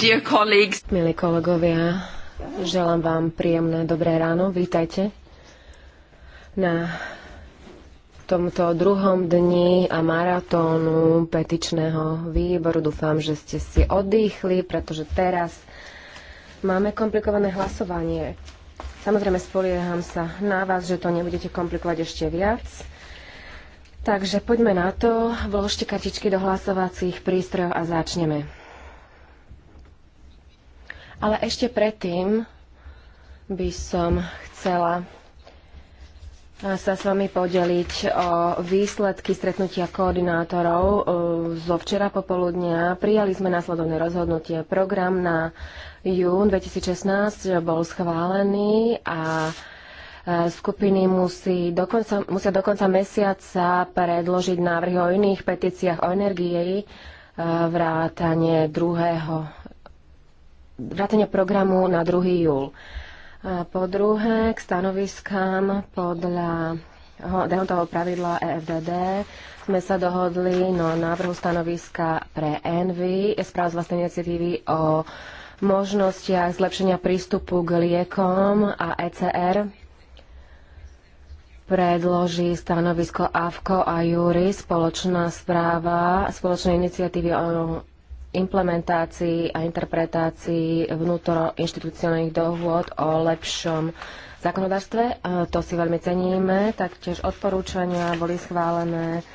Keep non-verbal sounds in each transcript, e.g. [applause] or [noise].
Dear colleagues. Milí kolegovia, želám vám príjemné dobré ráno. Vítajte na tomto druhom dni a maratónu petičného výboru. Dúfam, že ste si odýchli, pretože teraz máme komplikované hlasovanie. Samozrejme, spolieham sa na vás, že to nebudete komplikovať ešte viac. Takže poďme na to, vložte kartičky do hlasovacích prístrojov a začneme. Ale ešte predtým by som chcela eh, sa s vami podeliť o výsledky stretnutia koordinátorov eh, zo včera popoludnia. Prijali sme následovné rozhodnutie. Program na jún 2016 bol schválený a eh, skupiny musí dokonca, musia do konca mesiaca predložiť návrhy o iných petíciách o energii vrátanie druhého vrátane programu na 2. júl. A po druhé, k stanoviskám podľa dehotového pravidla EFDD sme sa dohodli na no, návrhu stanoviska pre ENVY, správ z vlastnej iniciatívy o možnostiach zlepšenia prístupu k liekom a ECR predloží stanovisko AVKO a júri spoločná správa, spoločnej iniciatívy o implementácii a interpretácii vnútoroinštitucionálnych dohôd o lepšom zákonodárstve. To si veľmi ceníme. Taktiež odporúčania boli schválené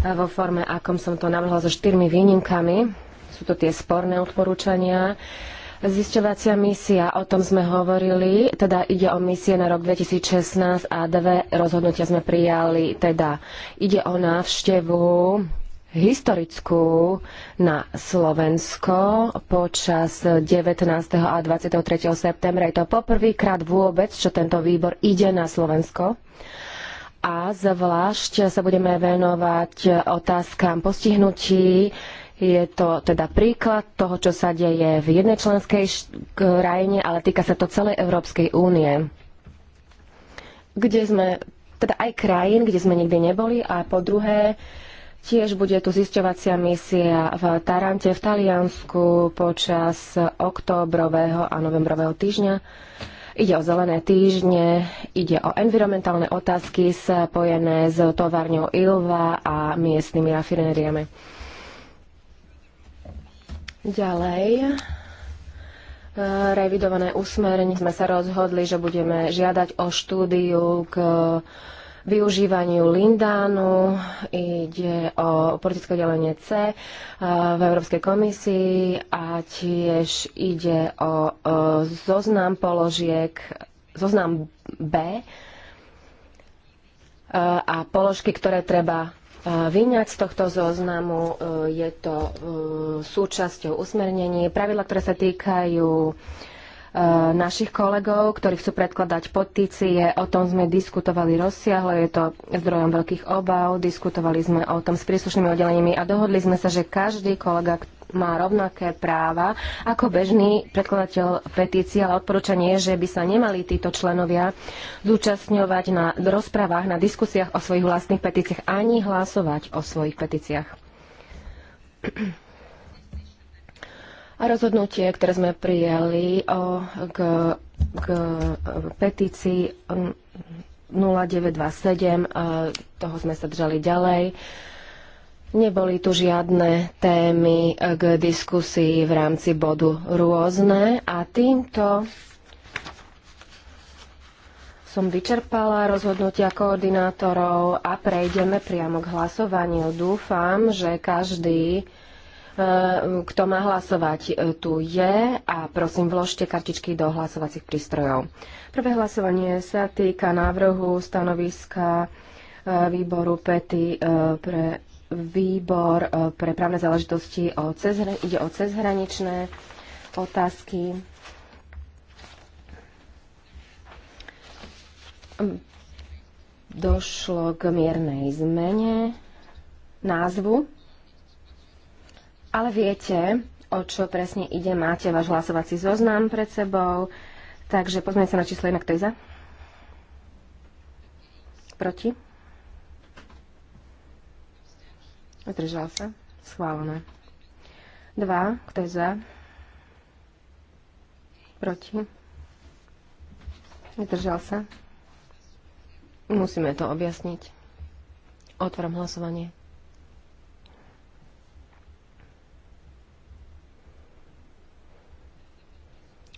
vo forme, akom som to navrhla, so štyrmi výnimkami. Sú to tie sporné odporúčania. Zisťovacia misia, o tom sme hovorili, teda ide o misie na rok 2016 a dve rozhodnutia sme prijali, teda ide o návštevu historickú na Slovensko počas 19. a 23. septembra. Je to poprvýkrát vôbec, čo tento výbor ide na Slovensko. A zvlášť sa budeme venovať otázkam postihnutí. Je to teda príklad toho, čo sa deje v jednej členskej krajine, ale týka sa to celej Európskej únie, kde sme teda aj krajín, kde sme nikdy neboli a po druhé Tiež bude tu zisťovacia misia v Tarante v Taliansku počas októbrového a novembrového týždňa. Ide o zelené týždne, ide o environmentálne otázky spojené s továrňou Ilva a miestnymi rafinériami. Ďalej e, revidované usmerenie sme sa rozhodli, že budeme žiadať o štúdiu k využívaniu Lindánu, ide o politické delenie C eh, v Európskej komisii a tiež ide o eh, zoznam položiek, zoznam B eh, a položky, ktoré treba vyňať z tohto zoznamu. Je to súčasťou usmernení. Pravidla, ktoré sa týkajú Eh, našich kolegov, ktorí chcú predkladať petície. O tom sme diskutovali rozsiahlo, je to zdrojom veľkých obav. Diskutovali sme o tom s príslušnými oddeleniami a dohodli sme sa, že každý kolega má rovnaké práva ako bežný predkladateľ petície, ale odporúčanie je, že by sa nemali títo členovia zúčastňovať na rozprávach, na diskusiách o svojich vlastných petíciách ani hlasovať o svojich petíciách. A rozhodnutie, ktoré sme prijali o, k, k petícii 0927, mm, toho sme sa držali ďalej. Neboli tu žiadne témy k diskusii v rámci bodu rôzne a týmto som vyčerpala rozhodnutia koordinátorov a prejdeme priamo k hlasovaniu. Dúfam, že každý Eh, kto má hlasovať, eh, tu je a prosím vložte kartičky do hlasovacích prístrojov. Prvé hlasovanie sa týka návrhu stanoviska eh, výboru PETI pre výbor pre právne záležitosti o cezhra- ide o cezhraničné otázky. Hm, došlo k miernej zmene názvu ale viete, o čo presne ide, máte váš hlasovací zoznam pred sebou, takže pozrieme sa na číslo 1, kto je za? Proti? Zdržal sa? Schválené. 2, kto je za? Proti? Zdržal sa? Musíme to objasniť. Otváram hlasovanie.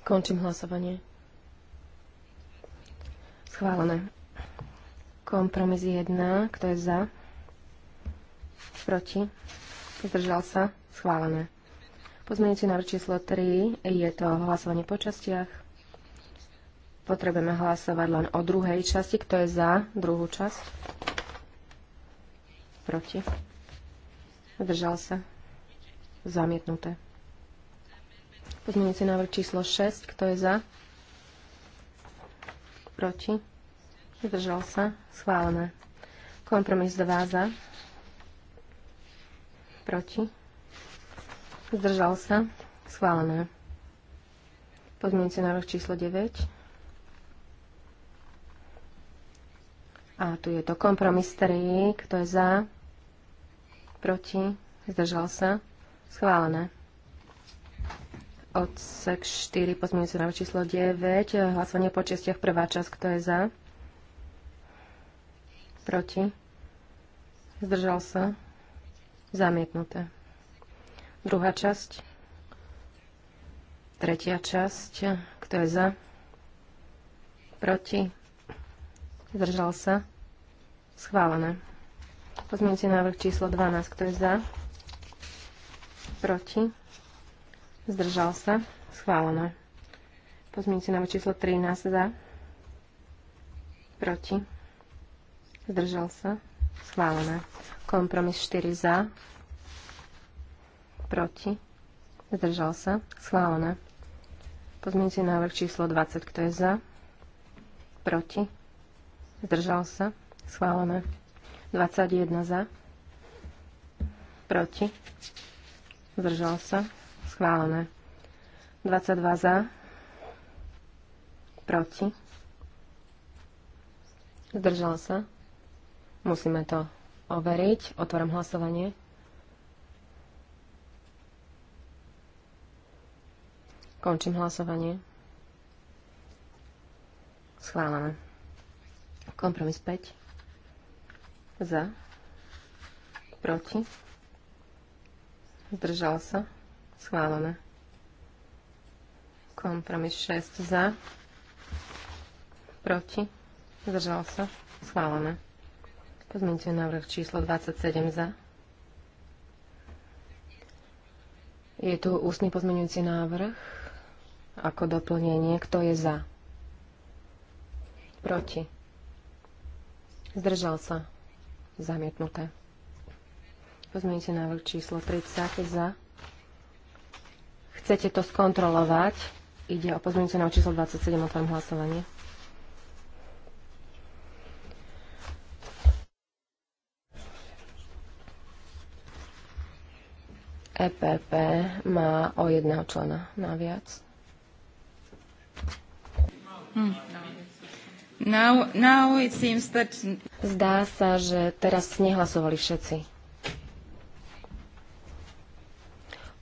Končím hlasovanie. Schválené. Kompromis 1. Kto je za? Proti? Zdržal sa? Schválené. Pozmeňujúci návrh číslo 3. Je to hlasovanie po častiach. Potrebujeme hlasovať len o druhej časti. Kto je za druhú časť? Proti? Zdržal sa? Zamietnuté. Pozmeňujúci návrh číslo 6. Kto je za? Proti? Zdržal sa? Schválené. Kompromis 2 za? Proti? Zdržal sa? Schválené. Pozmeňujúci návrh číslo 9. A tu je to kompromis 3. Kto je za? Proti? Zdržal sa? Schválené odsek 4, pozmeňujúci návrh číslo 9, hlasovanie po čestiach, prvá časť, kto je za? Proti? Zdržal sa? Zamietnuté. Druhá časť. Tretia časť, kto je za? Proti? Zdržal sa? Schválené. Pozmeňujúci návrh číslo 12, kto je za? Proti? Zdržal sa. Schválené. Pozmienite na číslo 13 za. Proti. Zdržal sa. Schválené. Kompromis 4 za. Proti. Zdržal sa. Schválené. Pozmienite návrh číslo 20. Kto je za? Proti. Zdržal sa. Schválené. 21 za. Proti. Zdržal sa. Schválené. 22 za. Proti. Zdržal sa. Musíme to overiť. Otvorím hlasovanie. Končím hlasovanie. Schválené. Kompromis 5. Za. Proti. Zdržal sa. Schválené. Kompromis 6 za. Proti. Zdržal sa. Schválené. Pozmite návrh číslo 27 za. Je tu ústny pozmeňujúci návrh ako doplnenie. Kto je za? Proti. Zdržal sa. Zamietnuté. Pozmeňujúci návrh číslo 30 za. Chcete to skontrolovať? Ide o pozmeňujúce na číslo 27, otvorím hlasovanie. EPP má o jedného člena naviac. Hm. Now, now it seems that... Zdá sa, že teraz nehlasovali všetci.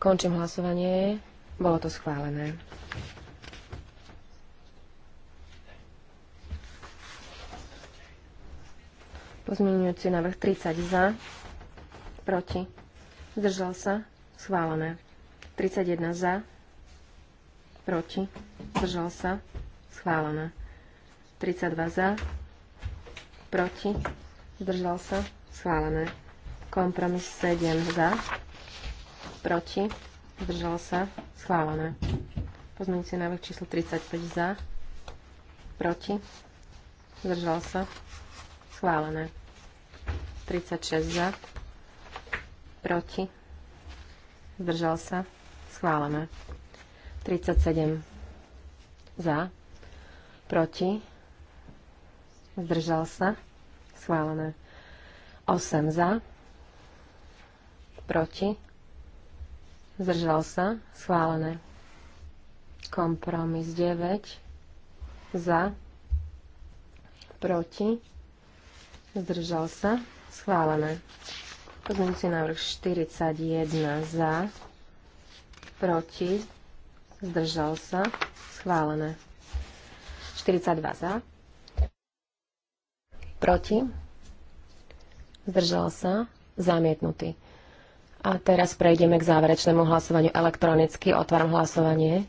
Končím hlasovanie. Bolo to schválené. Pozmeňujúci návrh 30 za, proti, zdržal sa, schválené. 31 za, proti, zdržal sa, schválené. 32 za, proti, zdržal sa, schválené. Kompromis 7 za, proti, Zdržal sa. Schválené. Pozmeňujúci návrh číslo 35 za. Proti. Zdržal sa. Schválené. 36 za. Proti. Zdržal sa. Schválené. 37 za. Proti. Zdržal sa. Schválené. 8 za. Proti Zdržal sa. Schválené. Kompromis 9. Za. Proti. Zdržal sa. Schválené. Pozmeňujúci návrh 41 za. Proti. Zdržal sa. Schválené. 42 za. Proti. Zdržal sa. Zamietnutý. A teraz prejdeme k záverečnému hlasovaniu elektronicky. Otváram hlasovanie.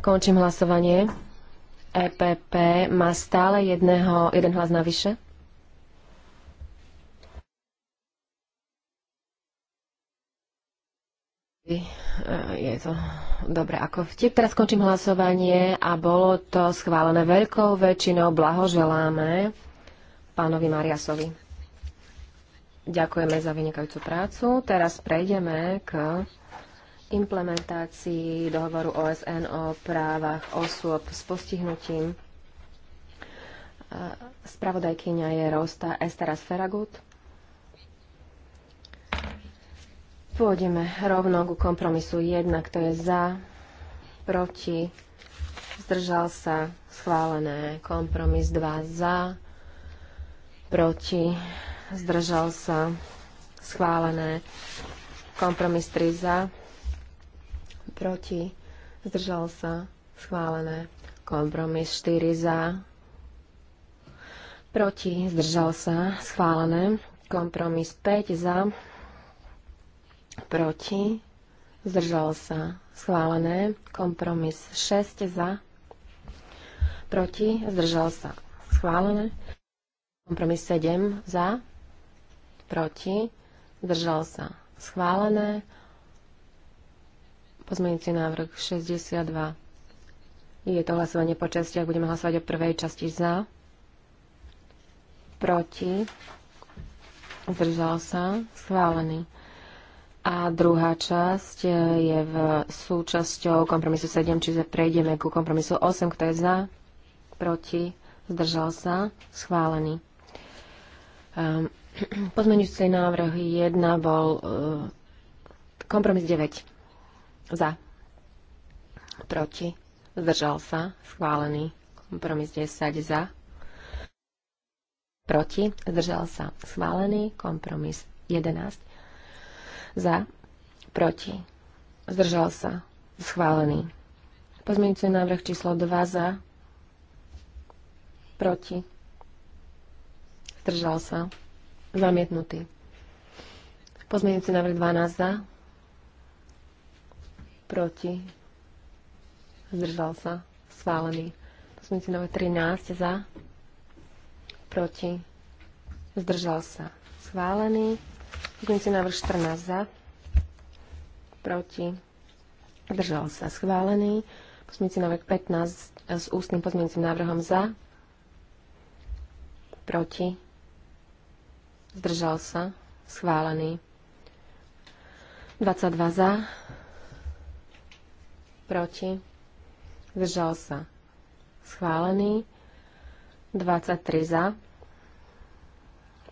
Končím hlasovanie. EPP má stále jedného, jeden hlas navyše. Je to dobre ako vtip. Teraz končím hlasovanie a bolo to schválené veľkou väčšinou. Blahoželáme pánovi Mariasovi. Ďakujeme za vynikajúcu prácu. Teraz prejdeme k implementácii dohovoru OSN o právach osôb s postihnutím. Spravodajkyňa je Rosta Estera Sferagut. Pôjdeme rovno ku kompromisu 1, kto je za, proti, zdržal sa, schválené. Kompromis 2 za, proti, zdržal sa, schválené. Kompromis 3 za, proti, zdržal sa, schválené. Kompromis 4 za, proti, zdržal sa, schválené. Kompromis 5 za, proti, zdržal sa, schválené. Kompromis 6 za, proti, zdržal sa, schválené. Kompromis 7 za, proti, zdržal sa schválené. Pozmeňujúci návrh 62. Je to hlasovanie po ak Budeme hlasovať o prvej časti za, proti, zdržal sa schválený. A druhá časť je v súčasťou kompromisu 7, čiže prejdeme ku kompromisu 8, kto je za, proti, zdržal sa, schválený. Ehm, [clears throat] pozmeňujúci návrh 1 bol e, kompromis 9. Za. Proti. Zdržal sa. Schválený. Kompromis 10. Za. Proti. Zdržal sa. Schválený. Kompromis 11. Za. Proti. Zdržal sa. Schválený. Pozmeňujúci návrh číslo 2 za. Proti. Zdržal sa. Zamietnutý. Pozmeňujúci návrh 12 za. Proti. Zdržal sa. Schválený. Pozmeňujúci návrh 13 za. Proti. Zdržal sa. Schválený. Pozmeňujúci návrh 14 za. Proti. Zdržal sa. Schválený. Pozmeňujúci návrh 15 s ústnym pozmeňujúcim návrhom za. Proti zdržal sa, schválený. 22 za, proti, zdržal sa, schválený. 23 za,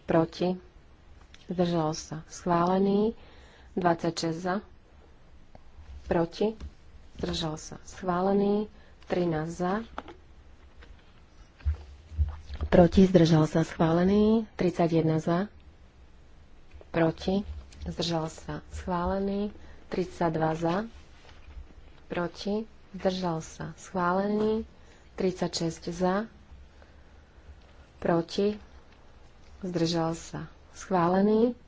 proti, zdržal sa, schválený. 26 za, proti, zdržal sa, schválený. 13 za, proti, zdržal sa schválený. 31 za, proti, zdržal sa schválený. 32 za, proti, zdržal sa schválený. 36 za, proti, zdržal sa schválený.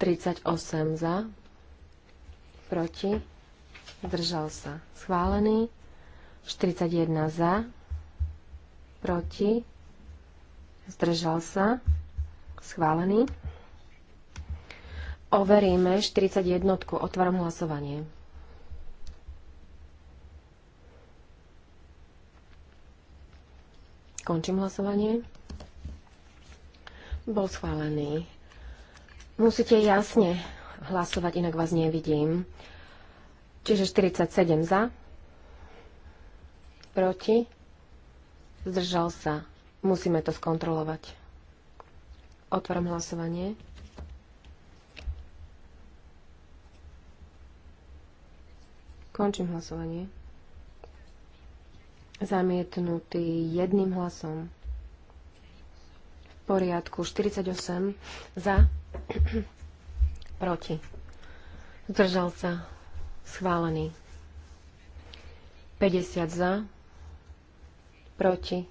38 za, proti, zdržal sa schválený. 41 za, proti, Zdržal sa. Schválený. Overíme 41. Otváram hlasovanie. Končím hlasovanie. Bol schválený. Musíte jasne hlasovať, inak vás nevidím. Čiže 47 za, proti, zdržal sa Musíme to skontrolovať. Otváram hlasovanie. Končím hlasovanie. Zamietnutý jedným hlasom. V poriadku 48 za, [clears throat] proti. Zdržal sa. Schválený. 50 za, proti.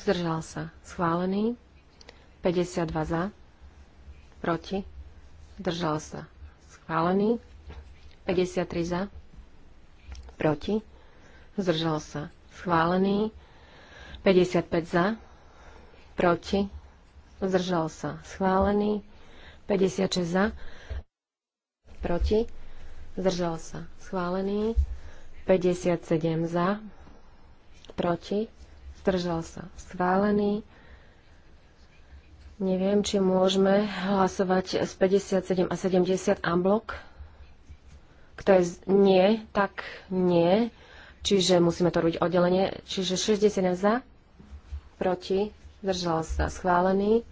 Zdržal sa. Schválený. 52 za. Proti. Zdržal sa. Schválený. 53 za. Proti. Zdržal sa. Schválený. 55 za. Proti. Zdržal sa. Schválený. 56 za. Proti. Zdržal sa. Schválený. 57 za. Proti zdržal sa schválený. Neviem, či môžeme hlasovať z 57 a 70 amblok. Kto je z... nie, tak nie. Čiže musíme to robiť oddelenie. Čiže 61 za, proti, zdržal sa schválený.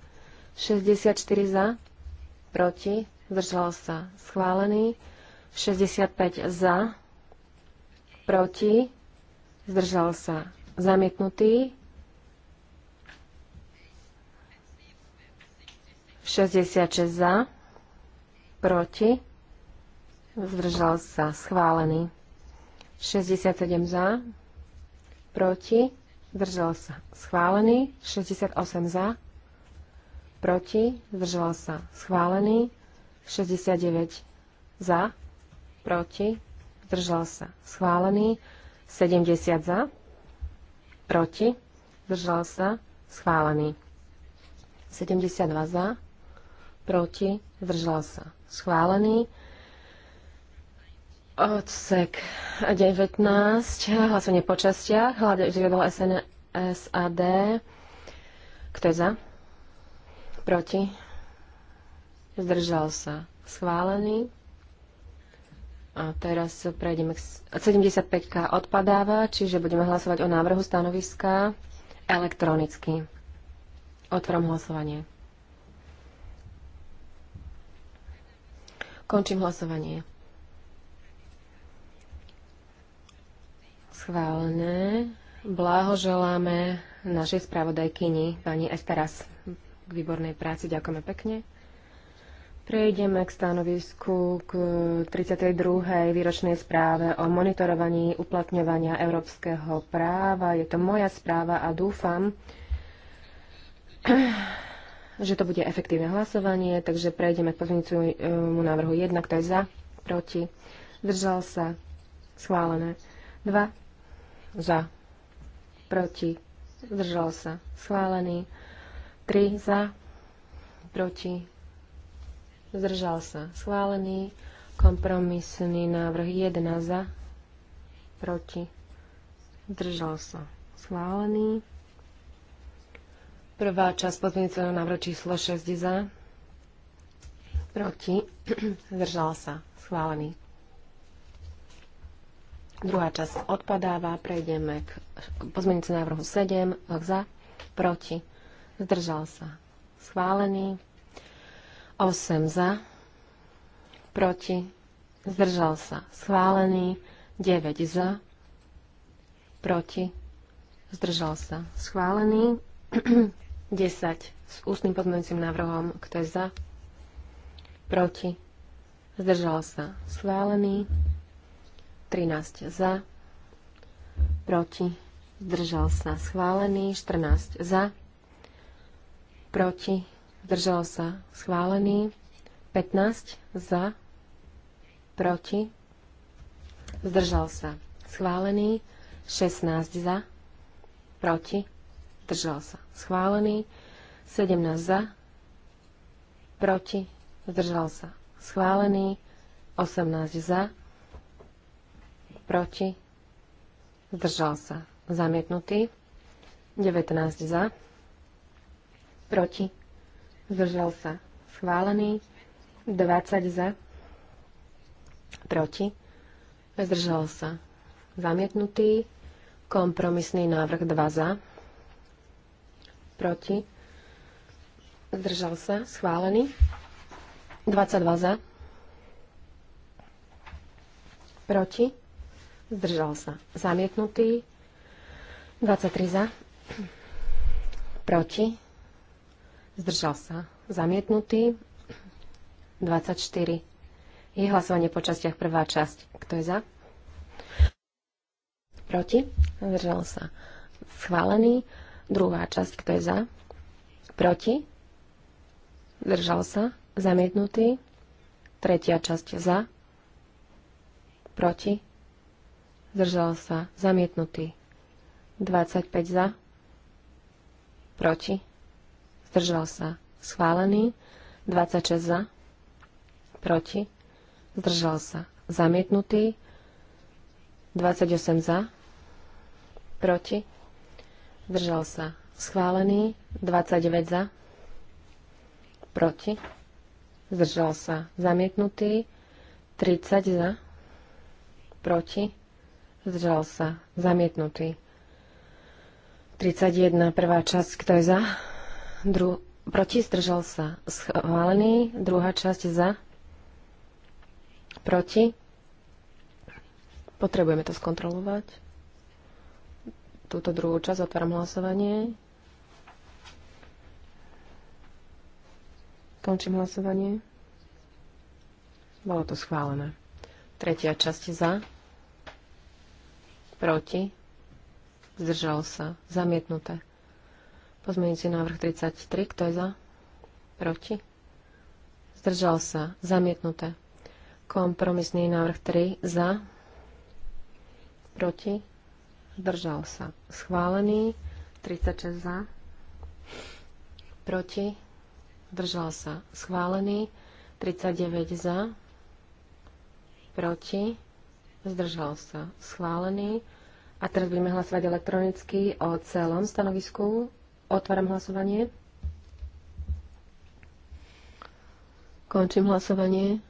64 za, proti, zdržal sa schválený. 65 za, proti, zdržal sa Zamietnutý. 66 za. Proti. Zdržal sa. Schválený. 67 za. Proti. Zdržal sa. Schválený. 68 za. Proti. Zdržal sa. Schválený. 69 za. Proti. Zdržal sa. Schválený. 70 za proti, zdržal sa, schválený. 72 za, proti, zdržal sa, schválený. Odsek 19, hlasovanie po častiach, žiadalo SNSAD. Kto je za? Proti? Zdržal sa. Schválený. A teraz prejdeme k 75K odpadáva, čiže budeme hlasovať o návrhu stanoviska elektronicky. Otvorím hlasovanie. Končím hlasovanie. Schválené. Blahoželáme našej spravodajkyni, pani Esteras, k výbornej práci. Ďakujeme pekne. Prejdeme k stanovisku k 32. výročnej správe o monitorovaní uplatňovania európskeho práva. Je to moja správa a dúfam, [clears throat] že to bude efektívne hlasovanie, takže prejdeme k pozvinicujúmu návrhu 1, kto je za, proti, zdržal sa, schválené. 2, za, proti, zdržal sa, schválený. 3, za, proti, zdržal sa schválený, kompromisný návrh 1 za, proti, zdržal sa schválený. Prvá časť pozmeňujúceho návrhu číslo 6 za, proti, [clears throat] zdržal sa schválený. Druhá časť odpadáva, prejdeme k pozmeňujúcemu návrhu 7 za, proti, zdržal sa schválený. 8 za, proti, zdržal sa schválený, 9 za, proti, zdržal sa schválený, 10 [clears throat] s ústnym pozmeňujúcim návrhom, kto je za, proti, zdržal sa schválený, 13 za, proti, zdržal sa schválený, 14 za, proti, zdržal sa schválený, 15 za, proti, zdržal sa schválený, 16 za, proti, zdržal sa schválený, 17 za, proti, zdržal sa schválený, 18 za, proti, zdržal sa zamietnutý, 19 za, proti, zdržal sa schválený, 20 za, proti, zdržal sa zamietnutý, kompromisný návrh 2 za, proti, zdržal sa schválený, 22 za, proti, zdržal sa zamietnutý, 23 za, proti, Zdržal sa. Zamietnutý. 24. Je hlasovanie po častiach prvá časť. Kto je za? Proti? Zdržal sa. Schválený. Druhá časť. Kto je za? Proti? Zdržal sa. Zamietnutý. Tretia časť. Za? Proti? Zdržal sa. Zamietnutý. 25 za. Proti? zdržal sa, schválený. 26 za, proti, zdržal sa, zamietnutý. 28 za, proti, zdržal sa, schválený. 29 za, proti, zdržal sa, zamietnutý. 30 za, proti, zdržal sa, zamietnutý. 31. prvá časť, kto je za? dru- proti, zdržal sa schválený, druhá časť za, proti. Potrebujeme to skontrolovať. Túto druhú časť otváram hlasovanie. Končím hlasovanie. Bolo to schválené. Tretia časť za, proti, zdržal sa, zamietnuté. Pozmeňujúci návrh 33. Kto je za? Proti? Zdržal sa. Zamietnuté. Kompromisný návrh 3. Za? Proti? Zdržal sa. Schválený. 36 za. Proti? Zdržal sa. Schválený. 39 za. Proti? Zdržal sa. Schválený. A teraz budeme hlasovať elektronicky o celom stanovisku Otváram hlasovanie. Končím hlasovanie.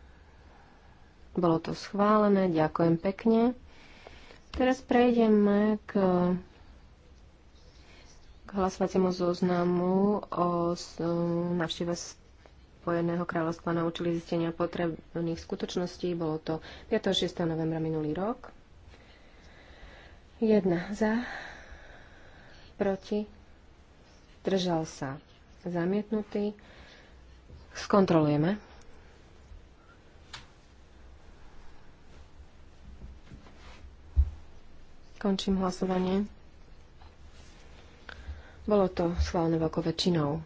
Bolo to schválené, ďakujem pekne. Teraz prejdeme k, k hlasovaciemu zoznamu o, návšteve Spojeného kráľovstva na účely zistenia potrebných skutočností. Bolo to 5. 6. novembra minulý rok. Jedna za, proti, zdržal sa zamietnutý. Skontrolujeme. Končím hlasovanie. Bolo to schválne veľkou väčšinou.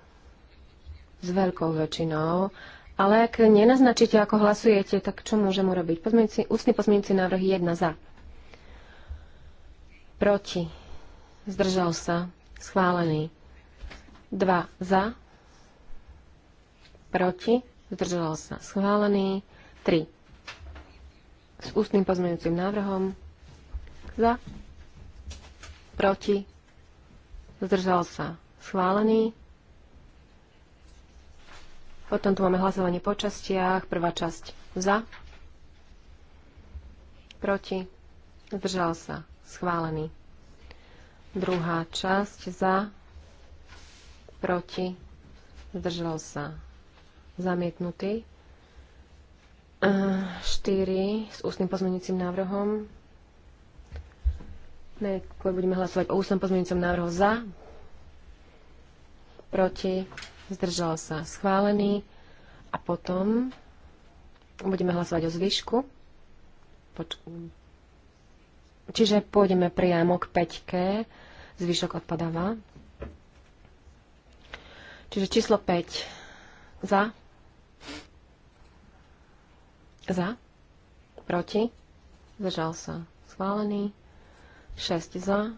S veľkou väčšinou. Ale ak nenaznačíte, ako hlasujete, tak čo môžem urobiť? Pozmienci, ústny pozmienci návrh 1 za. Proti. Zdržal sa. Schválený. 2 za, proti, zdržal sa schválený, 3 s ústnym pozmeňujúcim návrhom, za, proti, zdržal sa schválený. Potom tu máme hlasovanie po častiach, prvá časť za, proti, zdržal sa schválený. Druhá časť za, proti, zdržal sa zamietnutý. 4 s ústnym pozmeňujúcim návrhom. Ne, budeme hlasovať o ústnom pozmeňujúcom návrhu za, proti, zdržal sa schválený a potom budeme hlasovať o zvyšku. Poč- Čiže pôjdeme priamo k 5. Zvyšok odpadáva. Čiže číslo 5. Za. Za. Proti. Zdržal sa. Schválený. 6 za.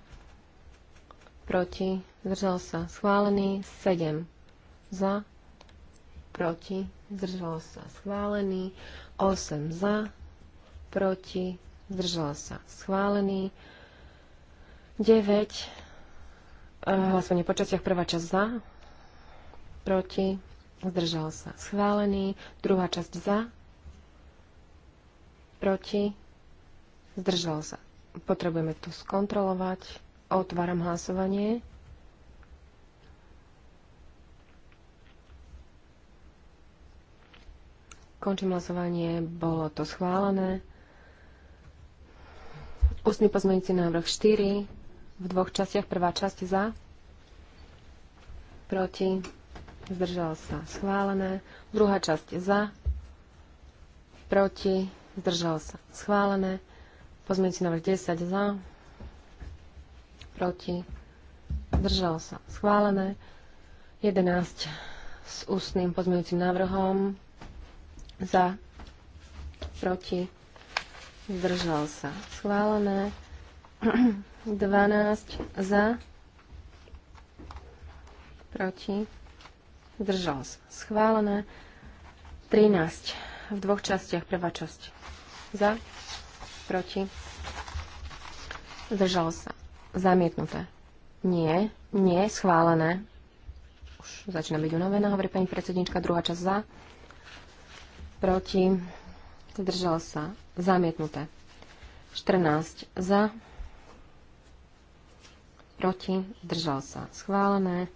Proti. Zdržal sa. Schválený. 7 za. Proti. Zdržal sa. Schválený. 8 za. Proti. Zdržal sa. Schválený. 9. Eh, hlasovanie počasiach. Prvá časť za proti, zdržal sa schválený. Druhá časť za, proti, zdržal sa. Potrebujeme to skontrolovať. Otváram hlasovanie. Končím hlasovanie, bolo to schválené. Ústny pozmeňujúci návrh 4 v dvoch častiach. Prvá časť za, proti, zdržal sa schválené. Druhá časť za, proti, zdržal sa schválené. Pozmeňujúci návrh 10 za, proti, zdržal sa schválené. 11 s ústnym pozmeňujúcim návrhom za, proti, zdržal sa schválené. 12 [clears throat] za, proti, zdržal sa schválené. 13 v dvoch častiach, prvá časť za, proti, zdržal sa zamietnuté. Nie, nie, schválené. Už začína byť unavená, hovorí pani predsednička, druhá časť za, proti, zdržal sa zamietnuté. 14 za, proti, zdržal sa schválené.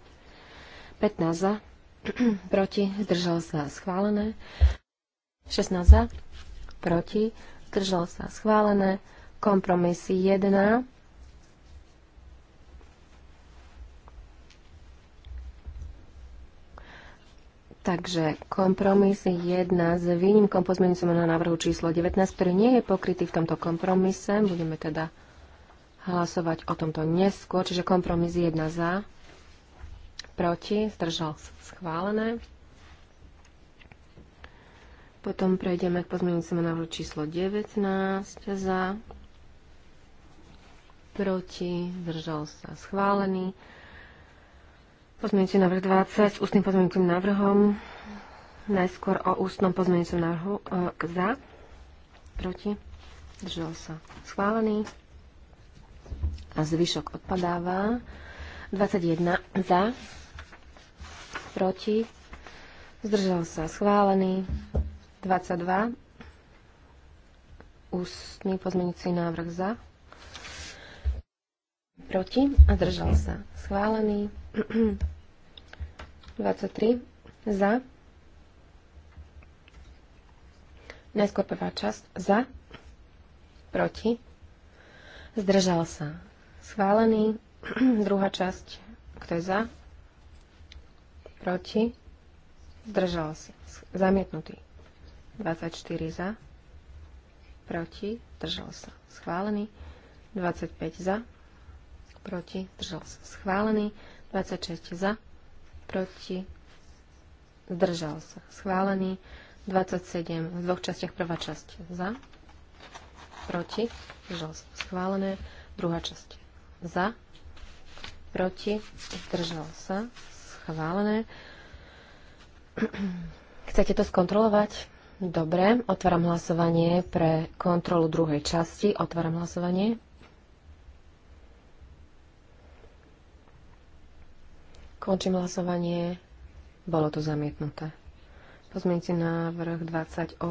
15 za, [clears throat] proti, zdržal sa schválené. 16 za, proti, zdržal sa schválené. Kompromis 1. Takže kompromis 1 s výnimkom pozmeňujúcom na návrhu číslo 19, ktorý nie je pokrytý v tomto kompromise. Budeme teda hlasovať o tomto neskôr, čiže kompromis 1 za, proti, zdržal schválené. Potom prejdeme k pozmeňujúcemu návrhu číslo 19 za, proti, zdržal sa schválený. Pozmeňujúci návrh 20 s ústnym pozmeňujúcim návrhom. Najskôr o ústnom pozmeňujúcom návrhu e, za, proti, zdržal sa schválený. A zvyšok odpadáva. 21 za, proti, zdržal sa schválený, 22, ústny pozmeňujúci návrh za, proti a zdržal sa schválený, 23 [clears throat] za, najskôr prvá časť za, proti, zdržal sa schválený, [clears throat] Druhá časť. Kto je za? Proti? Zdržal sa. Zamietnutý. 24 za. Proti? Zdržal sa. Schválený. 25 za. Proti? Zdržal sa. Schválený. 26 za. Proti? Zdržal sa. Schválený. 27 v dvoch častiach. Prvá časť za. Proti? Zdržal sa. Schválené. Druhá časť za proti, zdržal sa, schválené. Chcete to skontrolovať? Dobre, otváram hlasovanie pre kontrolu druhej časti. Otváram hlasovanie. Končím hlasovanie. Bolo to zamietnuté. Pozmeňujúci návrh 28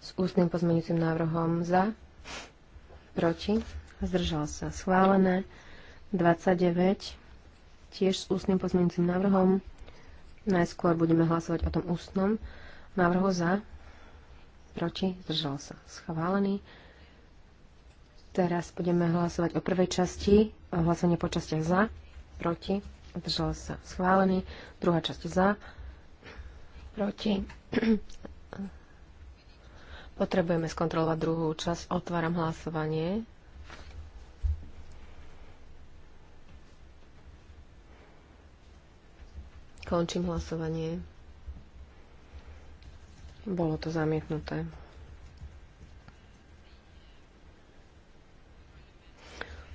s ústnym pozmeňujúcim návrhom za, proti, zdržal sa, schválené. 29, tiež s ústnym pozmeňujúcim návrhom. Najskôr budeme hlasovať o tom ústnom návrhu za, proti, zdržal sa, schválený. Teraz budeme hlasovať o prvej časti, o hlasovanie po častiach za, proti, zdržal sa, schválený. Druhá časť za, proti. [clears throat] Potrebujeme skontrolovať druhú časť. Otváram hlasovanie. Končím hlasovanie. Bolo to zamietnuté.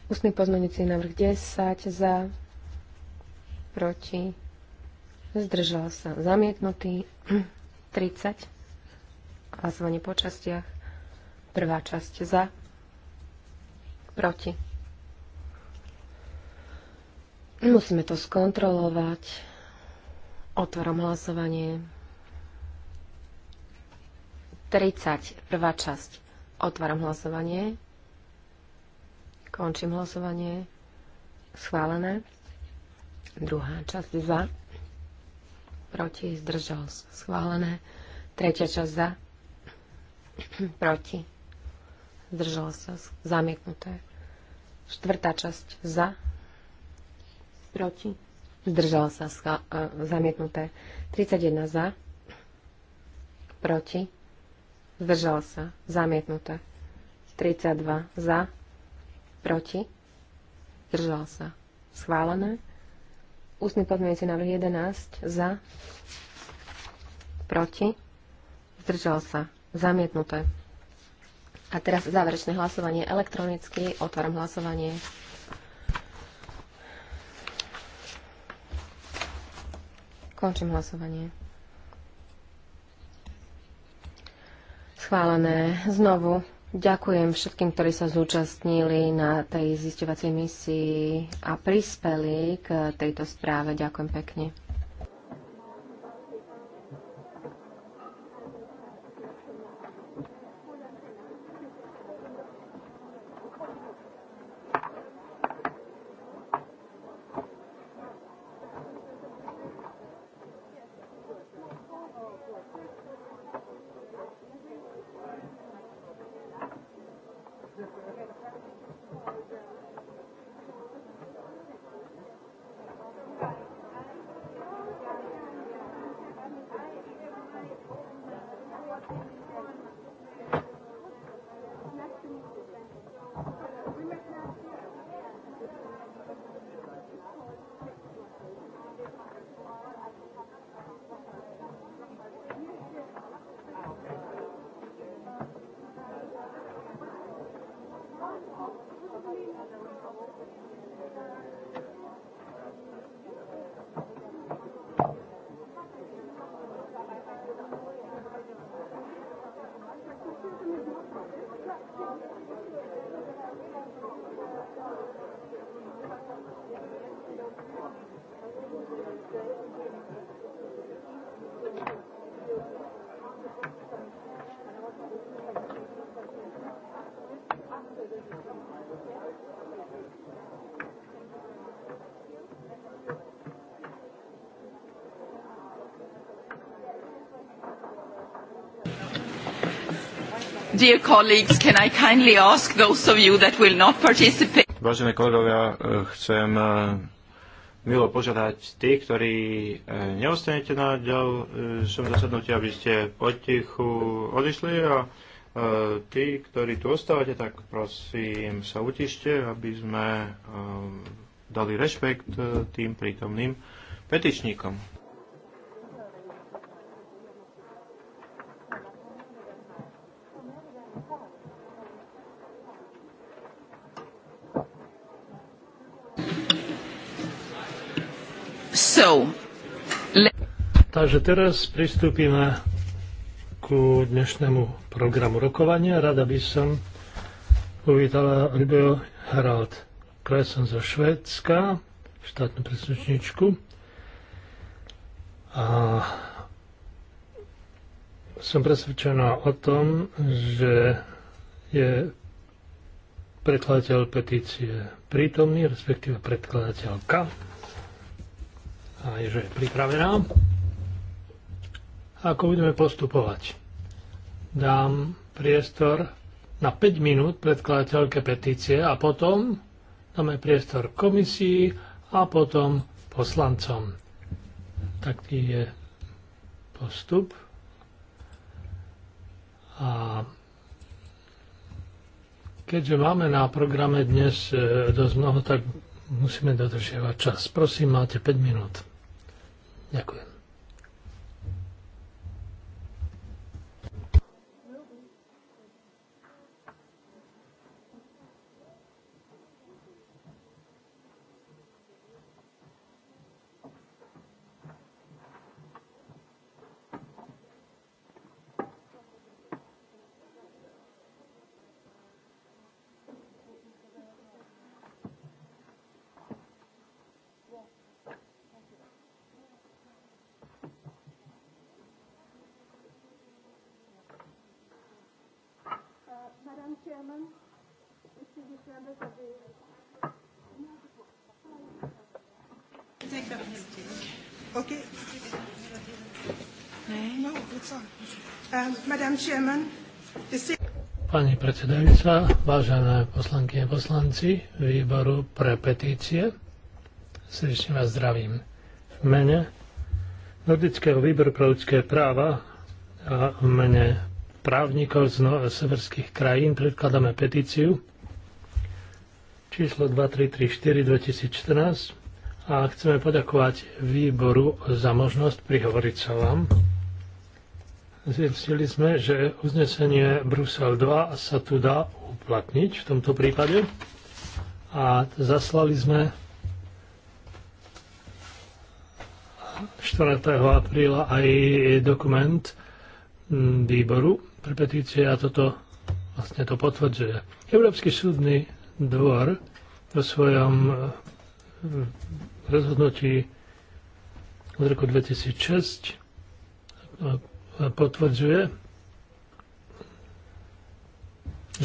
Ústny pozmenujúci návrh 10 za, proti, zdržal sa zamietnutý, 30, [clears throat] hlasovanie po častiach, prvá časť za, proti. Musíme to skontrolovať. Otváram hlasovanie. 30. Prvá časť. Otváram hlasovanie. Končím hlasovanie. Schválené. Druhá časť za. Proti. Zdržal. Schválené. Tretia časť za. [clears throat] Proti. Zdržal sa. Zamietnuté. Štvrtá časť za. Proti Zdržalo sa e, zamietnuté. 31 za, proti, zdržalo sa zamietnuté. 32 za, proti, zdržal sa schválené. Ústny podmienci návrh 11 za, proti, zdržalo sa zamietnuté. A teraz záverečné hlasovanie elektronicky. Otváram hlasovanie. Končím hlasovanie. Schválené. Znovu ďakujem všetkým, ktorí sa zúčastnili na tej zisťovacej misii a prispeli k tejto správe. Ďakujem pekne. Dear colleagues, can I kindly ask those of you that will not participate? kolegovia, eh, chcem eh, milo požiadať tých, ktorí eh, neostanete na ďalšom zasadnutí, aby ste potichu odišli a tí, ktorí tu ostávate, tak prosím sa utište, aby sme dali rešpekt tým prítomným petičníkom. znamená, že teraz pristúpime ku dnešnému programu rokovania. Rada by som uvítala Rubio Harald Kleson zo Švédska, štátnu príslušničku. A som presvedčená o tom, že je predkladateľ petície prítomný, respektíve predkladateľka a je, že je pripravená ako budeme postupovať. Dám priestor na 5 minút predkladateľke petície a potom dáme priestor komisii a potom poslancom. Taký je postup. A keďže máme na programe dnes e, dosť mnoho, tak musíme dodržiavať čas. Prosím, máte 5 minút. Ďakujem. Okay. No, um, Pani predsedajúca, vážené poslanky a poslanci výboru pre petície, srdečne vás zdravím. V mene Nordického výboru pre ľudské práva a v mene právnikov z no- severských krajín predkladáme petíciu číslo 2334 2014 a chceme poďakovať výboru za možnosť prihovoriť sa vám. Zistili sme, že uznesenie Brusel 2 sa tu dá uplatniť v tomto prípade a zaslali sme 4. apríla aj dokument výboru pre petície a toto vlastne to potvrdzuje. Európsky súdny dvor vo svojom e, rozhodnutí od roku 2006 e, potvrdzuje,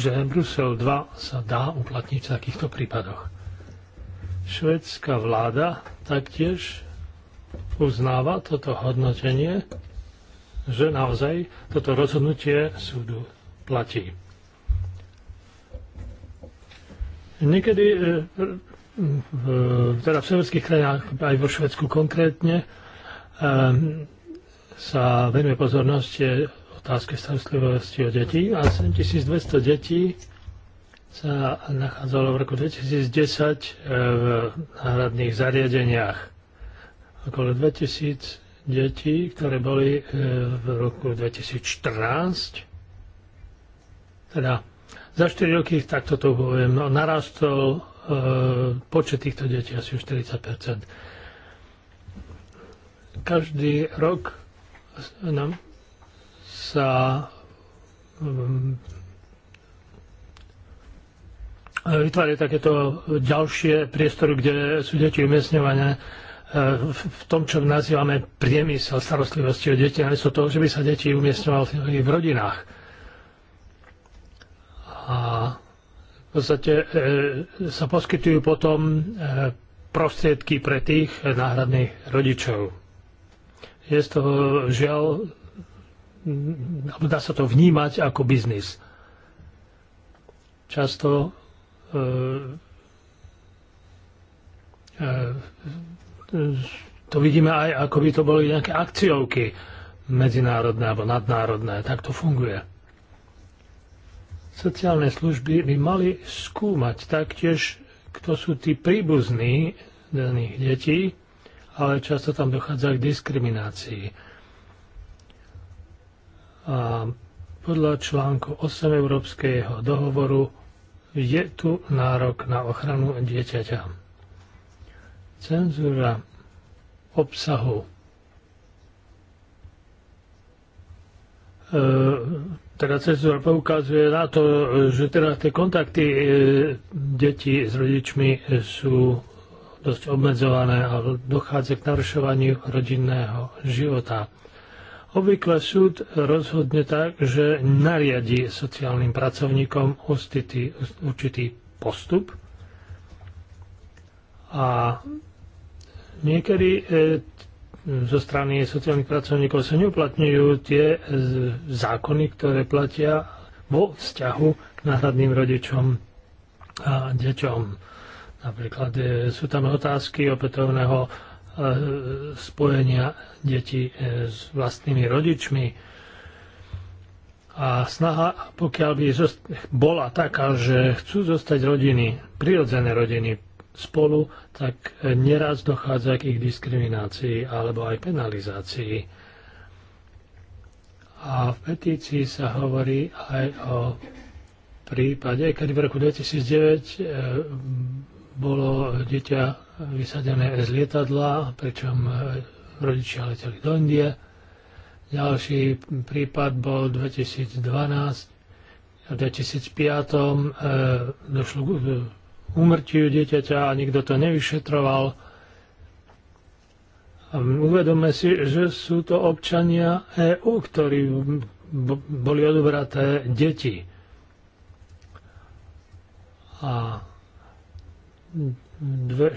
že Brusel 2 sa dá uplatniť v takýchto prípadoch. Švedská vláda taktiež uznáva toto hodnotenie že naozaj toto rozhodnutie súdu platí. Niekedy, e, e, e, teda v severských krajinách, aj vo Švedsku konkrétne, sa venuje pozornosť otázke starostlivosti o deti a 7200 detí sa nachádzalo v roku 2010 v náhradných zariadeniach. Okolo 2000 detí, ktoré boli e, v roku 2014. Teda za 4 roky, tak toto poviem, no, narastol e, počet týchto detí asi o 40 Každý rok nám sa mm, vytvárajú takéto ďalšie priestory, kde sú deti umiestňované v tom, čo nazývame priemysel starostlivosti o deti, namiesto toho, že by sa deti umiestňovali v rodinách. A v podstate e, sa poskytujú potom e, prostriedky pre tých náhradných rodičov. Je z toho žiaľ, dá sa to vnímať ako biznis. Často e, e to vidíme aj, ako by to boli nejaké akciovky medzinárodné alebo nadnárodné. Tak to funguje. Sociálne služby by mali skúmať taktiež, kto sú tí príbuzní daných detí, ale často tam dochádza k diskriminácii. A podľa článku 8 Európskeho dohovoru je tu nárok na ochranu dieťaťa. Cenzúra obsahu e, teda cenzúra poukazuje na to, že teda tie kontakty e, detí s rodičmi sú dosť obmedzované a dochádza k narušovaniu rodinného života. Obvykle súd rozhodne tak, že nariadi sociálnym pracovníkom určitý, určitý postup a Niekedy e, zo strany sociálnych pracovníkov sa neuplatňujú tie e, zákony, ktoré platia vo vzťahu k náhradným rodičom a deťom. Napríklad e, sú tam otázky opätovného spojenia detí s vlastnými rodičmi. A snaha, pokiaľ by bola taká, že chcú zostať rodiny, prirodzené rodiny, spolu, tak neraz dochádza k ich diskriminácii alebo aj penalizácii. A v petícii sa hovorí aj o prípade, keď v roku 2009 e, bolo dieťa vysadené z lietadla, pričom e, rodičia leteli do Indie. Ďalší prípad bol 2012. V 2005 došlo k umrtiu dieťaťa a nikto to nevyšetroval. Uvedome si, že sú to občania EÚ, ktorí boli odobraté deti. A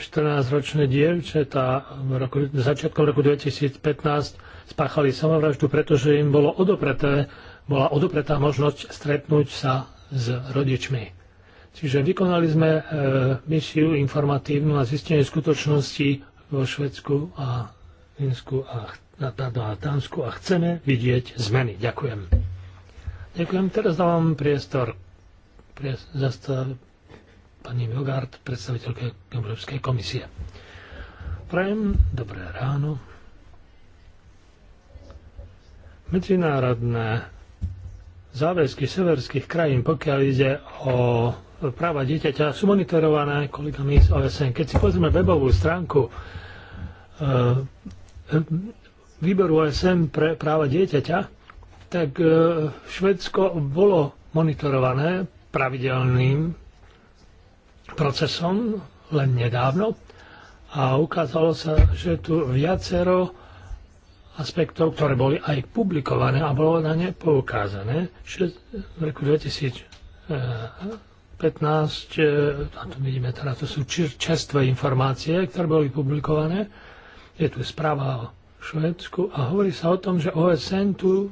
14-ročné dievčatá v roku, začiatkom roku 2015 spáchali samovraždu, pretože im bolo odopreté, bola odopretá možnosť stretnúť sa s rodičmi. Čiže vykonali sme e, misiu informatívnu a zistenie skutočnosti vo Švedsku a Fínsku a, a Dánsku a chceme vidieť zmeny. Ďakujem. Ďakujem. Teraz dávam priestor pre zastav pani Milgard, predstaviteľke Európskej komisie. Prajem dobré ráno. Medzinárodné záväzky severských krajín, pokiaľ ide o práva dieťaťa sú monitorované kolegami z OSN. Keď si pozrieme webovú stránku eh, výboru OSN pre práva dieťaťa, tak eh, Švedsko bolo monitorované pravidelným procesom len nedávno a ukázalo sa, že tu viacero aspektov, ktoré boli aj publikované a bolo na ne poukázané, v roku 2000 15, e, a to vidíme teda, to sú čerstvé informácie, ktoré boli publikované. Je tu správa o Švedsku a hovorí sa o tom, že OSN tu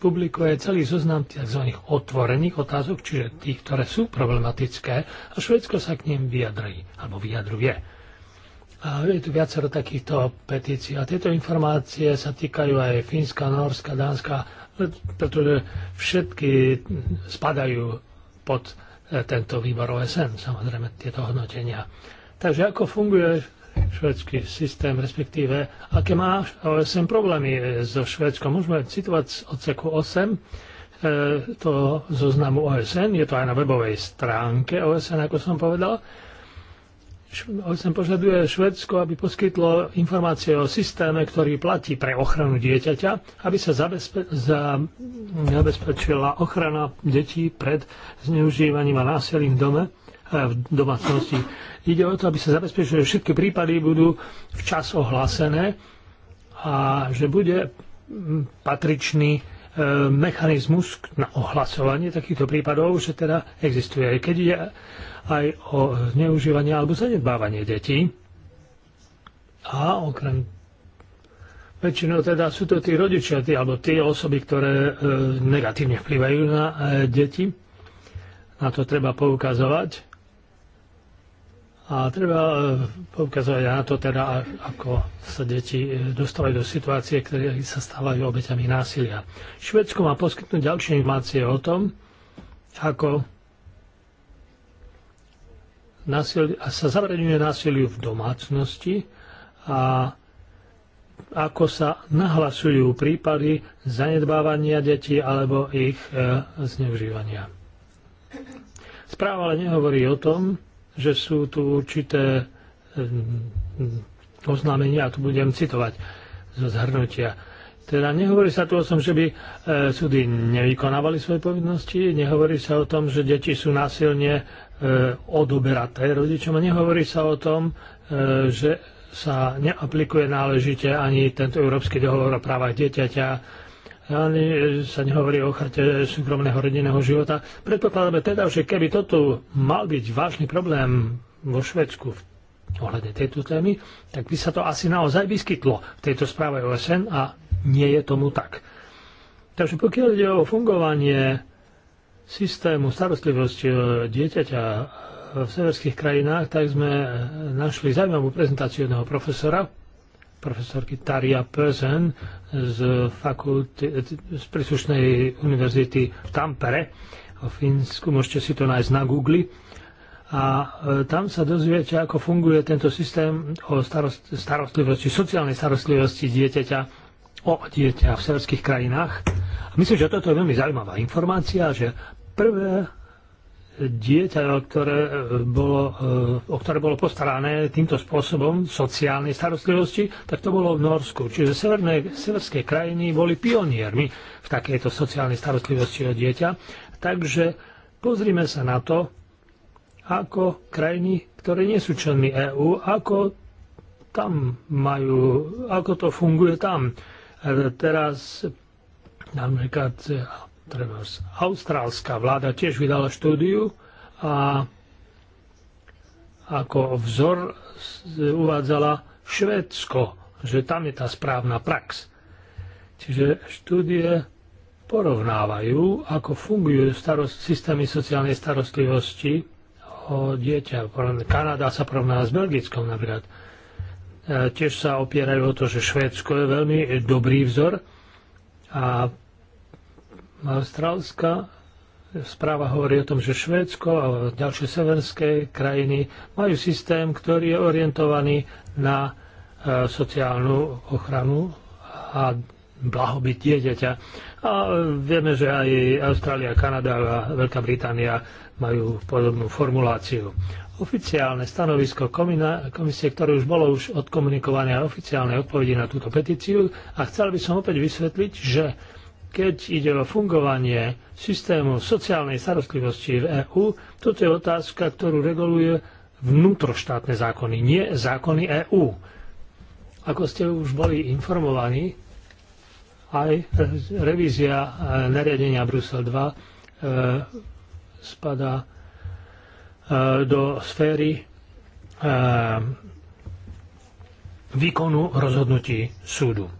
publikuje celý zoznam tzv. otvorených otázok, čiže tých, ktoré sú problematické a Švedsko sa k ním vyjadrí, alebo vyjadruje. A je tu viacero takýchto petícií a tieto informácie sa týkajú aj Fínska, Norska, Dánska, pretože všetky spadajú pod E, tento výbor OSN, samozrejme tieto hodnotenia. Takže ako funguje švedský systém, respektíve aké má OSN problémy so Švedskom. Môžeme citovať z odseku 8 e, toho zoznamu OSN, je to aj na webovej stránke OSN, ako som povedal sem požaduje Švedsko, aby poskytlo informácie o systéme, ktorý platí pre ochranu dieťaťa, aby sa zabezpe- za- zabezpečila ochrana detí pred zneužívaním a násilím v dome eh, v domácnosti. Ide o to, aby sa zabezpečilo, že všetky prípady budú včas ohlásené a že bude mm, patričný E, mechanizmus na ohlasovanie takýchto prípadov, že teda existuje. Keď ide aj o zneužívanie alebo zanedbávanie detí. A okrem väčšinou teda sú to tí rodičia, tí, alebo tie osoby, ktoré e, negatívne vplyvajú na e, deti. Na to treba poukazovať. A treba e, poukazovať na to, teda, ako sa deti e, dostávajú do situácie, ktoré sa stávajú obeťami násilia. Švedsko má poskytnúť ďalšie informácie o tom, ako násil, sa zabraňuje násiliu v domácnosti a ako sa nahlasujú prípady zanedbávania detí alebo ich e, zneužívania. Správa ale nehovorí o tom, že sú tu určité ehm, oznámenia, a tu budem citovať zo zhrnutia. Teda nehovorí sa tu o tom, že by e, súdy nevykonávali svoje povinnosti, nehovorí sa o tom, že deti sú násilne e, odoberaté rodičom a nehovorí sa o tom, e, že sa neaplikuje náležite ani tento Európsky dohovor o právach dieťaťa, ani e, sa nehovorí o charte súkromného rodinného života. Predpokladáme teda, že keby toto mal byť vážny problém vo Švedsku v ohľade tejto témy, tak by sa to asi naozaj vyskytlo v tejto správe OSN a nie je tomu tak. Takže pokiaľ ide o fungovanie systému starostlivosti dieťaťa v severských krajinách, tak sme našli zaujímavú prezentáciu jedného profesora, profesorky Taria Pözen z, fakulty, z príslušnej univerzity v Tampere o Fínsku, môžete si to nájsť na Google. A e, tam sa dozviete, ako funguje tento systém o starost, starostlivosti, sociálnej starostlivosti dieťaťa o dieťa v severských krajinách. A myslím, že toto je veľmi zaujímavá informácia, že prvé dieťa, ktoré e, bolo, e, o ktoré bolo postarané týmto spôsobom sociálnej starostlivosti, tak to bolo v Norsku. Čiže severné, severské krajiny boli pioniermi v takejto sociálnej starostlivosti o dieťa. Takže pozrime sa na to, ako krajiny, ktoré nie sú členmi EÚ, ako tam majú, ako to funguje tam. E, teraz napríklad treba austrálska vláda tiež vydala štúdiu a ako vzor uvádzala Švédsko, že tam je tá správna prax. Čiže štúdie porovnávajú, ako fungujú starost, systémy sociálnej starostlivosti o dieťa. Kanada sa porovnáva s Belgickom napríklad. E, tiež sa opierajú o to, že Švédsko je veľmi dobrý vzor a Austrálska správa hovorí o tom, že Švédsko a ďalšie severské krajiny majú systém, ktorý je orientovaný na e, sociálnu ochranu a blahobyt dieťaťa. A e, vieme, že aj Austrália, Kanada a Veľká Británia majú podobnú formuláciu. Oficiálne stanovisko komisie, ktoré už bolo už odkomunikované a oficiálne odpovedi na túto petíciu a chcel by som opäť vysvetliť, že keď ide o fungovanie systému sociálnej starostlivosti v EÚ, toto je otázka, ktorú reguluje vnútroštátne zákony, nie zákony EÚ. Ako ste už boli informovaní, aj revízia eh, nariadenia Brusel 2 eh, spadá eh, do sféry výkonu rozhodnutí súdu.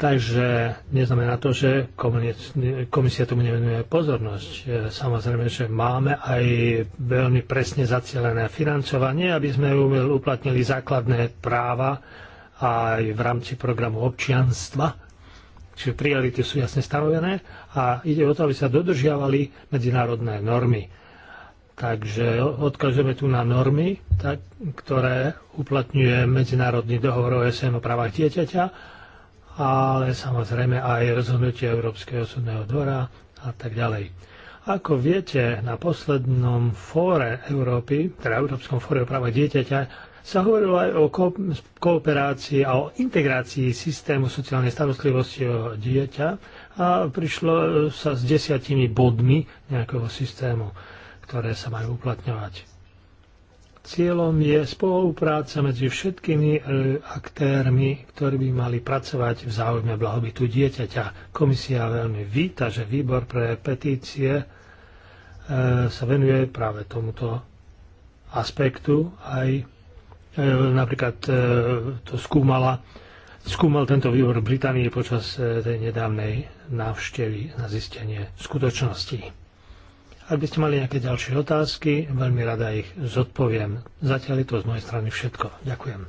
Takže neznamená to, že komisia tomu nevenuje pozornosť. E, samozrejme, že máme aj veľmi presne zacielené financovanie, aby sme uplatnili základné práva aj v rámci programu občianstva. Čiže priority sú jasne stanovené a ide o to, aby sa dodržiavali medzinárodné normy. Takže odkazujeme tu na normy, tak, ktoré uplatňuje Medzinárodný dohovor OSN o právach dieťaťa ale samozrejme aj rozhodnutie Európskeho súdneho dvora a tak ďalej. Ako viete, na poslednom fóre Európy, teda Európskom fóre o práve dieťaťa, sa hovorilo aj o ko- kooperácii a o integrácii systému sociálnej starostlivosti o dieťa a prišlo e, sa s desiatimi bodmi nejakého systému, ktoré sa majú uplatňovať. Cieľom je spolupráca medzi všetkými e, aktérmi, ktorí by mali pracovať v záujme blahobytu dieťaťa. Komisia veľmi víta, že výbor pre petície e, sa venuje práve tomuto aspektu. Aj e, napríklad to skúmala, skúmal tento výbor Británie počas tej nedávnej návštevy na zistenie skutočností. Ak by ste mali nejaké ďalšie otázky, veľmi rada ich zodpoviem. Zatiaľ je to z mojej strany všetko. Ďakujem.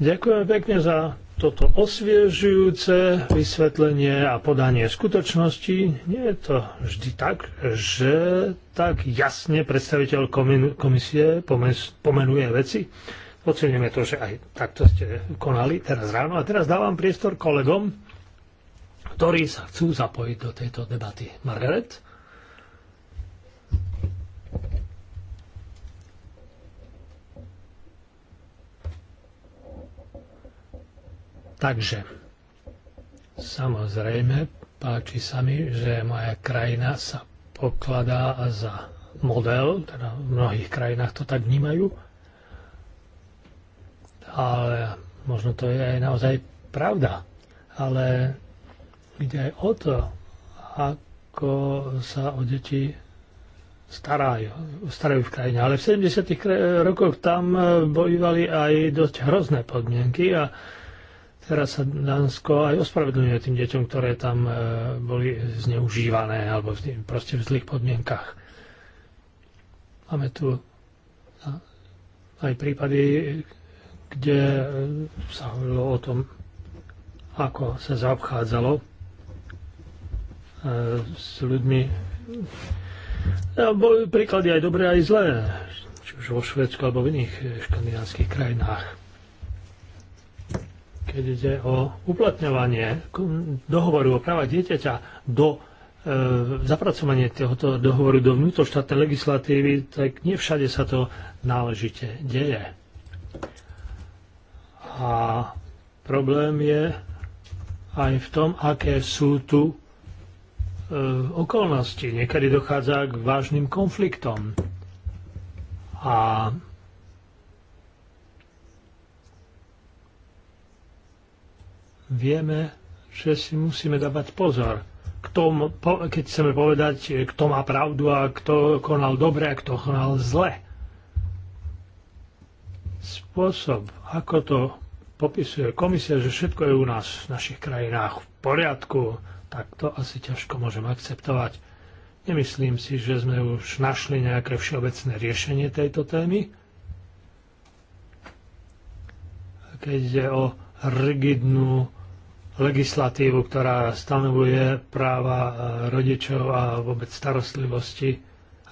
Ďakujem pekne za toto osviežujúce vysvetlenie a podanie skutočnosti. Nie je to vždy tak, že tak jasne predstaviteľ komisie pomenuje veci. Ocenujeme to, že aj takto ste konali teraz ráno. A teraz dávam priestor kolegom, ktorí sa chcú zapojiť do tejto debaty. Margaret? Takže, samozrejme, páči sa mi, že moja krajina sa pokladá za model, teda v mnohých krajinách to tak vnímajú, ale možno to je aj naozaj pravda, ale ide aj o to, ako sa o deti starajú, starajú v krajine. Ale v 70. rokoch tam eh, bojovali aj dosť hrozné podmienky a Teraz sa Dánsko aj ospravedlňuje tým deťom, ktoré tam e, boli zneužívané alebo v, proste v zlých podmienkach. Máme tu aj prípady, kde e, sa hovorilo o tom, ako sa zaobchádzalo e, s ľuďmi. No, boli príklady aj dobré, aj zlé, či už vo Švedsku alebo v iných škandinávskych krajinách keď ide o uplatňovanie dohovoru o práva dieťaťa do e, zapracovanie tohoto dohovoru do vnútroštátnej legislatívy, tak nie všade sa to náležite deje. A problém je aj v tom, aké sú tu e, okolnosti. Niekedy dochádza k vážnym konfliktom. A vieme, že si musíme dávať pozor, kto, keď chceme povedať, e, kto má pravdu a kto konal dobre a kto konal zle. Spôsob, ako to popisuje komisia, že všetko je u nás v našich krajinách v poriadku, tak to asi ťažko môžem akceptovať. Nemyslím si, že sme už našli nejaké všeobecné riešenie tejto témy. Keď ide o rigidnú legislatívu, ktorá stanovuje práva e, rodičov a vôbec starostlivosti,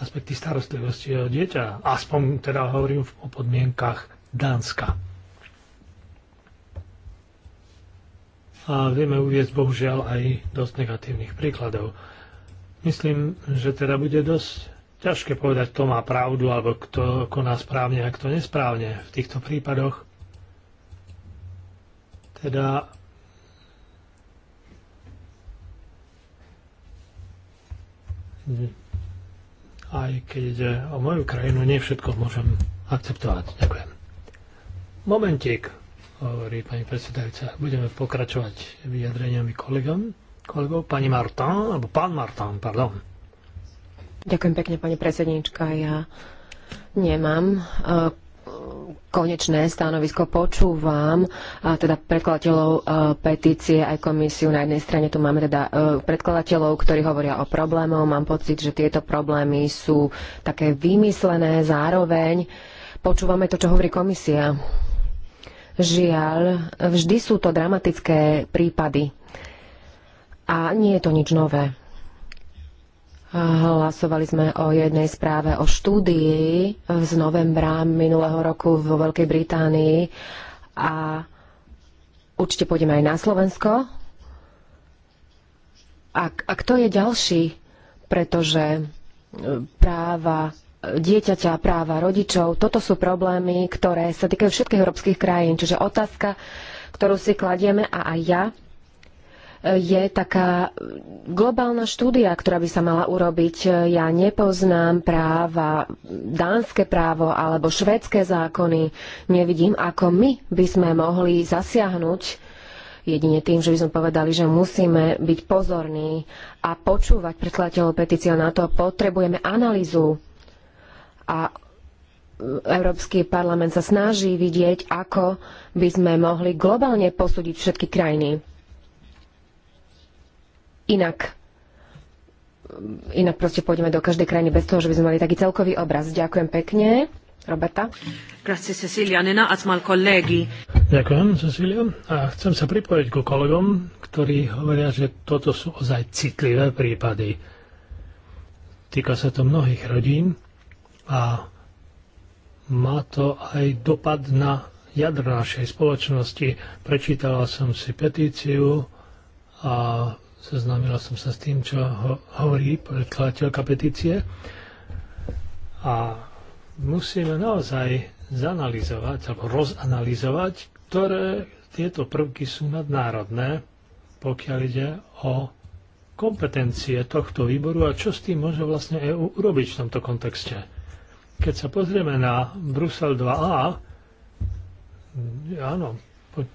aspekty starostlivosti o dieťa. Aspoň teda hovorím o podmienkach Dánska. A vieme uvieť bohužiaľ aj dosť negatívnych príkladov. Myslím, že teda bude dosť ťažké povedať, kto má pravdu alebo kto koná správne a kto nesprávne v týchto prípadoch. Teda Mhm. aj keď ide o moju krajinu, nie všetko môžem akceptovať. Ďakujem. Momentík, hovorí pani predsedajúca. Budeme pokračovať vyjadreniami kolegom. Kolegov, pani Martin, alebo pán Martin, pardon. Ďakujem pekne, pani predsedníčka. Ja nemám uh, konečné stanovisko počúvam, a teda predkladateľov e, petície aj komisiu. Na jednej strane tu máme teda e, predkladateľov, ktorí hovoria o problémov. Mám pocit, že tieto problémy sú také vymyslené zároveň. Počúvame to, čo hovorí komisia. Žiaľ, vždy sú to dramatické prípady. A nie je to nič nové. Hlasovali sme o jednej správe o štúdii z novembra minulého roku vo Veľkej Británii a určite pôjdeme aj na Slovensko. A, a kto je ďalší? Pretože e, práva e, dieťaťa, práva rodičov, toto sú problémy, ktoré sa týkajú všetkých európskych krajín. Čiže otázka, ktorú si kladieme a aj ja je taká globálna štúdia, ktorá by sa mala urobiť. Ja nepoznám práva, dánske právo alebo švédske zákony. Nevidím, ako my by sme mohli zasiahnuť jedine tým, že by sme povedali, že musíme byť pozorní a počúvať predkladateľov petície na to, potrebujeme analýzu a Európsky parlament sa snaží vidieť, ako by sme mohli globálne posúdiť všetky krajiny inak inak proste pôjdeme do každej krajiny bez toho, že by sme mali taký celkový obraz. Ďakujem pekne. Roberta. Grazie Cecilia, nena mal kolegi. Ďakujem Cecilia a chcem sa pripojiť ku kolegom, ktorí hovoria, že toto sú ozaj citlivé prípady. Týka sa to mnohých rodín a má to aj dopad na jadro našej spoločnosti. Prečítala som si petíciu a Seznámila som sa s tým, čo ho- hovorí predkladateľka petície a musíme naozaj zanalizovať alebo rozanalizovať, ktoré tieto prvky sú nadnárodné, pokiaľ ide o kompetencie tohto výboru a čo s tým môže vlastne EU urobiť v tomto kontexte. Keď sa pozrieme na Brusel 2a, áno,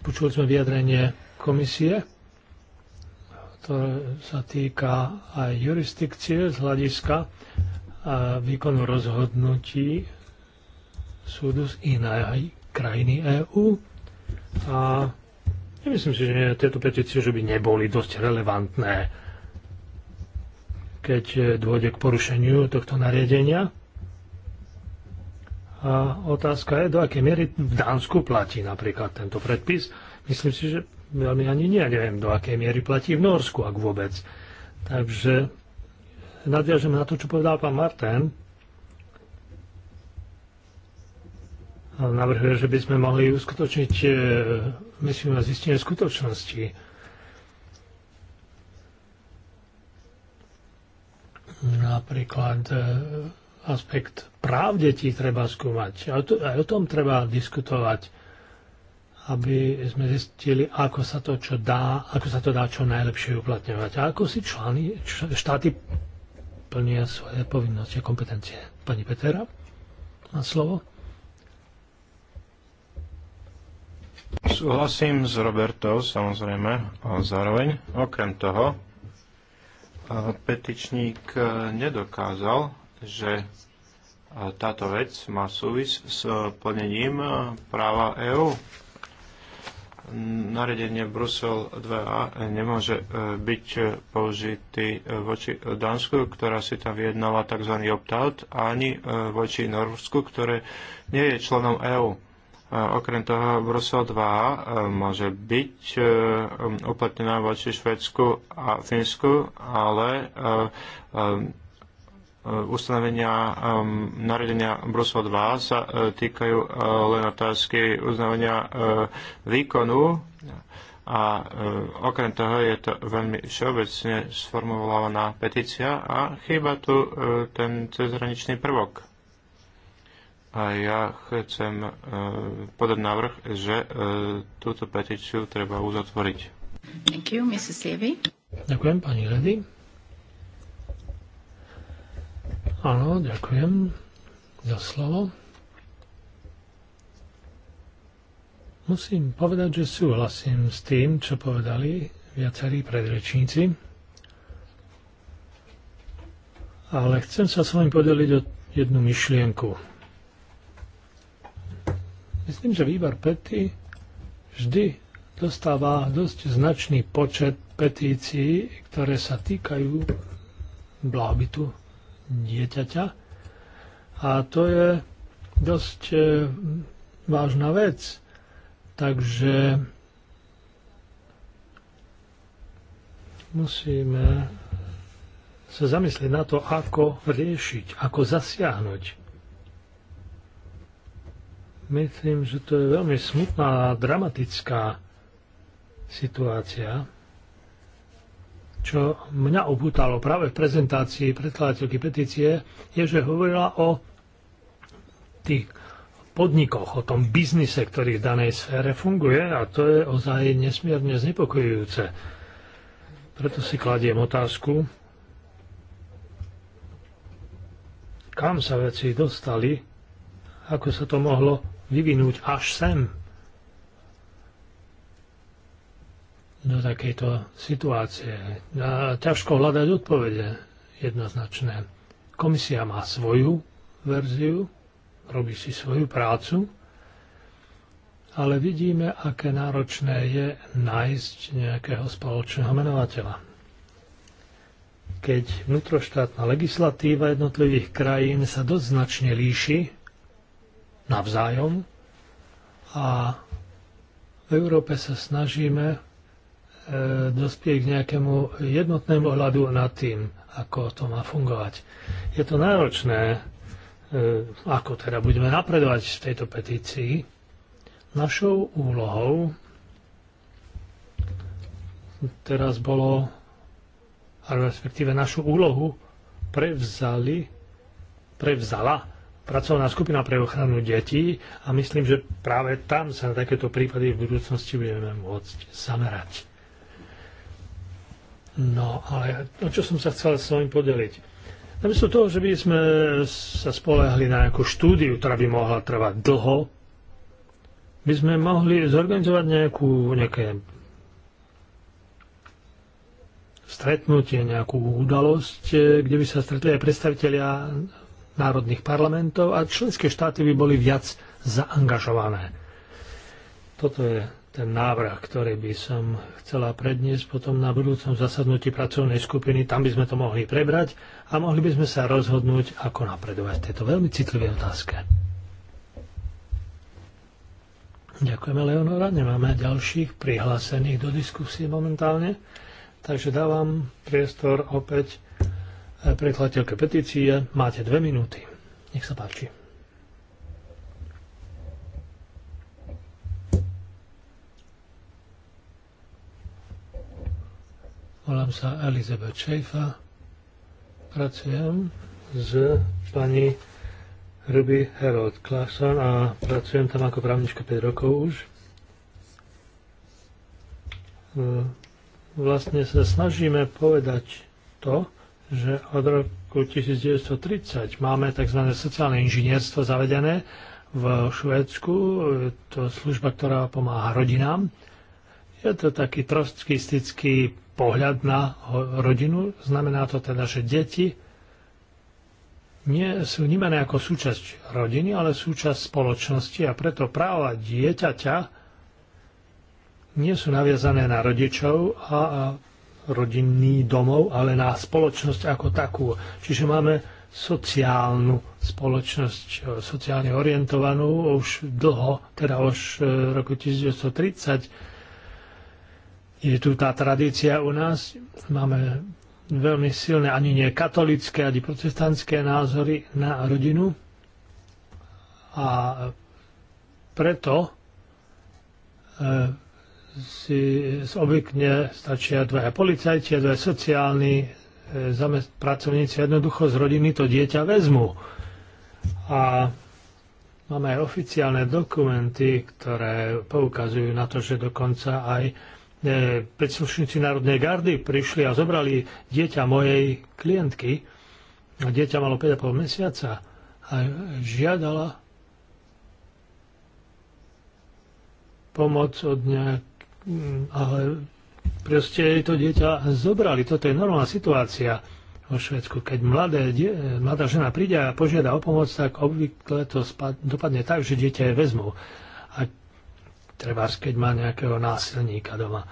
počuli sme vyjadrenie komisie, ktoré sa týka aj jurisdikcie z hľadiska a výkonu rozhodnutí súdu z inej krajiny EÚ. A nemyslím si, že tieto petície že by neboli dosť relevantné, keď e, dôjde k porušeniu tohto nariadenia. A otázka je, do akej miery v Dánsku platí napríklad tento predpis. Myslím si, že veľmi ani nie, neviem, do akej miery platí v Norsku, ak vôbec. Takže nadviažem na to, čo povedal pán Martin. Navrhuje, že by sme mohli uskutočniť e, myslím na zistenie skutočnosti. Napríklad e, aspekt práv detí treba skúmať. Aj o tom treba diskutovať aby sme zistili, ako sa to, čo dá, ako sa to dá čo najlepšie uplatňovať a ako si člány, štáty plnia svoje povinnosti a kompetencie. Pani Petera má slovo. Súhlasím s Robertou, samozrejme, a zároveň. Okrem toho, petičník e, nedokázal, že e, táto vec má súvis s plnením e, práva EÚ nariadenie Brusel 2a nemôže e, byť e, použitý e, voči Dánsku, ktorá si tam vyjednala tzv. opt-out, ani voči Norsku, ktoré nie je členom EÚ. Okrem toho Brusel 2 a môže byť uplatnená voči Švedsku a Fínsku, ale Eh, ustanovenia um, naredenia Brusel 2 sa uh, týkajú uh, len otázky uznávania uh, výkonu a uh, okrem toho je to veľmi všeobecne sformulovaná petícia a chýba tu uh, ten cezhraničný prvok. A ja chcem uh, podať návrh, že uh, túto petíciu treba uzatvoriť. Thank you, Mrs. Levy. Ďakujem, pani Levy. Áno, ďakujem za slovo. Musím povedať, že súhlasím s tým, čo povedali viacerí predrečníci. Ale chcem sa s vami podeliť o jednu myšlienku. Myslím, že výbor pety vždy dostáva dosť značný počet petícií, ktoré sa týkajú blahobytu dieťaťa. A to je dosť e, vážna vec. Takže musíme sa zamyslieť na to, ako riešiť, ako zasiahnuť. Myslím, že to je veľmi smutná a dramatická situácia, čo mňa obhutalo práve v prezentácii predkladateľky petície, je, že hovorila o tých podnikoch, o tom biznise, ktorý v danej sfére funguje a to je ozaj nesmierne znepokojujúce. Preto si kladiem otázku, kam sa veci dostali, ako sa to mohlo vyvinúť až sem, do takejto situácie. A ťažko hľadať odpovede jednoznačné. Komisia má svoju verziu, robí si svoju prácu, ale vidíme, aké náročné je nájsť nejakého spoločného menovateľa. Keď vnútroštátna legislatíva jednotlivých krajín sa dosť značne líši navzájom a v Európe sa snažíme E, dospieť k nejakému jednotnému ohľadu nad tým, ako to má fungovať. Je to náročné, e, ako teda budeme napredovať v tejto petícii. Našou úlohou teraz bolo, respektíve našu úlohu prevzali, prevzala pracovná skupina pre ochranu detí a myslím, že práve tam sa na takéto prípady v budúcnosti budeme môcť zamerať. No, ale o čo som sa chcel s vami podeliť? Namiesto toho, že by sme sa spolehli na nejakú štúdiu, ktorá by mohla trvať dlho, by sme mohli zorganizovať nejakú, nejaké stretnutie, nejakú udalosť, eh, kde by sa stretli aj predstavitelia národných parlamentov a členské štáty by boli viac zaangažované. Toto je ten návrh, ktorý by som chcela predniesť potom na budúcom zasadnutí pracovnej skupiny. Tam by sme to mohli prebrať a mohli by sme sa rozhodnúť, ako napredovať v tejto veľmi citlivé otázke. Ďakujeme, Leonora. Nemáme ďalších prihlásených do diskusie momentálne. Takže dávam priestor opäť eh, predkladateľke petície. Máte dve minúty. Nech sa páči. Volám sa Elizabeth Šejfa. Pracujem s pani Ruby Herod Klasan a pracujem tam ako právnička 5 rokov už. E, vlastne sa snažíme povedať to, že od roku 1930 máme tzv. sociálne inžinierstvo zavedené v Švédsku. E, to služba, ktorá pomáha rodinám. Je to taký trostkistický pohľad na rodinu. Znamená to teda, že deti nie sú vnímané ako súčasť rodiny, ale súčasť spoločnosti a preto práva dieťaťa nie sú naviazané na rodičov a rodinný domov, ale na spoločnosť ako takú. Čiže máme sociálnu spoločnosť, e, sociálne orientovanú už dlho, teda už v e, roku 1930 je tu tá tradícia u nás. Máme veľmi silné, ani nie katolické, ani protestantské názory na rodinu. A preto e, si obvykne stačia dvaja policajti a dvaja sociálni e, zamest- pracovníci. Jednoducho z rodiny to dieťa vezmu. A máme aj oficiálne dokumenty, ktoré poukazujú na to, že dokonca aj E, predslušníci Národnej gardy prišli a zobrali dieťa mojej klientky. Dieťa malo 5,5 mesiaca a žiadala pomoc od nejak... Ale proste to dieťa zobrali. Toto je normálna situácia vo Švedsku. Keď mladé, die... mladá žena príde a požiada o pomoc, tak obvykle to spad... dopadne tak, že dieťa je vezmu treba keď má nejakého násilníka doma.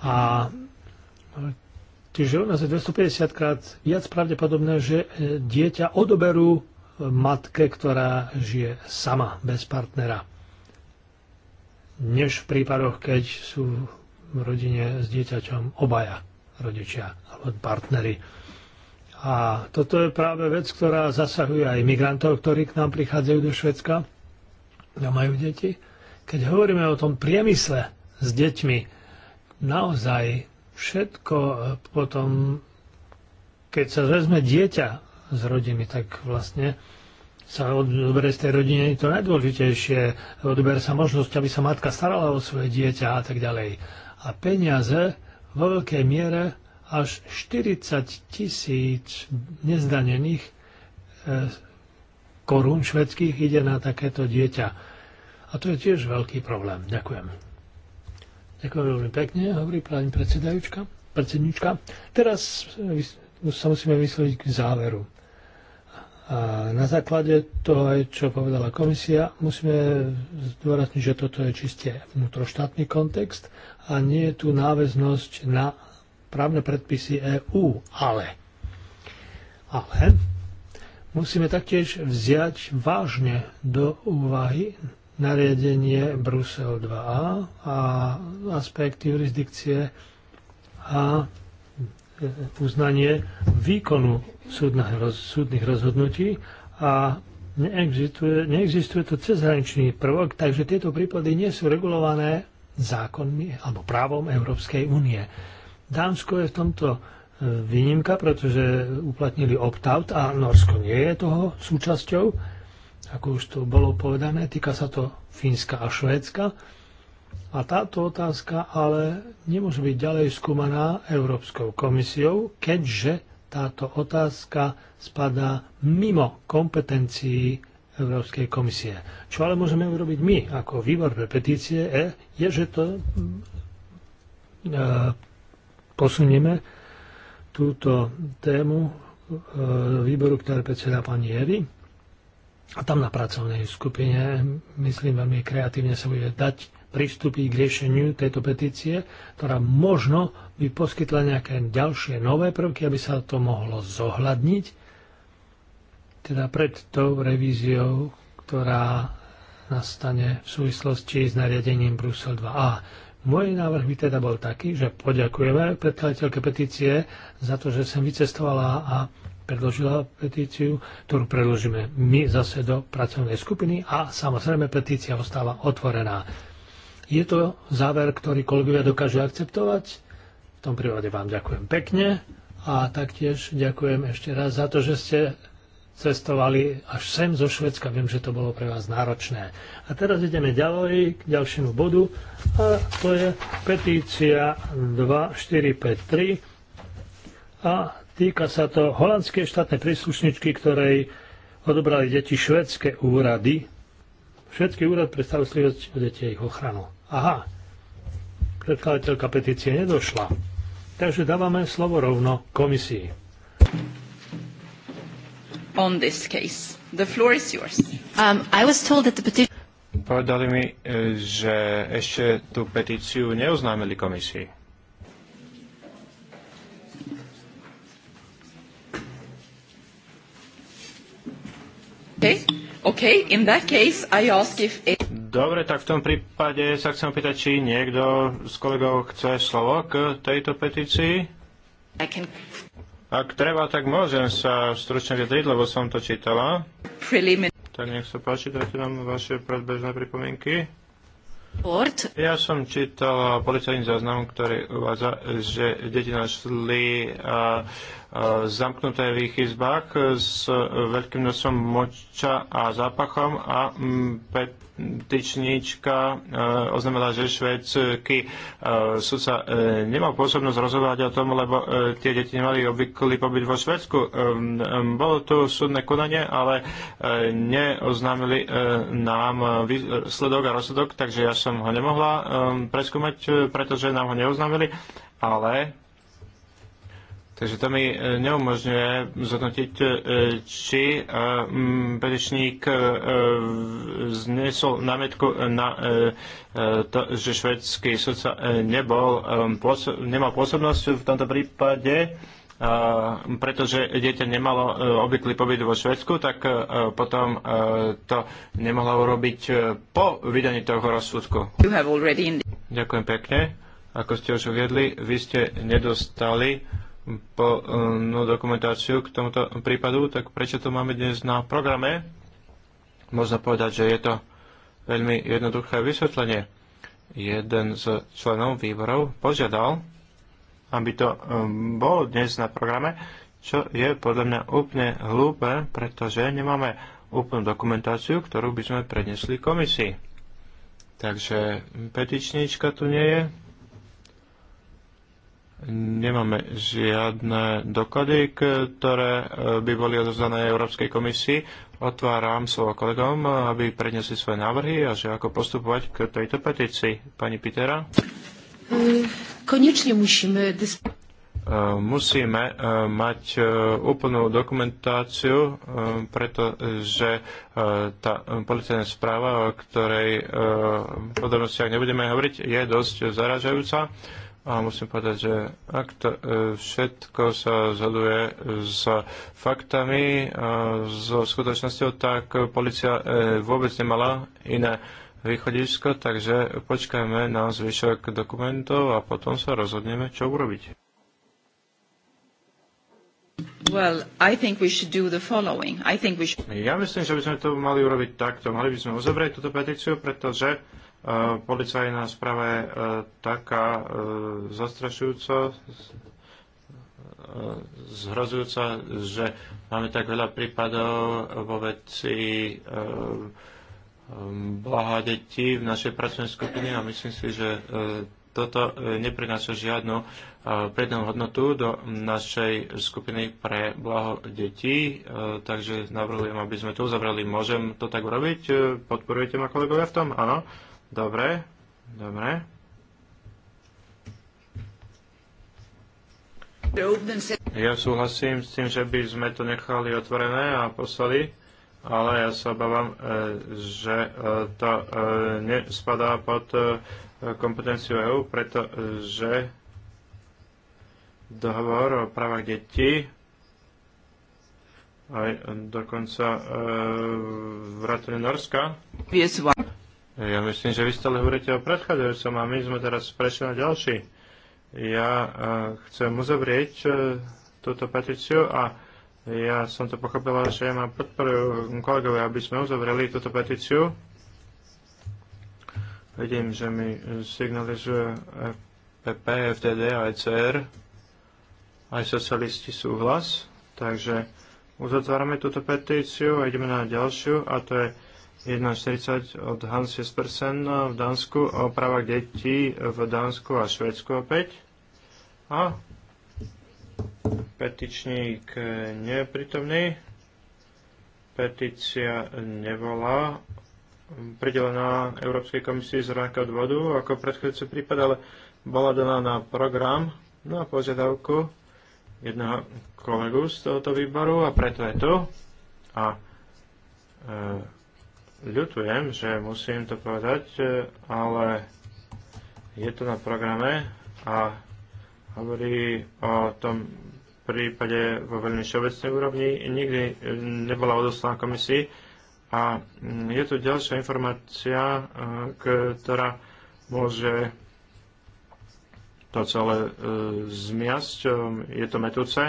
A čiže u nás je 250 krát viac pravdepodobné, že e, dieťa odoberú e, matke, ktorá žije sama, bez partnera. Než v prípadoch, keď sú v rodine s dieťaťom obaja rodičia alebo partnery. A toto je práve vec, ktorá zasahuje aj migrantov, ktorí k nám prichádzajú do Švedska a majú deti. Keď hovoríme o tom priemysle s deťmi, naozaj všetko e, potom, keď sa vezme dieťa z rodiny, tak vlastne sa odberie z tej rodiny to najdôležitejšie. odber sa možnosť, aby sa matka starala o svoje dieťa a tak ďalej. A peniaze vo veľkej miere až 40 tisíc nezdanených e, korún švedských ide na takéto dieťa. A to je tiež veľký problém. Ďakujem. Ďakujem veľmi pekne, hovorí pani predsedajúčka, predsednička. Teraz eh, sa musíme vysloviť k záveru. A na základe toho, čo povedala komisia, musíme zdôrazniť, že toto je čiste vnútroštátny kontext a nie je tu náväznosť na právne predpisy EÚ. Ale, ale musíme taktiež vziať vážne do úvahy nariadenie Brusel 2a a aspekt jurisdikcie a e, uznanie výkonu súdnych rozhodnutí a neexistuje, neexistuje to cezhraničný prvok, takže tieto prípady nie sú regulované zákonmi alebo právom Európskej únie. Dánsko je v tomto e, výnimka, pretože uplatnili opt-out a Norsko nie je toho súčasťou ako už to bolo povedané, týka sa to Fínska a Švédska. A táto otázka ale nemôže byť ďalej skúmaná Európskou komisiou, keďže táto otázka spadá mimo kompetencií Európskej komisie. Čo ale môžeme urobiť my ako výbor pre petície, je, je že to mm, e, posunieme túto tému e, výboru, ktorý predseda pani Evi a tam na pracovnej skupine, myslím, veľmi kreatívne sa bude dať pristúpiť k riešeniu tejto petície, ktorá možno by poskytla nejaké ďalšie nové prvky, aby sa to mohlo zohľadniť, teda pred tou revíziou, ktorá nastane v súvislosti s nariadením Brusel 2a. Môj návrh by teda bol taký, že poďakujeme predkladateľke petície za to, že sem vycestovala a predložila petíciu, ktorú predložíme my zase do pracovnej skupiny a samozrejme petícia ostáva otvorená. Je to záver, ktorý kolegovia dokážu akceptovať? V tom prípade vám ďakujem pekne a taktiež ďakujem ešte raz za to, že ste cestovali až sem zo Švedska. Viem, že to bolo pre vás náročné. A teraz ideme ďalej k ďalšiemu bodu a to je petícia 2453 a Týka sa to holandskej štátnej príslušničky, ktorej odobrali deti švedské úrady. Švedský úrad pre starostlivosť o deti a ich ochranu. Aha, predkladateľka petície nedošla. Takže dávame slovo rovno komisii. On this case. The floor is yours. Um, I was told that the petition... Povedali mi, e, že ešte tú petíciu neoznámili komisii. Dobre, tak v tom prípade sa chcem opýtať, či niekto z kolegov chce slovo k tejto petícii. I can... Ak treba, tak môžem sa stručne vyjadriť, lebo som to čítala. Prelimin... Tak nech sa páči, dajte nám vaše predbežné pripomienky. Port. Ja som čítal policajný záznam, ktorý uvádza, že deti našli uh, zamknuté v ich izbách s veľkým nosom moča a zápachom a mm, petičníčka e, oznamenala, že švédsky e, sudca e, nemal pôsobnosť rozhodovať o tom, lebo tie deti nemali obvyklý pobyt vo Švedsku. Bolo tu súdne konanie, ale neoznámili nám výsledok a rozsudok, takže ja som ho nemohla preskúmať, pretože nám ho neoznámili, ale Takže to mi e, neumožňuje zhodnotiť, e, či Berešník e, znesol námetku na to, že švedský sudca nebol, nemal pôsobnosť v tomto prípade, pretože dieťa nemalo obvyklý pobyt vo Švedsku, tak potom to nemohla urobiť po vydaní toho rozsudku. Ďakujem pekne. Ako ste už uviedli, vy ste nedostali Eh, no, dokumentáciu k tomuto prípadu, tak prečo to máme dnes na programe? Možno povedať, že je to veľmi jednoduché vysvetlenie. Jeden z členov výborov požiadal, aby to eh, bolo dnes na programe, čo je podľa mňa úplne hlúpe, pretože nemáme úplnú dokumentáciu, ktorú by sme prednesli komisii. Takže petičníčka tu nie je, nemáme žiadne doklady, ktoré eh, by boli odozdané Európskej komisii. Otváram slovo kolegom, aby prednesli svoje návrhy a že ako postupovať k tejto petícii. Pani Pitera? Konečne eh, musíme musíme eh, mať úplnú dokumentáciu, pretože tá policajná správa, o ktorej v podrobnostiach nebudeme hovoriť, je dosť zaražajúca a musím povedať, že ak to, e, všetko sa zhoduje s faktami, so skutočnosťou, tak policia e, vôbec nemala iné východisko, takže počkajme na zvyšok dokumentov a potom sa rozhodneme, čo urobiť. Well, I think we should do the following. I think we should... Ja myslím, že by sme to mali urobiť takto. Mali by sme uzavrieť túto petíciu, pretože E, policajná správa je e, taká e, zastrašujúca, zhrozujúca, že máme tak veľa prípadov vo veci blaha detí v našej pracovnej skupine a myslím si, že toto neprináša žiadnu prednú hodnotu do našej skupiny pre blaho detí, takže navrhujem, aby sme to uzavreli. Môžem to tak urobiť? Podporujete ma kolegovia v tom? Áno. Dobre, dobre. Ja súhlasím s tým, že by sme to nechali otvorené a poslali, ale ja sa obávam, e, že e, to e, nespadá pod kompetenciu EU, pretože dohovor o právach detí aj dokonca vrátane Norska ja myslím, že vy stále hovoríte o predchádzajúcom a my sme teraz prešli na ďalší. Ja e, chcem uzavrieť e, túto petíciu a ja som to pochopila, že ma podporujú kolegovia, aby sme uzavreli túto petíciu. Vidím, že mi signalizuje e PP, FTD a ECR. Aj socialisti súhlas. Takže uzatvárame túto petíciu a ideme na ďalšiu a to je 1.40 od Hans Jespersen v Dánsku o právach detí v Dánsku a Švedsku opäť. A petičník nie je prítomný. Petícia nebola pridelená Európskej komisii z rovnakého dôvodu ako predchádzajúci prípad, ale bola daná na program na požiadavku jedného kolegu z tohoto výboru a preto je tu. A e, ľutujem, že musím to povedať, e, ale je to na programe a hovorí o tom prípade vo veľmi všeobecnej úrovni. Nikdy e, nebola odoslaná komisii a mm, je tu ďalšia informácia, e, ktorá môže to celé zmiasť. Je to metúce,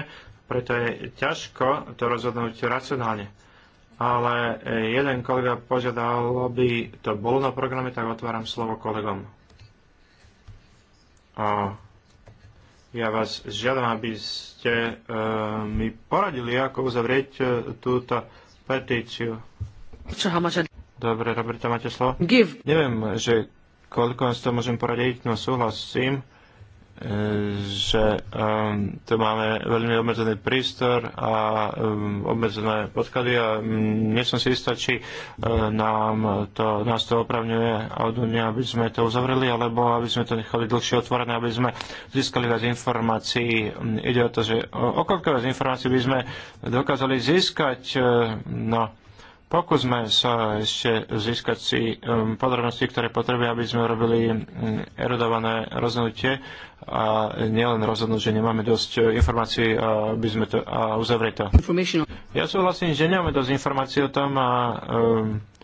preto je ťažko to rozhodnúť racionálne ale e, jeden kolega požiadal, aby to bolo na programe, tak otváram slovo kolegom. A ja vás žiadam, aby ste e, mi poradili, ako uzavrieť e, túto petíciu. Dobre, Roberta, máte slovo? Give. Neviem, že koľko z toho môžem poradiť, no súhlasím že um, tu máme veľmi obmedzený prístor a um, obmedzené podklady a um, nie som si istá, či uh, nám to, nás to opravňuje Audunia, aby sme to uzavreli, alebo aby sme to nechali dlhšie otvorené, aby sme získali viac informácií. Ide o to, že o, o koľko viac informácií by sme dokázali získať. Uh, no, Pokúsme sa ešte získať si um, podrobnosti, ktoré potrebujeme, aby sme robili um, erodované rozhodnutie a nielen rozhodnúť, že nemáme dosť uh, informácií, aby sme to a uzavrieť to. Ja súhlasím, že nemáme dosť informácií o tom a um,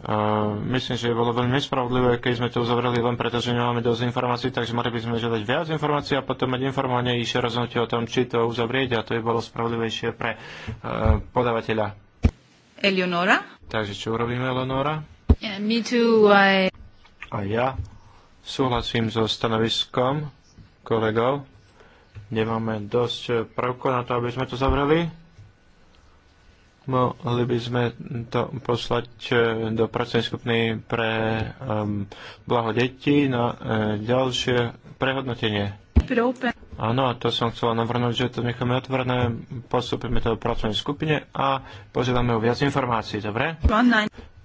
Uh, myslím, že bolo veľmi nespravodlivé, keď sme to uzavreli len preto, že nemáme dosť informácií, takže mali by sme žiadať viac informácií a potom mať informovanejšie rozhodnutie o tom, či to uzavrieť a to by bolo spravodlivejšie pre uh, podávateľa. Eleonora. Takže čo urobíme, Eleonora? Yeah, me too, I... A ja súhlasím so stanoviskom kolegov. Nemáme dosť prvkov na to, aby sme to zavreli. Mohli by sme to poslať eh, do pracovnej skupiny pre um, blaho detí na uh, ďalšie prehodnotenie. Áno, a to som chcela navrhnúť, že to necháme otvorené, postupíme to v pracovnej skupine a požiadame o viac informácií, dobre?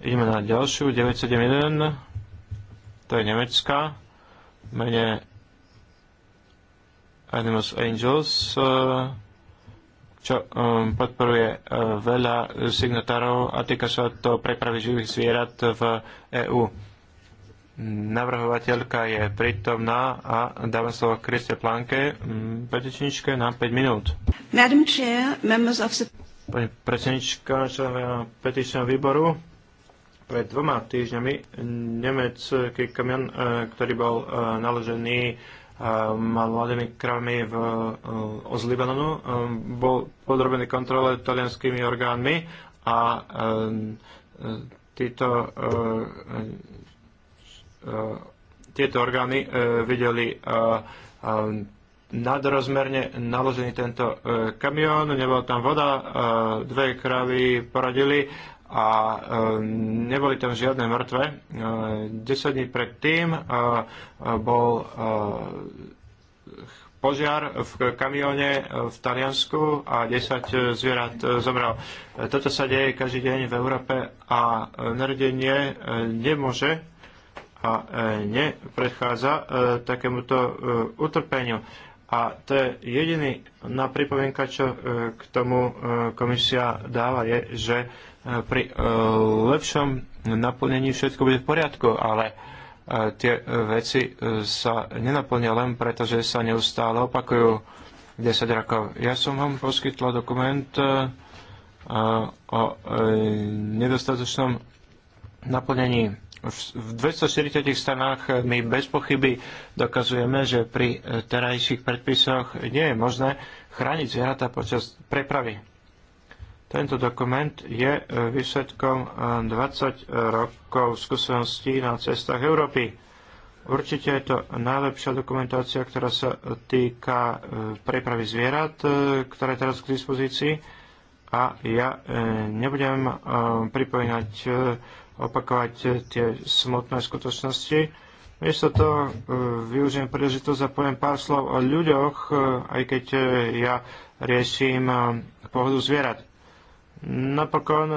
Ideme na ďalšiu, 971, to je nemecká, mene Animus Angels, eh, čo eh, podporuje eh, veľa signatárov a týka sa to prepravy živých zvierat v EÚ Navrhovateľka je prítomná a dávam slovo Kriste Planke, petičničke na 5 minút. Madam Chair, members of the... Pani predsednička, členovia petičného výboru, pred dvoma týždňami nemecký kamion, e, ktorý bol e, naložený e, mladými kravmi v, z Libanonu, bol podrobený kontrole talianskými orgánmi a títo E, tieto orgány e, videli e, nadrozmerne naložený tento kamión, nebola tam voda, dve kravy poradili a neboli tam žiadne mŕtve. 10 dní predtým bol požiar v kamióne v Taliansku a 10 zvierat zomrel. Toto sa deje každý deň v Európe a narodenie nemôže a e, nepredchádza e, takémuto e, utrpeniu. A to je jediný na pripomienka, čo k tomu komisia dáva, je, že pri lepšom naplnení všetko bude v poriadku, ale tie veci sa nenaplnia len preto, že sa neustále opakujú 10 rokov. Ja som vám poskytla dokument o nedostatočnom naplnení v 240 stranách my bez pochyby dokazujeme, že pri terajších predpisoch nie je možné chrániť zvieratá počas prepravy. Tento dokument je e, výsledkom 20 e, rokov skúseností na cestách Európy. Určite je to najlepšia dokumentácia, ktorá sa týka e, prepravy zvierat, ktorá je teraz k dispozícii a ja e, nebudem e, pripomínať, e, opakovať tie smutné skutočnosti. Miesto toho využijem príležitosť a poviem pár slov o ľuďoch, aj keď ja riešim pohodu zvierat. Napokon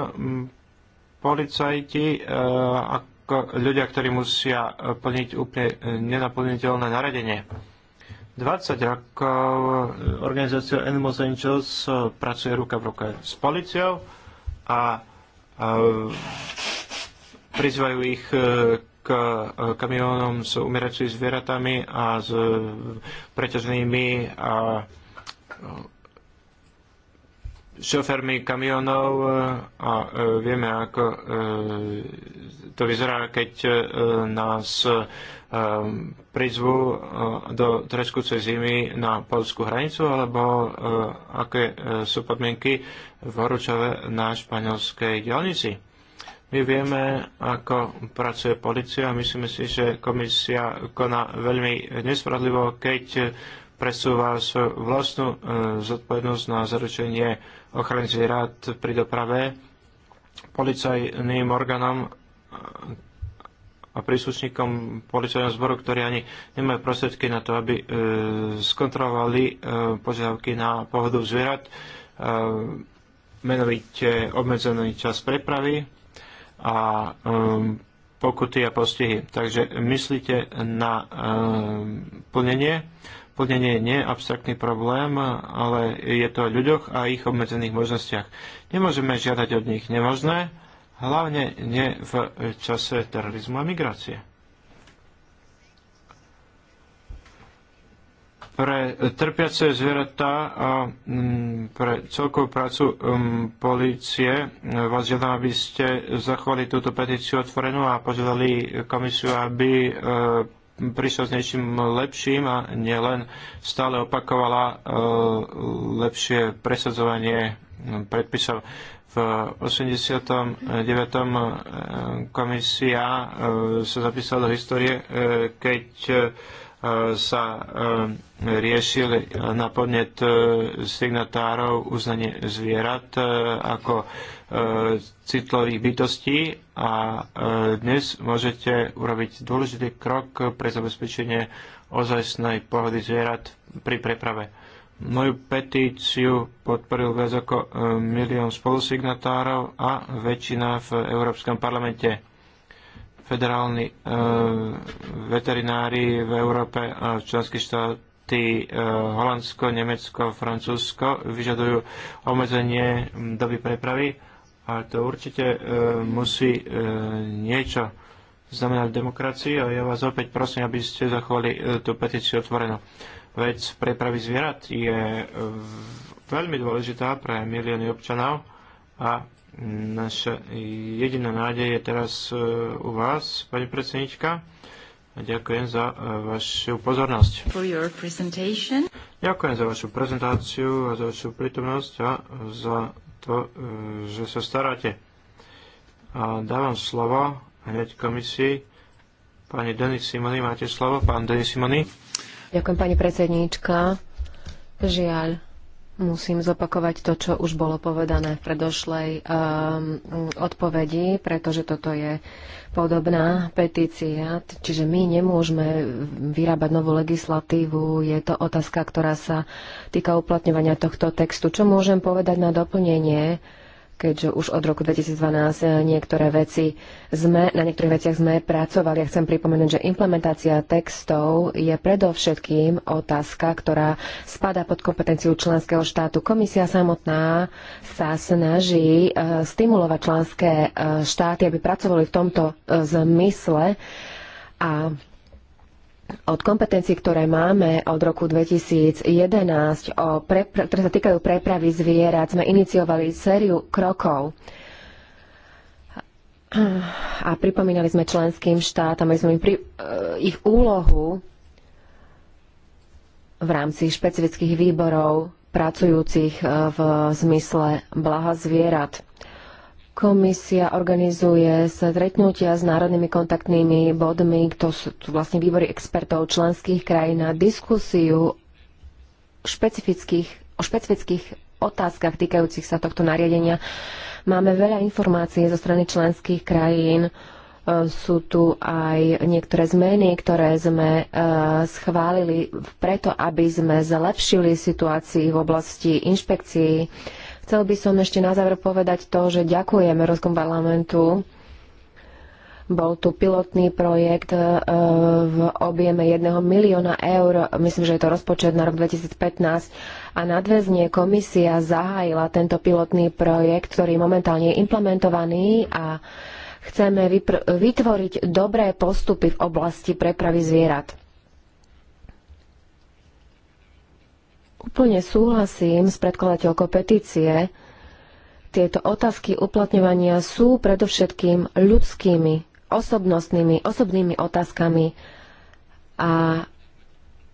policajti ako ľudia, ktorí musia plniť úplne nenaplniteľné naradenie. 20 rokov e, organizácia Animals Angels e, pracuje ruka v ruke s policiou a, e, prizvajú ich k kamionom s umieracími zvieratami a s preťaženými a šofermi kamionov e, a e, vieme, ako e, to vyzerá, keď nás prizvu do treskúcej zimy na polskú hranicu, alebo aké sú podmienky v Horúčove na španielskej dielnici. My vieme, ako pracuje policia a myslíme si, že komisia koná veľmi nespravodlivo, keď presúva svoju vlastnú zodpovednosť na zaručenie ochrany zvierat pri doprave policajným orgánom e, a príslušníkom policajného zboru, ktorí ani nemajú prostriedky na to, aby e, skontrolovali e, požiadavky na pohodu zvierat, e, menovite obmedzený čas prepravy a e, pokuty a postihy. Takže myslíte na e, plnenie plnenie nie je abstraktný problém, ale je to o ľuďoch a ich obmedzených možnostiach. Nemôžeme žiadať od nich nemožné, hlavne nie v čase terorizmu a migrácie. pre trpiace zvieratá a mm, pre celkovú prácu mm, policie vás žiadam, aby ste zachovali túto petíciu otvorenú a požiadali komisiu, aby e, prišiel s niečím lepším a nielen stále opakovala e, lepšie presadzovanie predpisov. V 89. E, komisia e, sa zapísala do histórie, keď sa e, riešil na podnet e, signatárov uznanie zvierat e, ako citlových bytostí a dnes môžete urobiť dôležitý krok pre zabezpečenie ozajstnej pohody zvierat pri preprave. Moju petíciu podporil viac ako milión spolusignatárov a väčšina v Európskom parlamente federálni e, veterinári v Európe a e, v členských štáty štáty e, Holandsko, Nemecko, Francúzsko vyžadujú obmedzenie doby prepravy a to určite musí niečo znamenať demokracii a ja vás opäť prosím, aby ste zachovali tú petíciu otvorenú. Vec prepravy zvierat je veľmi dôležitá pre milióny občanov a Naša jediná nádej je teraz e, u vás, pani predsednička. A ďakujem za e, vašu pozornosť. For your presentation. Ďakujem za vašu prezentáciu a za vašu prítomnosť a za to, e, že sa staráte. A dávam slovo hneď komisii. Pani Denis Simony, máte slovo. Pán Denis Simony. Ďakujem, pani predsedníčka. Žiaľ, Musím zopakovať to, čo už bolo povedané v predošlej um, odpovedi, pretože toto je podobná petícia, čiže my nemôžeme vyrábať novú legislatívu, je to otázka, ktorá sa týka uplatňovania tohto textu. Čo môžem povedať na doplnenie? keďže už od roku 2012 eh, niektoré veci sme, na niektorých veciach sme pracovali. Ja chcem pripomenúť, že implementácia textov je predovšetkým otázka, ktorá spadá pod kompetenciu členského štátu. Komisia samotná sa snaží eh, stimulovať členské eh, štáty, aby pracovali v tomto zmysle a od kompetencií, ktoré máme od roku 2011, o prepra- ktoré sa týkajú prepravy zvierat, sme iniciovali sériu krokov. A pripomínali sme členským štátom, aby sme im pri, eh, ich úlohu v rámci špecifických výborov pracujúcich eh, v zmysle blaha zvierat. Komisia organizuje stretnutia s národnými kontaktnými bodmi, to sú vlastne výbory expertov členských krajín na diskusiu špecifických, o špecifických otázkach týkajúcich sa tohto nariadenia. Máme veľa informácií zo strany členských krajín. E, sú tu aj niektoré zmeny, ktoré sme e, schválili preto, aby sme zlepšili situáciu v oblasti inšpekcií Chcel by som ešte na záver povedať to, že ďakujem Európskom parlamentu. Bol tu pilotný projekt e, v objeme 1 milióna eur, myslím, že je to rozpočet na rok 2015, a nadväzne komisia zahájila tento pilotný projekt, ktorý momentálne je implementovaný a chceme vytvoriť dobré postupy v oblasti prepravy zvierat. Úplne súhlasím s predkladateľkou petície. Tieto otázky uplatňovania sú predovšetkým ľudskými, osobnostnými, osobnými otázkami a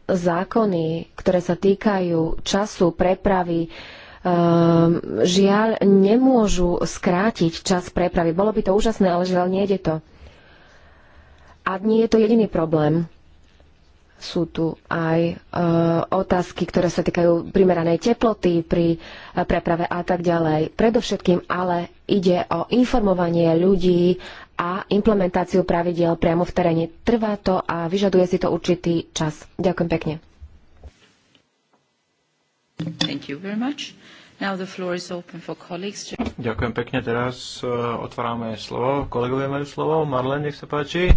zákony, ktoré sa týkajú času prepravy, ehm, žiaľ nemôžu skrátiť čas prepravy. Bolo by to úžasné, ale žiaľ nejde to. A nie je to jediný problém sú tu aj e, otázky, ktoré sa týkajú primeranej teploty pri e, preprave a tak ďalej. Predovšetkým ale ide o informovanie ľudí a implementáciu pravidiel priamo v teréne. Trvá to a vyžaduje si to určitý čas. Ďakujem pekne. Thank you very much. Now the floor is open for colleagues. Ďakujem pekne. Teraz e, otvárame slovo. Kolegovia majú slovo. Marlene, nech sa páči.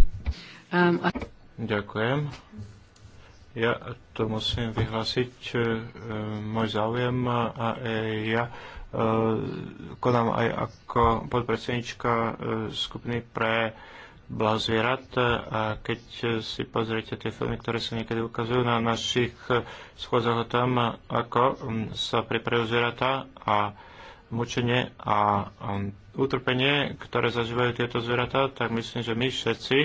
Um, I... Ďakujem. Ja to musím vyhlásiť, e, e, môj záujem a e, ja konám aj ako podpredsednička skupiny pre Blazvierat zvierat a keď si pozriete tie filmy, ktoré sa niekedy ukazujú na našich schôdzach o tom, ako sa pripravujú zvieratá a mučenie a utrpenie, ktoré zažívajú tieto zvieratá, tak myslím, že my všetci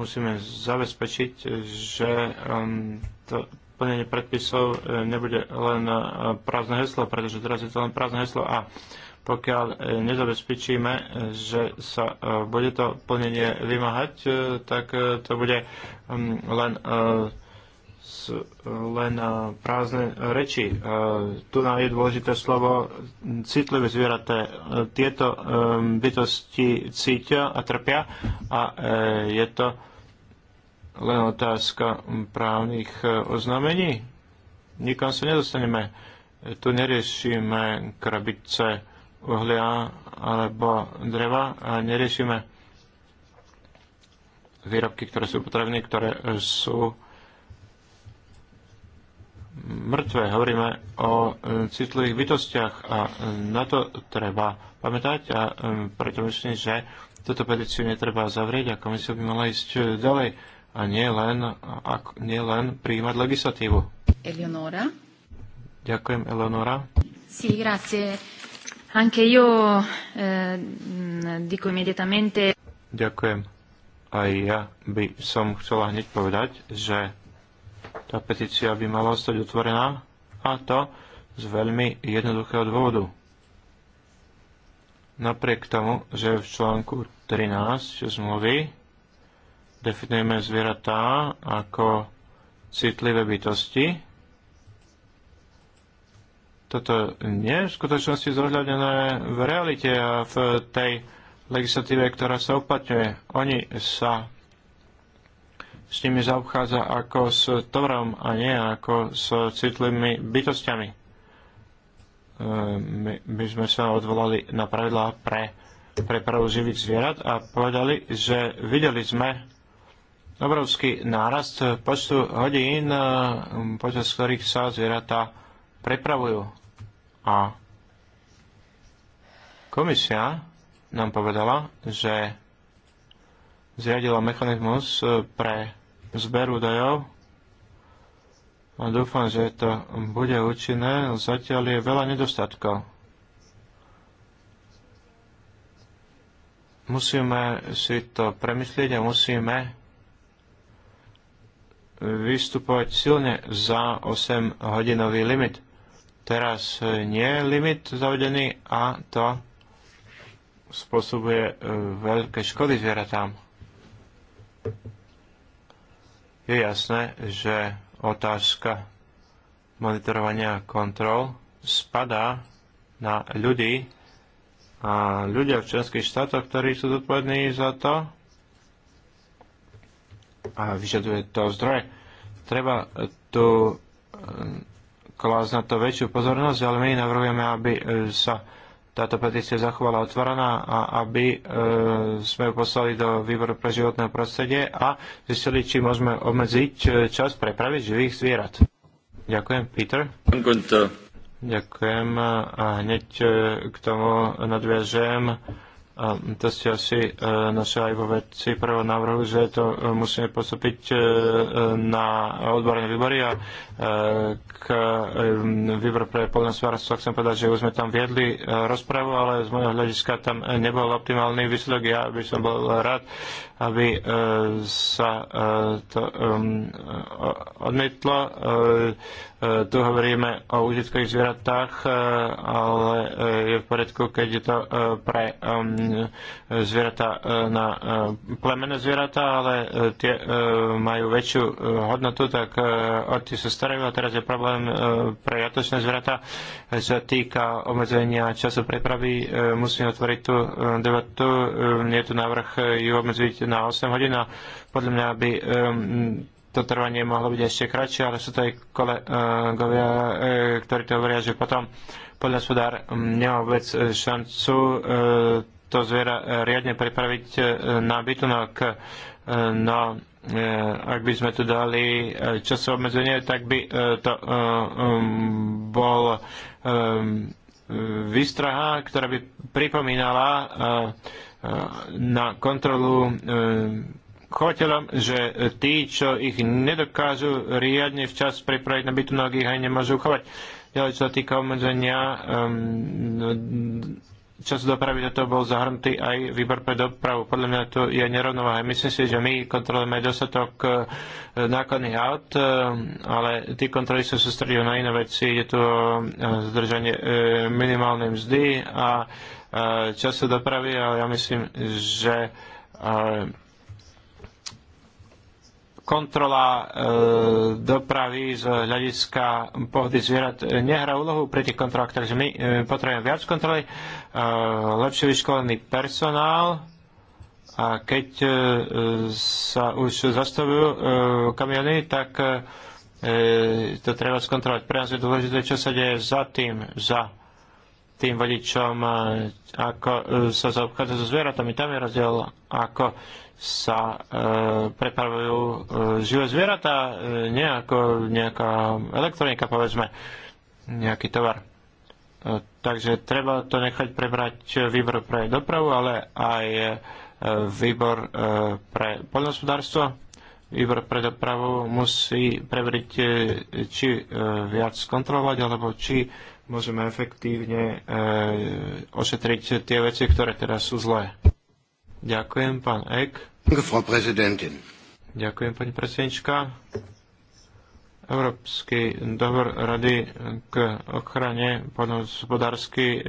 musíme zabezpečiť, že um, to plnenie predpisov e, nebude len e, prázdne heslo, pretože teraz je to len prázdne heslo a pokiaľ e, nezabezpečíme, že sa bude to plnenie vymáhať, tak to bude um, len len prázdne reči. Tu nám je dôležité slovo citlivé zvieraté. Tieto bytosti cítia a trpia a je to len otázka právnych e, oznámení. Nikam sa nedostaneme. E, tu neriešime krabice uhlia alebo dreva a neriešime výrobky, ktoré sú potrebné, ktoré sú mŕtve. Hovoríme o e, citlivých bytostiach a na to treba pamätať a preto myslím, že túto petíciu netreba zavrieť a komisia by mala ísť ďalej a nie len, ak, nie len prijímať legislatívu. Eleonora. Ďakujem, Eleonora. Sì, grazie. Anche io eh, mm, dico immediatamente... Ďakujem. Aj ja by som chcela hneď povedať, že tá petícia by mala ostať otvorená a to z veľmi jednoduchého dôvodu. Napriek tomu, že v článku 13 zmluvy definujeme zvieratá ako citlivé bytosti. Toto nie je v skutočnosti zohľadené v realite a v tej legislatíve, ktorá sa uplatňuje. Oni sa s nimi zaobchádza ako s tovarom a nie ako s citlivými bytostiami. E, my, my sme sa odvolali na pravidlá pre prepravu živých zvierat a povedali, že videli sme obrovský nárast počtu hodín, eh, počas ktorých sa zvieratá prepravujú. A komisia nám povedala, že zriadila mechanizmus eh, pre zber údajov a dúfam, že to bude účinné. Zatiaľ je veľa nedostatkov. Musíme si to premyslieť a musíme vystupovať silne za 8-hodinový limit. Teraz e, nie je limit zavedený a to spôsobuje e, veľké škody zvieratám. Je jasné, že otázka monitorovania kontrol spadá na ľudí a ľudia v členských štátoch, ktorí sú zodpovední za to, a vyžaduje to zdroje. Treba tu eh, klásť na to väčšiu pozornosť, ale my navrhujeme, aby eh, sa táto petícia zachovala otvorená a aby e, sme ju poslali do výboru pre životné prostredie a zistili, či môžeme obmedziť čas prepravy živých zvierat. Ďakujem, Peter. Ďakujem a hneď k tomu nadviažem to ste asi e, naše aj vo veci prvého návrhu, že to e, musíme postupiť e, e, na odborné výbory a k výbor pre poľnohospodárstvo chcem povedať, že už sme tam viedli rozpravu, ale z môjho hľadiska tam nebol optimálny výsledok. Ja by som bol rád, aby sa to odmietlo. E, tu hovoríme o užitkových zvieratách, e, ale e, je v poriadku, keď je to pre um, zvieratá na plemené zvieratá, ale tie majú väčšiu hodnotu, tak o tie sa starajú a teraz je problém pre jatočné zvieratá, sa týka obmedzenia času prepravy. Musíme otvoriť tú debatu. Je tu návrh ju obmedziť na 8 hodín a podľa mňa by to trvanie mohlo byť ešte kratšie, ale sú to aj kolegovia, eh, eh, ktorí to hovoria, že potom poľnospodár mm, nemá vôbec eh, šancu to zviera riadne pripraviť na bytunok. No, ak by sme tu dali časové obmedzenie, tak by to um, bol výstraha, ktorá by pripomínala na kontrolu chovateľom, že tí, čo ich nedokážu riadne včas pripraviť na bytu ich aj nemôžu chovať. Ďalej, čo sa týka obmedzenia um, času dopravy, do toho bol zahrnutý aj výbor pre dopravu. Podľa mňa to je nerovnováha. Myslím si, že my kontrolujeme dostatok e, nákladných aut, e, ale tí kontroly sa sústredili na iné veci. Je to e, zdržanie minimálnej mzdy a času dopravy, ale ja myslím, že kontrola e, dopravy z hľadiska pohody zvierat nehrá úlohu pri tých kontrolách, takže my e, potrebujeme viac kontroly, e, lepšie vyškolený personál, a keď sa už zastavujú kamiony, tak to treba skontrolovať. Pre nás je dôležité, čo sa deje za tým, za tým vodičom, ako sa zaobchádza so zvieratami. Tam je rozdiel, ako sa e, prepravujú e, živé zvieratá, e, nie ako nejaká elektronika, povedzme, nejaký tovar. E, takže treba to nechať prebrať e, výbor pre dopravu, ale aj e, výbor e, pre poľnohospodárstvo. Výbor pre dopravu musí preveriť, e, či e, viac kontrolovať, alebo či môžeme efektívne e, ošetriť tie veci, ktoré teraz sú zlé. Ďakujem, pán Ek. Ďakujem, pani predsednička. Európsky dohovor Rady k ochrane podhospodársky e,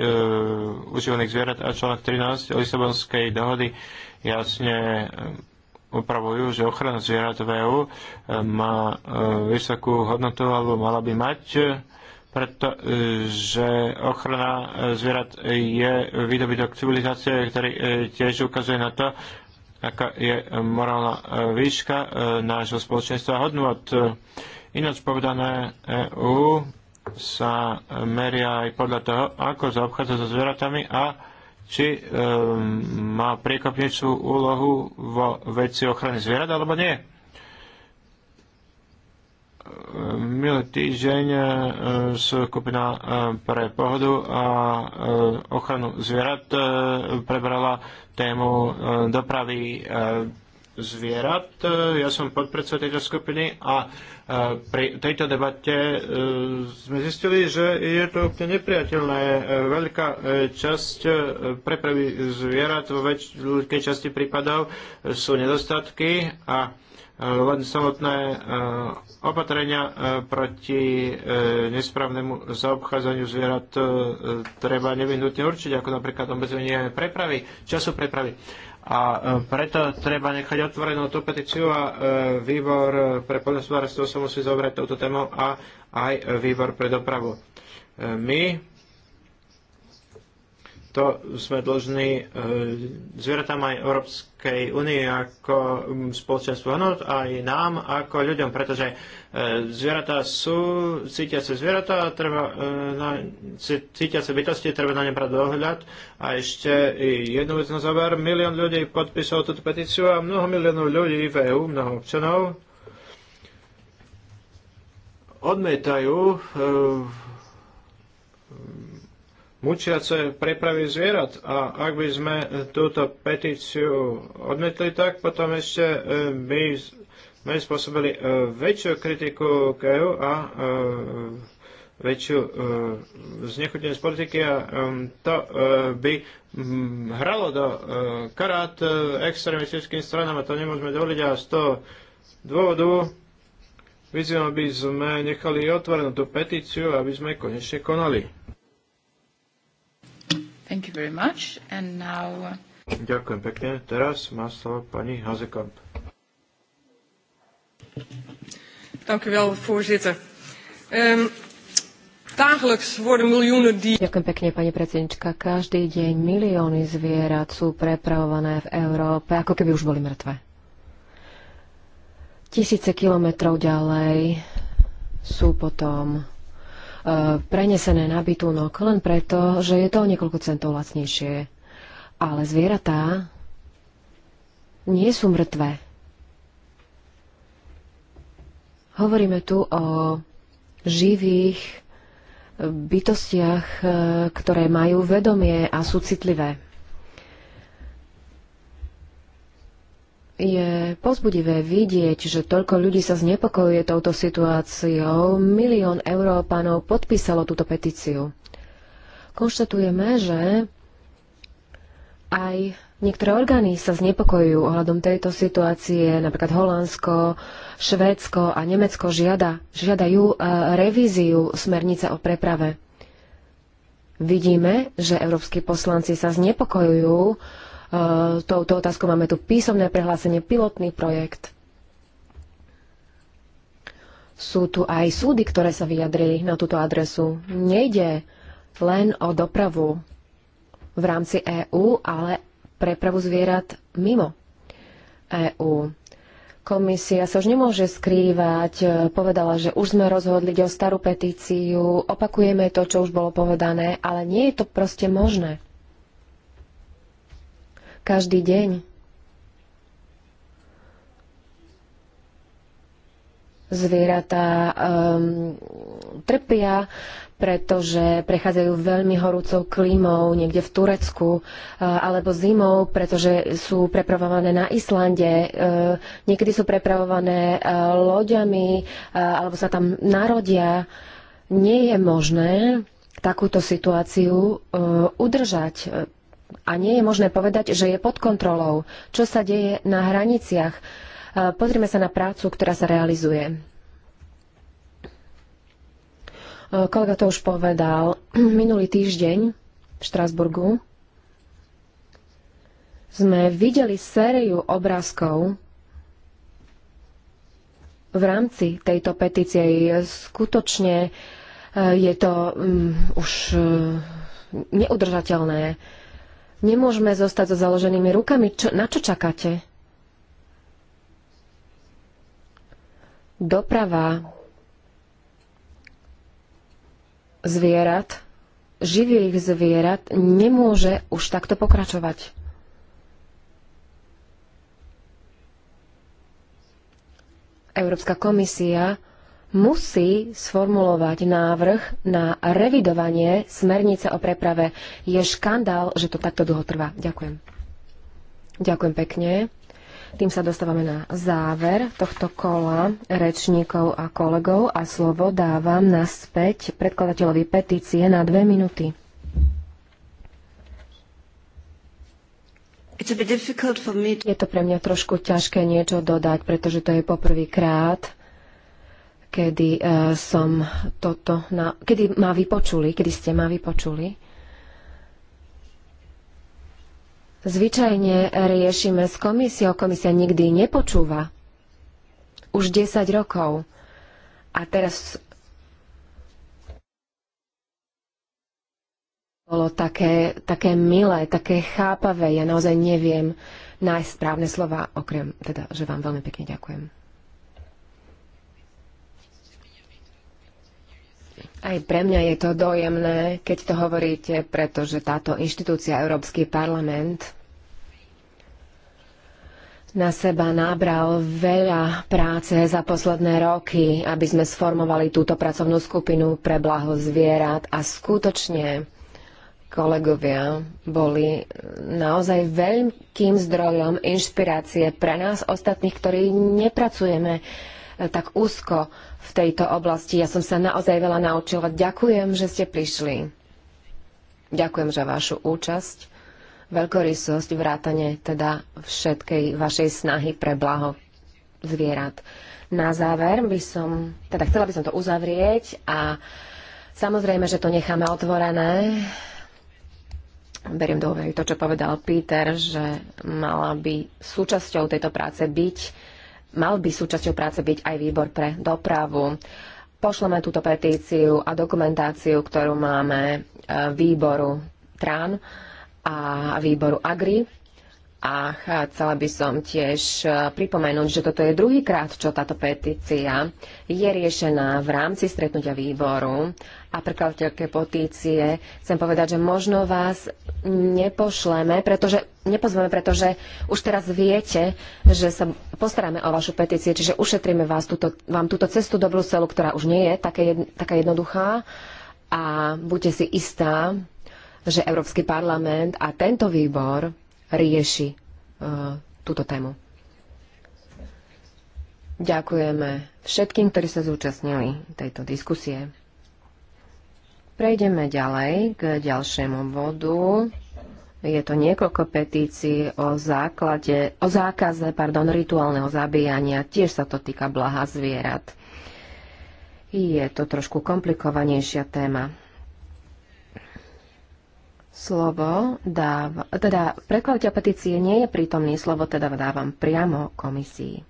užívaných zvierat a článok 13 Lisabonskej dohody jasne e, upravujú, že ochrana zvierat v EÚ e, má e, vysokú hodnotu alebo mala by mať pretože ochrana zvierat je výdobytok civilizácie, ktorý e, tiež ukazuje na to, aká je morálna e, výška e, nášho spoločenstva hodnot. Ináč povedané, EU sa meria aj podľa toho, ako zaobchádza so zvieratami a či um, má priekopničnú úlohu vo veci ochrany zvierat alebo nie. Minulý týždeň e, skupina e, pre pohodu a e, ochranu zvierat prebrala tému dopravy zvierat. Ja som podpredseda tejto skupiny a pri tejto debate sme zistili, že je to úplne nepriateľné. Veľká časť prepravy zvierat vo veľkej časti prípadov sú nedostatky a len samotné Opatrenia e, proti e, nesprávnemu zaobchádzaniu zvierat e, treba nevyhnutne určiť, ako napríklad obmedzenie prepravy, času prepravy. A preto treba nechať otvorenú tú petíciu a výbor pre poľnohospodárstvo sa musí zobrať touto témou a aj výbor pre dopravu. My to sme dlžní e, zvieratám aj Európskej únie ako spoločenstvo hnot, aj nám ako ľuďom, pretože e, zvieratá sú cítiace zvieratá, treba e, na, cítiace bytosti, treba na ne brať dohľad. A ešte jednu vec na záver, milión ľudí podpísal túto petíciu a mnoho miliónov ľudí v EU, mnoho občanov odmietajú mučiace prepravy zvierat. A ak by sme túto petíciu odmietli, tak potom ešte e, by sme spôsobili e, väčšiu kritiku k EU a e, väčšiu znechutenie z politiky a to by mm, hralo do karát extremistickým stranám a to nemôžeme dovoliť a z toho dôvodu vyzývam, aby sme nechali otvorenú tú petíciu, aby sme konečne konali. Thank you very much. And now... Uh, Ďakujem pekne. Teraz má slovo pani Hazekamp. Dank u wel, voorzitter. Ehm, dagelijks worden miljoenen die... Ďakujem pekne, pani predsednička. Každý deň milióny zvierat sú prepravované v Európe, ako keby už boli mŕtve. Tisíce kilometrov ďalej sú potom Eh, prenesené na bytunok len preto, že je to o niekoľko centov lacnejšie. Ale zvieratá nie sú mŕtve. Hovoríme tu o živých bytostiach, eh, ktoré majú vedomie a sú citlivé. je pozbudivé vidieť, že toľko ľudí sa znepokojuje touto situáciou. Milión Európanov podpísalo túto petíciu. Konštatujeme, že aj niektoré orgány sa znepokojujú ohľadom tejto situácie, napríklad Holandsko, Švédsko a Nemecko žiada, žiadajú e, revíziu smernice o preprave. Vidíme, že európsky poslanci sa znepokojujú Eh, touto otázkou. Máme tu písomné prehlásenie, pilotný projekt. Sú tu aj súdy, ktoré sa vyjadrili na túto adresu. Nejde len o dopravu v rámci EÚ, ale prepravu zvierat mimo EÚ. Komisia sa už nemôže skrývať, eh, povedala, že už sme rozhodli o starú petíciu, opakujeme to, čo už bolo povedané, ale nie je to proste možné každý deň. Zvieratá um, trpia, pretože prechádzajú veľmi horúcou klímou niekde v Turecku eh, alebo zimou, pretože sú prepravované na Islande. Eh, niekedy sú prepravované eh, loďami alebo sa tam narodia. Nie je možné takúto situáciu udržať a nie je možné povedať, že je pod kontrolou, čo sa deje na hraniciach. E, pozrime sa na prácu, ktorá sa realizuje. E, kolega to už povedal. [clears throat] Minulý týždeň v Štrasburgu sme videli sériu obrázkov v rámci tejto petície. Skutočne e, je to mm, už neudržateľné Nemôžeme zostať so založenými rukami. Čo, na čo čakáte? Doprava zvierat, živých zvierat, nemôže už takto pokračovať. Európska komisia musí sformulovať návrh na revidovanie smernice o preprave. Je škandál, že to takto dlho trvá. Ďakujem. Ďakujem pekne. Tým sa dostávame na záver tohto kola rečníkov a kolegov a slovo dávam naspäť predkladateľovi petície na dve minúty. Je to pre mňa trošku ťažké niečo dodať, pretože to je poprvýkrát, kedy eh, som toto, na, kedy ma vypočuli, kedy ste ma vypočuli. Zvyčajne riešime s komisiou, komisia nikdy nepočúva. Už 10 rokov. A teraz bolo také, také milé, také chápavé. Ja naozaj neviem nájsť správne slova, okrem teda, že vám veľmi pekne ďakujem. Aj pre mňa je to dojemné, keď to hovoríte, pretože táto inštitúcia Európsky parlament na seba nábral veľa práce za posledné roky, aby sme sformovali túto pracovnú skupinu pre blaho zvierat a skutočne kolegovia boli naozaj veľkým zdrojom inšpirácie pre nás ostatných, ktorí nepracujeme eh, tak úzko v tejto oblasti. Ja som sa naozaj veľa naučila. Ďakujem, že ste prišli. Ďakujem za vašu účasť, veľkorysosť, vrátane teda všetkej vašej snahy pre blaho zvierat. Na záver by som, teda chcela by som to uzavrieť a samozrejme, že to necháme otvorené. Beriem do úvahy to, čo povedal Peter, že mala by súčasťou tejto práce byť mal by súčasťou práce byť aj výbor pre dopravu. Pošleme túto petíciu a dokumentáciu, ktorú máme e, výboru TRAN a výboru AGRI a chcela by som tiež e, pripomenúť, že toto je druhý krát, čo táto petícia je riešená v rámci stretnutia výboru a prekladateľke petície. Chcem povedať, že možno vás nepošleme, pretože, nepozveme, pretože už teraz viete, že sa postaráme o vašu petíciu, čiže ušetríme vás túto, vám túto cestu do Bruselu, ktorá už nie je také, taká jednoduchá a buďte si istá, že Európsky parlament a tento výbor rieši e, túto tému. Ďakujeme všetkým, ktorí sa zúčastnili tejto diskusie. Prejdeme ďalej k ďalšiemu bodu. Je to niekoľko petícií o, základe, o zákaze pardon, rituálneho zabíjania. Tiež sa to týka blaha zvierat. Je to trošku komplikovanejšia téma. Slovo dáva, teda predkladateľ petície nie je prítomný, slovo teda dávam priamo komisii.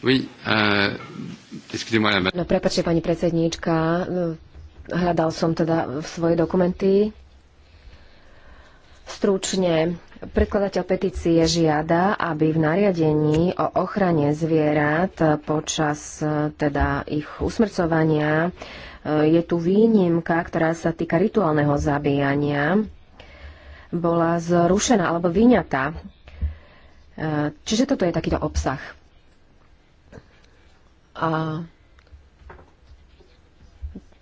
Oui, euh, excusez-moi, No prepačte, pani predsedníčka, e, hľadal som teda svoje dokumenty. Stručne, predkladateľ petície žiada, aby v nariadení o ochrane zvierat počas e, teda ich usmrcovania e, je tu výnimka, ktorá sa týka rituálneho zabíjania, bola zrušená alebo vyňatá. Čiže toto je takýto obsah. A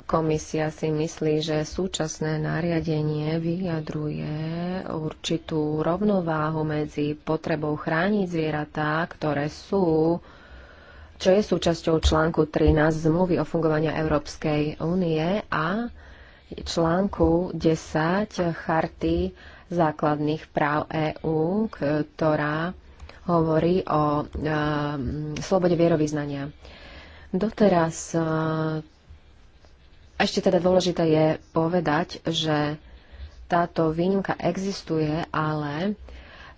komisia si myslí, že súčasné nariadenie vyjadruje určitú rovnováhu medzi potrebou chrániť zvieratá, ktoré sú čo je súčasťou článku 13 zmluvy o fungovaní Európskej únie a článku 10 charty základných práv EÚ, ktorá hovorí o e, slobode vierovýznania. Doteraz e, ešte teda dôležité je povedať, že táto výnimka existuje, ale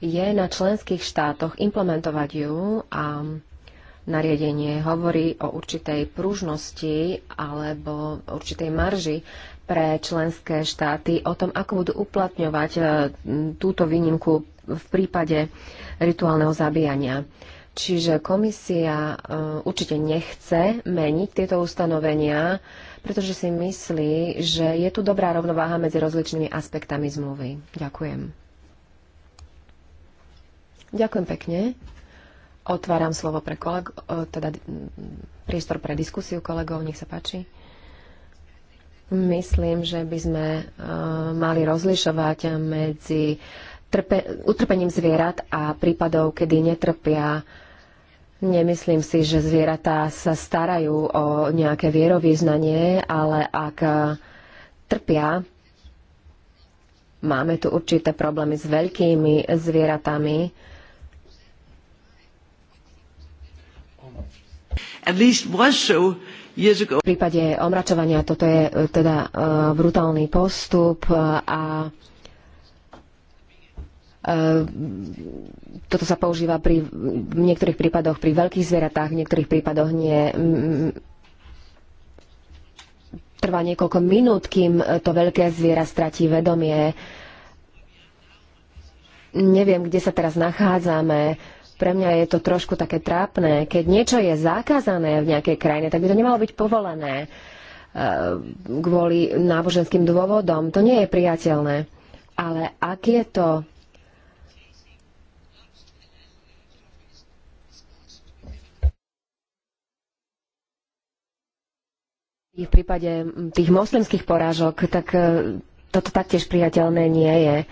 je na členských štátoch implementovať ju a nariadenie hovorí o určitej pružnosti alebo určitej marži pre členské štáty o tom, ako budú uplatňovať e, túto výnimku v prípade rituálneho zabíjania. Čiže komisia eh, určite nechce meniť tieto ustanovenia, pretože si myslí, že je tu dobrá rovnováha medzi rozličnými aspektami zmluvy. Ďakujem. Ďakujem pekne. Otváram slovo pre koleg- eh, teda priestor pre diskusiu kolegov, nech sa páči. Myslím, že by sme eh, mali rozlišovať medzi trpe- utrpením zvierat a prípadov, kedy netrpia Nemyslím si, že zvieratá sa starajú o nejaké vierovýznanie, ale ak e, trpia, máme tu určité problémy s veľkými zvieratami. V prípade omračovania toto je e, teda e, brutálny postup a Ehm, toto sa používa pri, v niektorých prípadoch pri veľkých zvieratách, v niektorých prípadoch nie. Trvá niekoľko minút, kým to veľké zviera stratí vedomie. Neviem, kde sa teraz nachádzame. Pre mňa je to trošku také trápne. Keď niečo je zakázané v nejakej krajine, tak by to nemalo byť povolené ehm, kvôli náboženským dôvodom. To nie je priateľné. Ale ak je to v prípade tých moslimských porážok, tak e, toto taktiež priateľné nie je. E,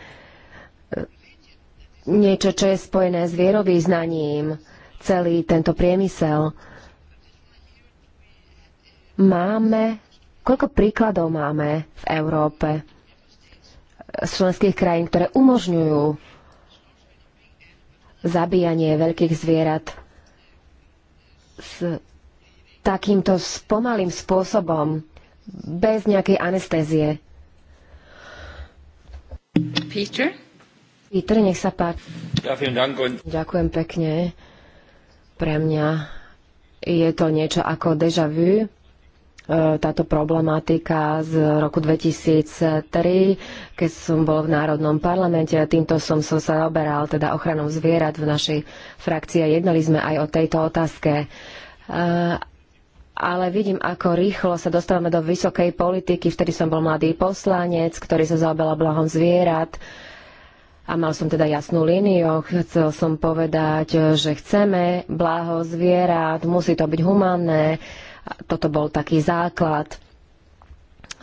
niečo, čo je spojené s vierovýznaním, celý tento priemysel. Máme, koľko príkladov máme v Európe e, z členských krajín, ktoré umožňujú zabíjanie veľkých zvierat s takýmto spomalým spôsobom, bez nejakej anestézie. Peter? Peter, nech sa páči. Ja, Dank. Ďakujem pekne. Pre mňa je to niečo ako deja vu, e, táto problematika z roku 2003, keď som bol v Národnom parlamente. Týmto som, som sa zaoberal, teda ochranou zvierat v našej frakcii. Jednali sme aj o tejto otázke. E, ale vidím, ako rýchlo sa dostávame do vysokej politiky. Vtedy som bol mladý poslanec, ktorý sa zaoberal blahom zvierat a mal som teda jasnú líniu. Chcel som povedať, že chceme blaho zvierat, musí to byť humánne. Toto bol taký základ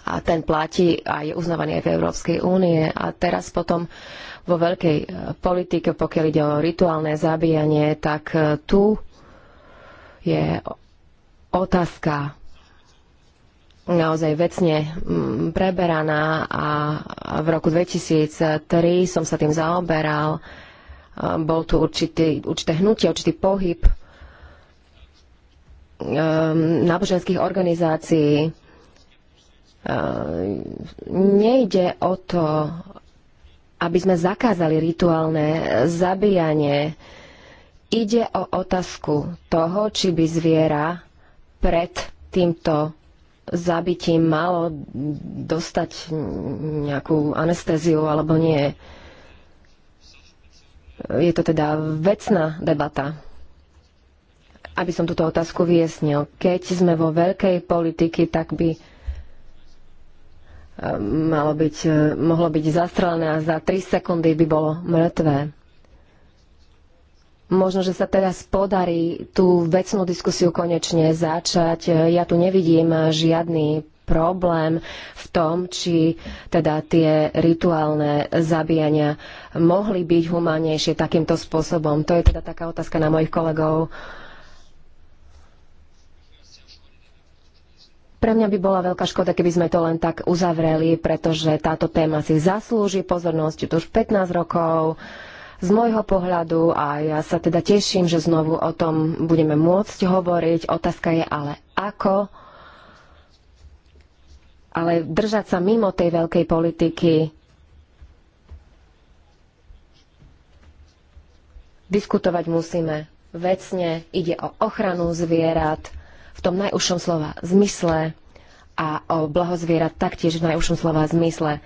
a ten platí a je uznávaný aj v Európskej únie. A teraz potom vo veľkej eh, politike, pokiaľ ide o rituálne zabíjanie, tak eh, tu je otázka naozaj vecne mm, preberaná a v roku 2003 som sa tým zaoberal. Bol tu určitý, určité hnutie, určitý pohyb um, náboženských organizácií. Um, nejde o to, aby sme zakázali rituálne zabíjanie. Ide o otázku toho, či by zviera pred týmto zabitím malo dostať nejakú anestéziu alebo nie. Je to teda vecná debata. Aby som túto otázku vyjasnil. Keď sme vo veľkej politiky, tak by eh, malo byť, eh, mohlo byť zastrelené a za 3 sekundy by bolo mŕtvé. Možno, že sa teraz podarí tú vecnú diskusiu konečne začať. Ja tu nevidím žiadny problém v tom, či teda tie rituálne zabíjania mohli byť humánnejšie takýmto spôsobom. To je teda taká otázka na mojich kolegov. Pre mňa by bola veľká škoda, keby sme to len tak uzavreli, pretože táto téma si zaslúži pozornosť už 15 rokov. Uh, z môjho pohľadu a ja sa teda teším, že znovu o tom budeme môcť hovoriť. Otázka je ale ako. Ale držať sa mimo tej veľkej politiky, diskutovať musíme vecne, ide o ochranu zvierat v tom najúžšom slova zmysle a o blaho zvierat taktiež v najúžšom slova zmysle.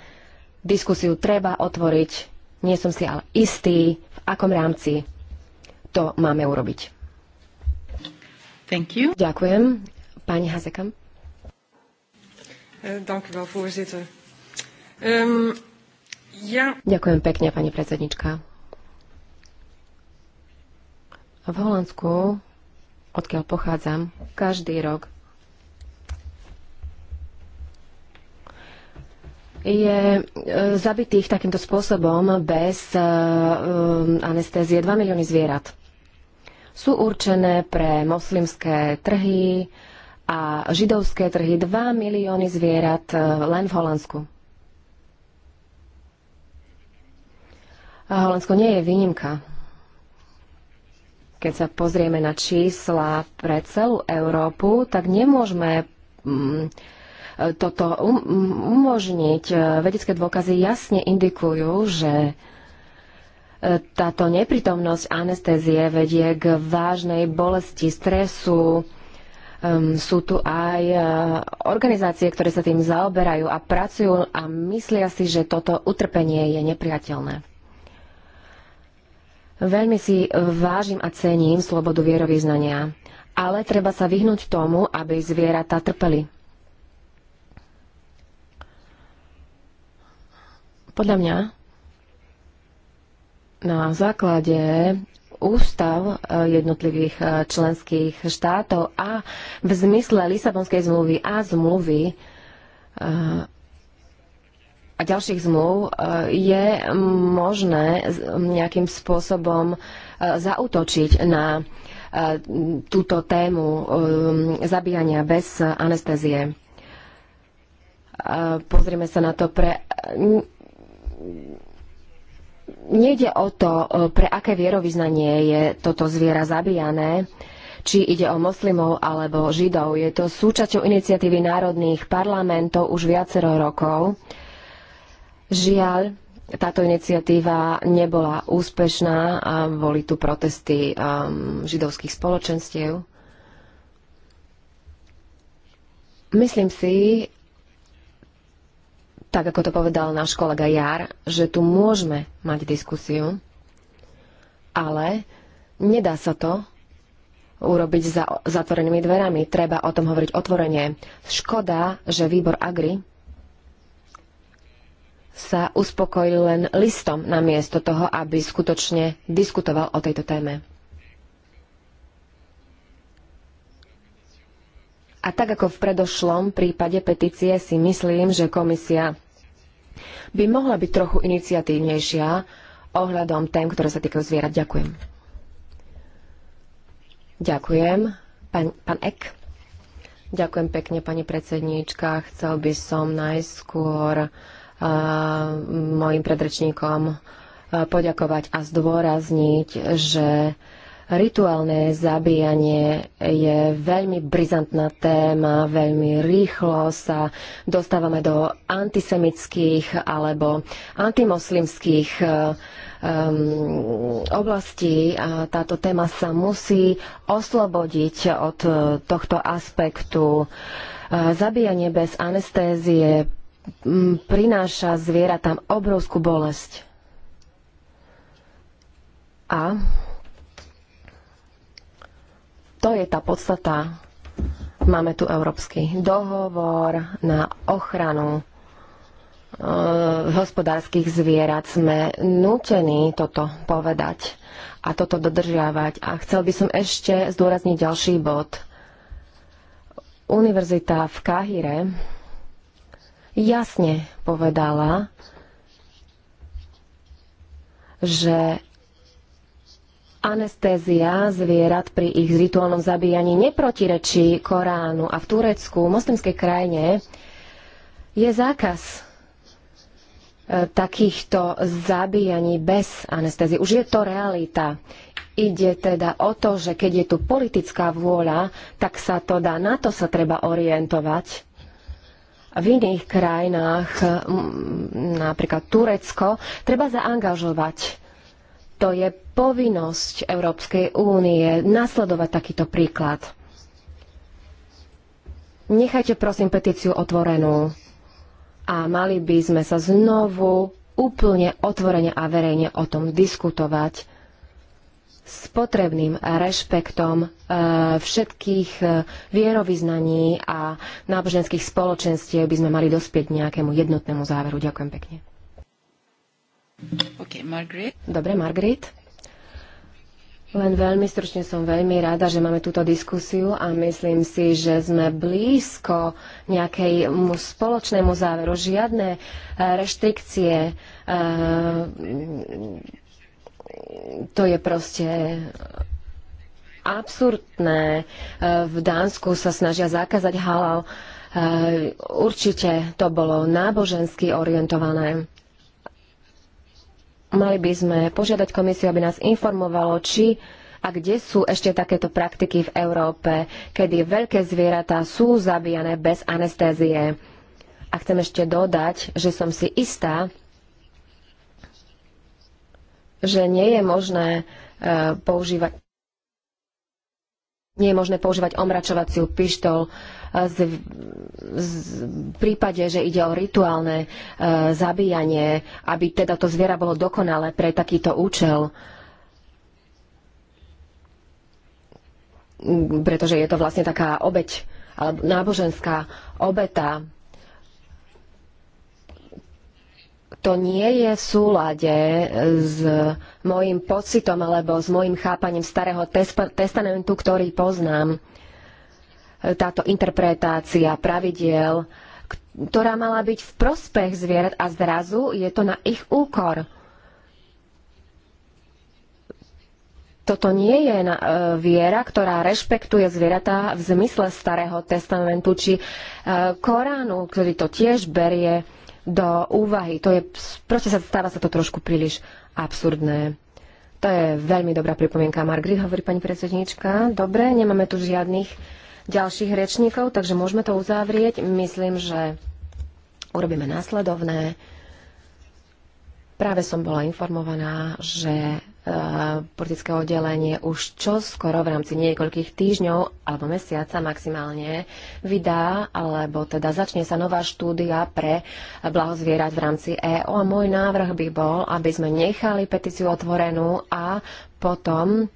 Diskusiu treba otvoriť nie som si ale istý, v akom rámci to máme urobiť. Thank you. Ďakujem. Pani Hazekam. Eh, dank u wel, voorzitter. Um, ja... Ďakujem pekne, pani predsednička. V Holandsku, odkiaľ pochádzam, každý rok je e, zabitých takýmto spôsobom bez e, e, anestézie 2 milióny zvierat. Sú určené pre moslimské trhy a židovské trhy 2 milióny zvierat len v Holandsku. A Holandsko nie je výnimka. Keď sa pozrieme na čísla pre celú Európu, tak nemôžeme mm, toto um, umožniť. E, vedecké dôkazy jasne indikujú, že e, táto neprítomnosť anestézie vedie k vážnej bolesti, stresu. Um, sú tu aj uh, organizácie, ktoré sa tým zaoberajú a pracujú a myslia si, že toto utrpenie je nepriateľné. Veľmi si vážim a cením slobodu vierovýznania, ale treba sa vyhnúť tomu, aby zvieratá trpeli. Podľa mňa na základe ústav e, jednotlivých e, členských štátov a v zmysle Lisabonskej zmluvy a zmluvy e, a ďalších zmluv je možné nejakým spôsobom zautočiť na túto tému zabíjania bez anestézie. Pozrieme sa na to pre nejde o to, e, pre aké vierovýznanie je toto zviera zabijané, či ide o moslimov alebo židov. Je to súčasťou iniciatívy národných parlamentov už viacero rokov. Žiaľ, táto iniciatíva nebola úspešná a boli tu protesty um, židovských spoločenstiev. Myslím si, tak ako to povedal náš kolega Jar, že tu môžeme mať diskusiu, ale nedá sa to urobiť za zatvorenými dverami. Treba o tom hovoriť otvorene. Škoda, že výbor Agri sa uspokojil len listom namiesto toho, aby skutočne diskutoval o tejto téme. A tak ako v predošlom prípade petície si myslím, že komisia by mohla byť trochu iniciatívnejšia ohľadom tém, ktoré sa týkajú zvierat. Ďakujem. Ďakujem. Pán, pán Ek. Ďakujem pekne, pani predsedníčka. Chcel by som najskôr uh, mojim predrečníkom uh, poďakovať a zdôrazniť, že uh, Rituálne zabíjanie je veľmi brizantná téma, veľmi rýchlo sa dostávame do antisemických alebo antimoslimských um, oblastí a táto téma sa musí oslobodiť od eh, tohto aspektu. Eh, zabíjanie bez anestézie mm, prináša zvieratám obrovskú bolesť. A to je tá podstata. Máme tu Európsky dohovor na ochranu e, hospodárskych zvierat. Sme nútení toto povedať a toto dodržiavať. A chcel by som ešte zdôrazniť ďalší bod. Univerzita v Kahire jasne povedala, že Anestézia zvierat pri ich rituálnom zabíjaní neprotirečí Koránu a v Turecku, moslimskej krajine, je zákaz e, takýchto zabíjaní bez anestézie. Už je to realita. Ide teda o to, že keď je tu politická vôľa, tak sa to dá, na to sa treba orientovať. V iných krajinách, napríklad Turecko, treba zaangažovať to je povinnosť Európskej únie nasledovať takýto príklad. Nechajte prosím petíciu otvorenú a mali by sme sa znovu úplne otvorene a verejne o tom diskutovať s potrebným rešpektom e, všetkých e, vierovýznaní a náboženských spoločenstiev by sme mali dospieť nejakému jednotnému záveru. Ďakujem pekne. Okay, Margaret. Dobre, Margaret. Len veľmi stručne som veľmi rada, že máme túto diskusiu a myslím si, že sme blízko nejakému spoločnému záveru. Žiadne eh, reštrikcie. Eh, to je proste absurdné. Eh, v Dánsku sa snažia zakázať halal. Určite to bolo nábožensky orientované Mali by sme požiadať komisiu, aby nás informovalo, či a kde sú ešte takéto praktiky v Európe, kedy veľké zvieratá sú zabíjane bez anestézie. A chcem ešte dodať, že som si istá, že nie je možné e, používať nie je možné používať omračovaciu pištol v prípade, že ide o rituálne e, zabíjanie, aby teda to zviera bolo dokonalé pre takýto účel. Mm, pretože je to vlastne taká obeď, alebo náboženská obeta to nie je v súlade s mojim pocitom alebo s mojim chápaním starého testamentu, ktorý poznám. Táto interpretácia pravidiel, ktorá mala byť v prospech zvierat a zrazu je to na ich úkor. Toto nie je na, e, viera, ktorá rešpektuje zvieratá v zmysle starého testamentu či e, Koránu, ktorý to tiež berie do úvahy. To je, proste sa stáva sa to trošku príliš absurdné. To je veľmi dobrá pripomienka, Margrit, hovorí pani predsednička. Dobre, nemáme tu žiadnych ďalších rečníkov, takže môžeme to uzavrieť. Myslím, že urobíme následovné. Práve som bola informovaná, že Eh, politické oddelenie už čo skoro v rámci niekoľkých týždňov alebo mesiaca maximálne vydá, alebo teda začne sa nová štúdia pre blaho zvierat v rámci EÚ. A môj návrh by bol, aby sme nechali petíciu otvorenú a potom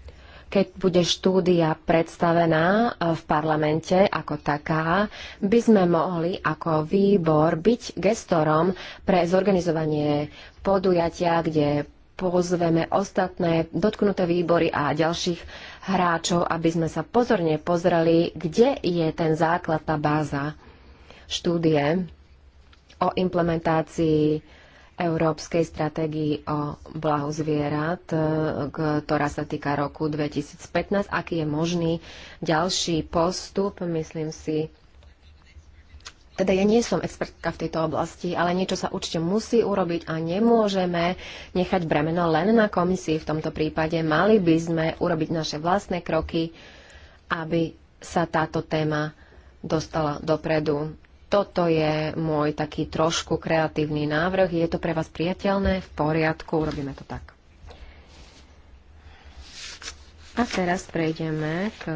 keď bude štúdia predstavená eh, v parlamente ako taká, by sme mohli ako výbor byť gestorom pre zorganizovanie podujatia, kde pozveme ostatné dotknuté výbory a ďalších hráčov, aby sme sa pozorne pozreli, kde je ten základ, tá báza štúdie o implementácii Európskej stratégii o blahu zvierat, e, ktorá sa týka roku 2015, aký je možný ďalší postup. Myslím si, teda ja nie som expertka v tejto oblasti, ale niečo sa určite musí urobiť a nemôžeme nechať bremeno len na komisii v tomto prípade. Mali by sme urobiť naše vlastné kroky, aby sa táto téma dostala dopredu. Toto je môj taký trošku kreatívny návrh. Je to pre vás priateľné? V poriadku, urobíme to tak. A teraz prejdeme k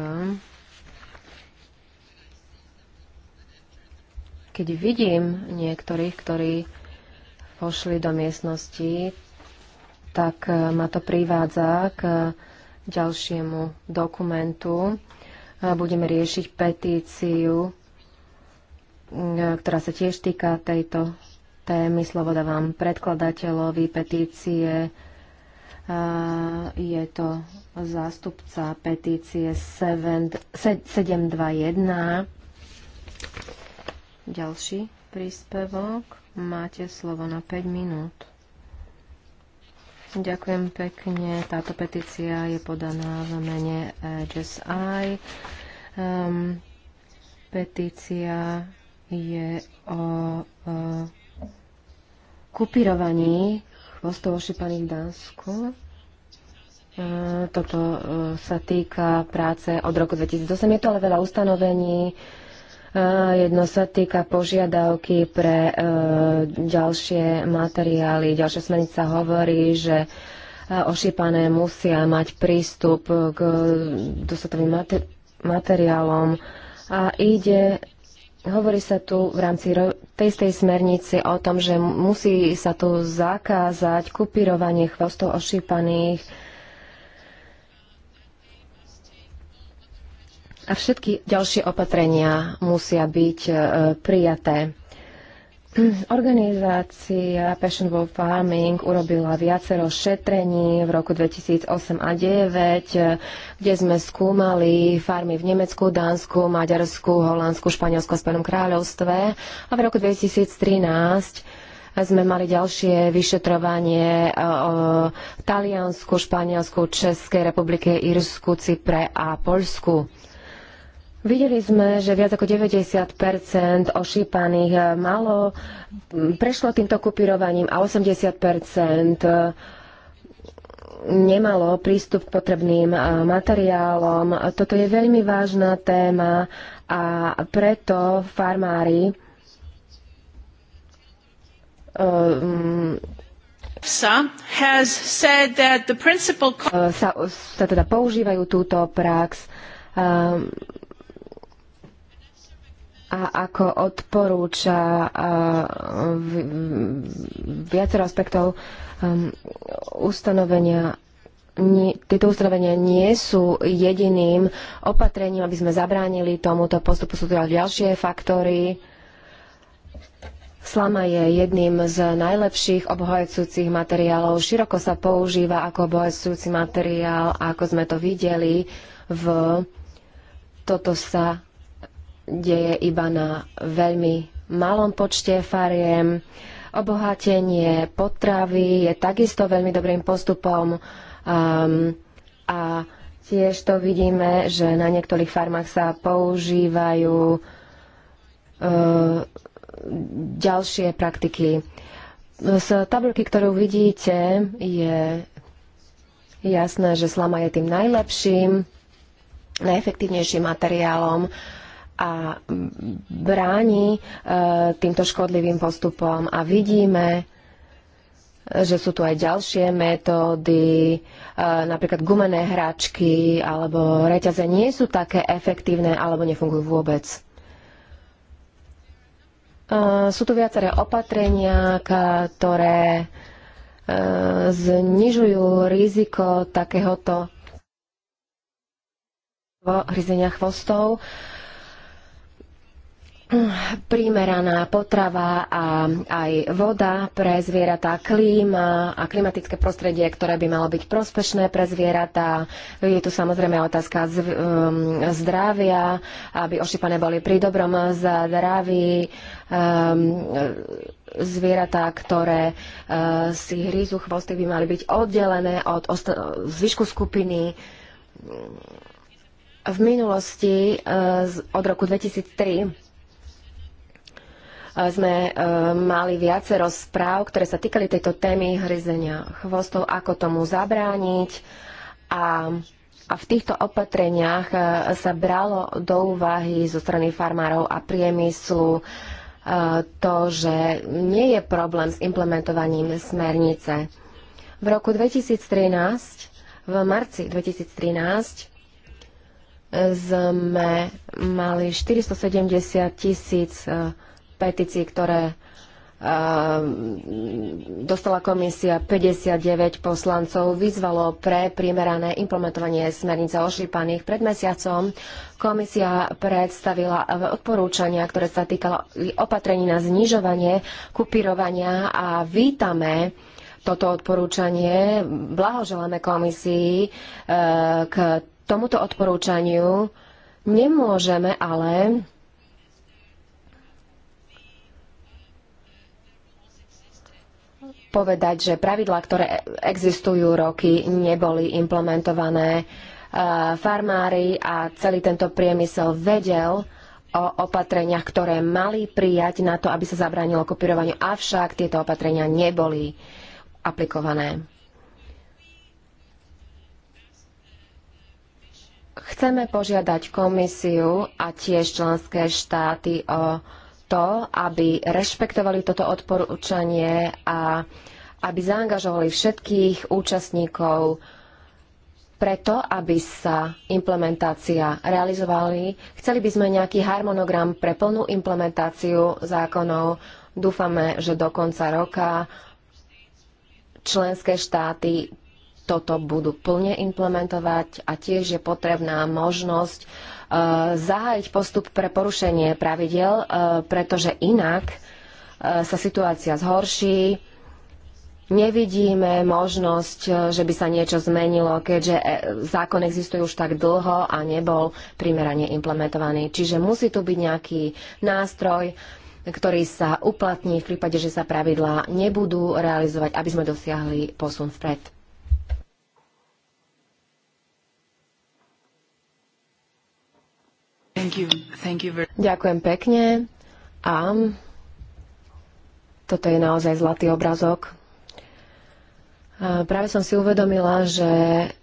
Keď vidím niektorých, ktorí pošli do miestnosti, tak eh, ma to privádza k ďalšiemu dokumentu. Eh, budeme riešiť petíciu, eh, ktorá sa tiež týka tejto témy. Slovo dávam predkladateľovi petície. Je to zástupca petície 721 ďalší príspevok. Máte slovo na 5 minút. Ďakujem pekne. Táto petícia je podaná v mene eh, JSI. Um, ehm, petícia je o, o eh, kupirovaní chvostov ošipaných v Dánsku. Eh, toto sa týka práce od roku 2008. Je to ale veľa ustanovení, Jedno sa týka požiadavky pre ďalšie materiály. Ďalšia smernica hovorí, že ošípané musia mať prístup k dostatovým materiálom a ide, hovorí sa tu v rámci tej stej smernice o tom, že musí sa tu zakázať kupírovanie chvostov ošípaných a všetky ďalšie opatrenia musia byť e, prijaté. Organizácia Passion Wolf Farming urobila viacero šetrení v roku 2008 a 2009, e, kde sme skúmali farmy v Nemecku, Dánsku, Maďarsku, Holandsku, Španielsku a Spojenom kráľovstve. A v roku 2013 sme mali ďalšie vyšetrovanie e, o Taliansku, Španielsku, Českej republike, Irsku, Cypre a Polsku. Videli sme, že viac ako 90 ošípaných eh, malo, prešlo týmto kupirovaním a 80 eh, nemalo prístup k potrebným eh, materiálom. Toto je veľmi vážna téma a preto farmári sa, sa teda používajú túto prax. Um, a ako odporúča viacero aspektov um, ustanovenia nie, tieto ustanovenia nie sú jediným opatrením, aby sme zabránili tomuto postupu. Sú tu ďalšie faktory. Slama je jedným z najlepších obhajcujúcich materiálov. Široko sa používa ako obhajcujúci materiál, ako sme to videli v toto sa deje iba na veľmi malom počte fariem. Obohatenie potravy je takisto veľmi dobrým postupom um, a tiež to vidíme, že na niektorých farmách sa používajú uh, ďalšie praktiky. Z tabulky, ktorú vidíte, je jasné, že slama je tým najlepším, najefektívnejším materiálom a bráni e, týmto škodlivým postupom a vidíme, že sú tu aj ďalšie metódy, e, napríklad gumené hračky alebo reťaze nie sú také efektívne alebo nefungujú vôbec. E, sú tu viaceré opatrenia, ktoré znižujú riziko takéhoto hryzenia chvostov primeraná potrava a aj voda pre zvieratá, klíma a klimatické prostredie, ktoré by malo byť prospešné pre zvieratá. Je tu samozrejme otázka z, um, zdravia, aby ošipané boli pri dobrom zdraví. Um, zvieratá, ktoré uh, si hryzu chvosty, by mali byť oddelené od zvyšku skupiny v minulosti uh, od roku 2003 sme e, mali viacero správ, ktoré sa týkali tejto témy hryzenia chvostov, ako tomu zabrániť a a v týchto opatreniach e, sa bralo do úvahy zo strany farmárov a priemyslu e, to, že nie je problém s implementovaním smernice. V roku 2013, v marci 2013, sme mali 470 tisíc petícii, ktoré dostala komisia 59 poslancov, vyzvalo pre primerané implementovanie smernice ošípaných Pred mesiacom komisia predstavila odporúčania, ktoré sa týkala opatrení na znižovanie kupírovania a vítame toto odporúčanie. Blahoželáme komisii e, k tomuto odporúčaniu. Nemôžeme ale povedať, že pravidlá, ktoré existujú roky, neboli implementované. E, farmári a celý tento priemysel vedel o opatreniach, ktoré mali prijať na to, aby sa zabránilo kopírovaniu, avšak tieto opatrenia neboli aplikované. Chceme požiadať komisiu a tiež členské štáty o to, aby rešpektovali toto odporúčanie a aby zaangažovali všetkých účastníkov preto, aby sa implementácia realizovali. Chceli by sme nejaký harmonogram pre plnú implementáciu zákonov. Dúfame, že do konca roka členské štáty toto budú plne implementovať a tiež je potrebná možnosť Eh, zahájiť postup pre porušenie pravidel, eh, pretože inak eh, sa situácia zhorší. Nevidíme možnosť, že by sa niečo zmenilo, keďže zákon existuje už tak dlho a nebol primerane implementovaný. Čiže musí tu byť nejaký nástroj, ktorý sa uplatní v prípade, že sa pravidlá nebudú realizovať, aby sme dosiahli posun vpred. Thank you. Thank you very... Ďakujem pekne a toto je naozaj zlatý obrazok. Práve som si uvedomila, že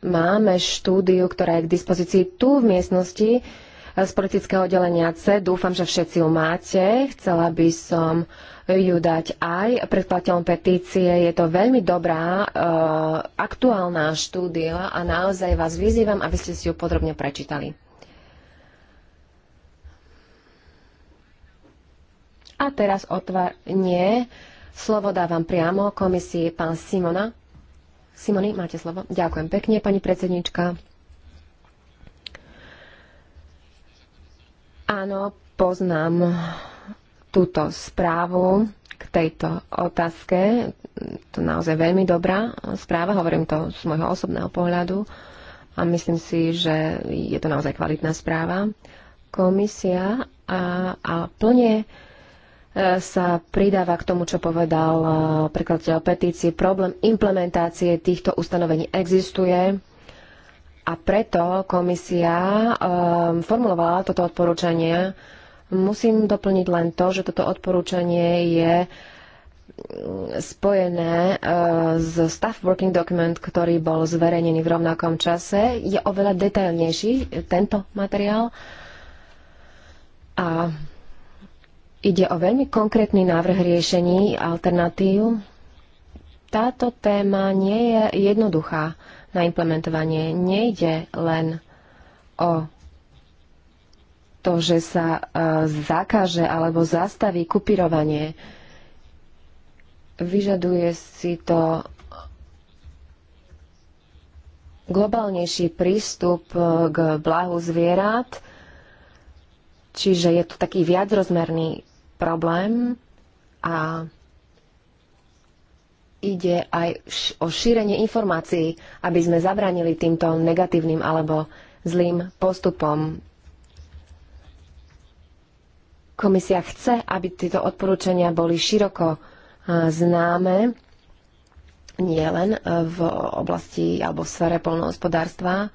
máme štúdiu, ktorá je k dispozícii tu v miestnosti z politického oddelenia C. Dúfam, že všetci ju máte. Chcela by som ju dať aj predkladateľom petície. Je to veľmi dobrá, e, aktuálna štúdia a naozaj vás vyzývam, aby ste si ju podrobne prečítali. A teraz otvár... Nie. Slovo dávam priamo komisii pán Simona. Simony, máte slovo. Ďakujem pekne, pani predsednička. Áno, poznám túto správu k tejto otázke. To je naozaj veľmi dobrá správa, hovorím to z môjho osobného pohľadu a myslím si, že je to naozaj kvalitná správa. Komisia a, a plne sa pridáva k tomu, čo povedal eh, prekladateľ eh, petície. Problém implementácie týchto ustanovení existuje a preto komisia eh, formulovala toto odporúčanie. Musím doplniť len to, že toto odporúčanie je mm, spojené s Staff Working Document, ktorý bol zverejnený v rovnakom čase. Je oveľa detailnejší tento materiál. A Ide o veľmi konkrétny návrh riešení alternatív. Táto téma nie je jednoduchá na implementovanie. Nejde len o to, že sa e, zakáže alebo zastaví kupírovanie. Vyžaduje si to globálnejší prístup e, k blahu zvierat, čiže je to taký viacrozmerný problém a ide aj o šírenie informácií, aby sme zabránili týmto negatívnym alebo zlým postupom. Komisia chce, aby tieto odporúčania boli široko známe, nielen e, v oblasti alebo v sfere polnohospodárstva,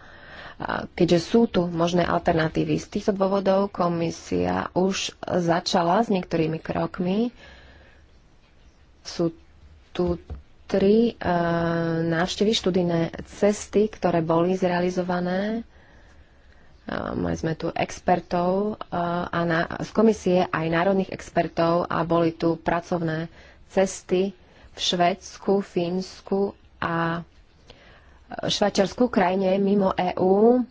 keďže sú tu možné alternatívy. Z týchto dôvodov komisia už začala s niektorými krokmi. Sú tu tri uh, návštevy študijné cesty, ktoré boli zrealizované. Uh, mali sme tu expertov uh, a na, z komisie aj národných expertov a boli tu pracovné cesty v Švedsku, Fínsku a Švajčiarsku, krajine mimo EÚ.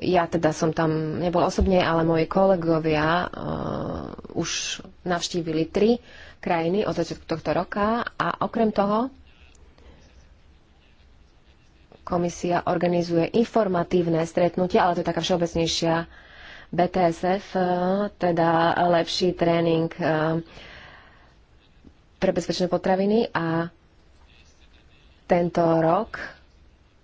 Ja teda som tam nebol osobne, ale moji kolegovia uh, už navštívili tri krajiny od začiatku tohto roka a okrem toho komisia organizuje informatívne stretnutie, ale to je taká všeobecnejšia BTSF, uh, e, teda lepší tréning uh, pre bezpečné potraviny a tento rok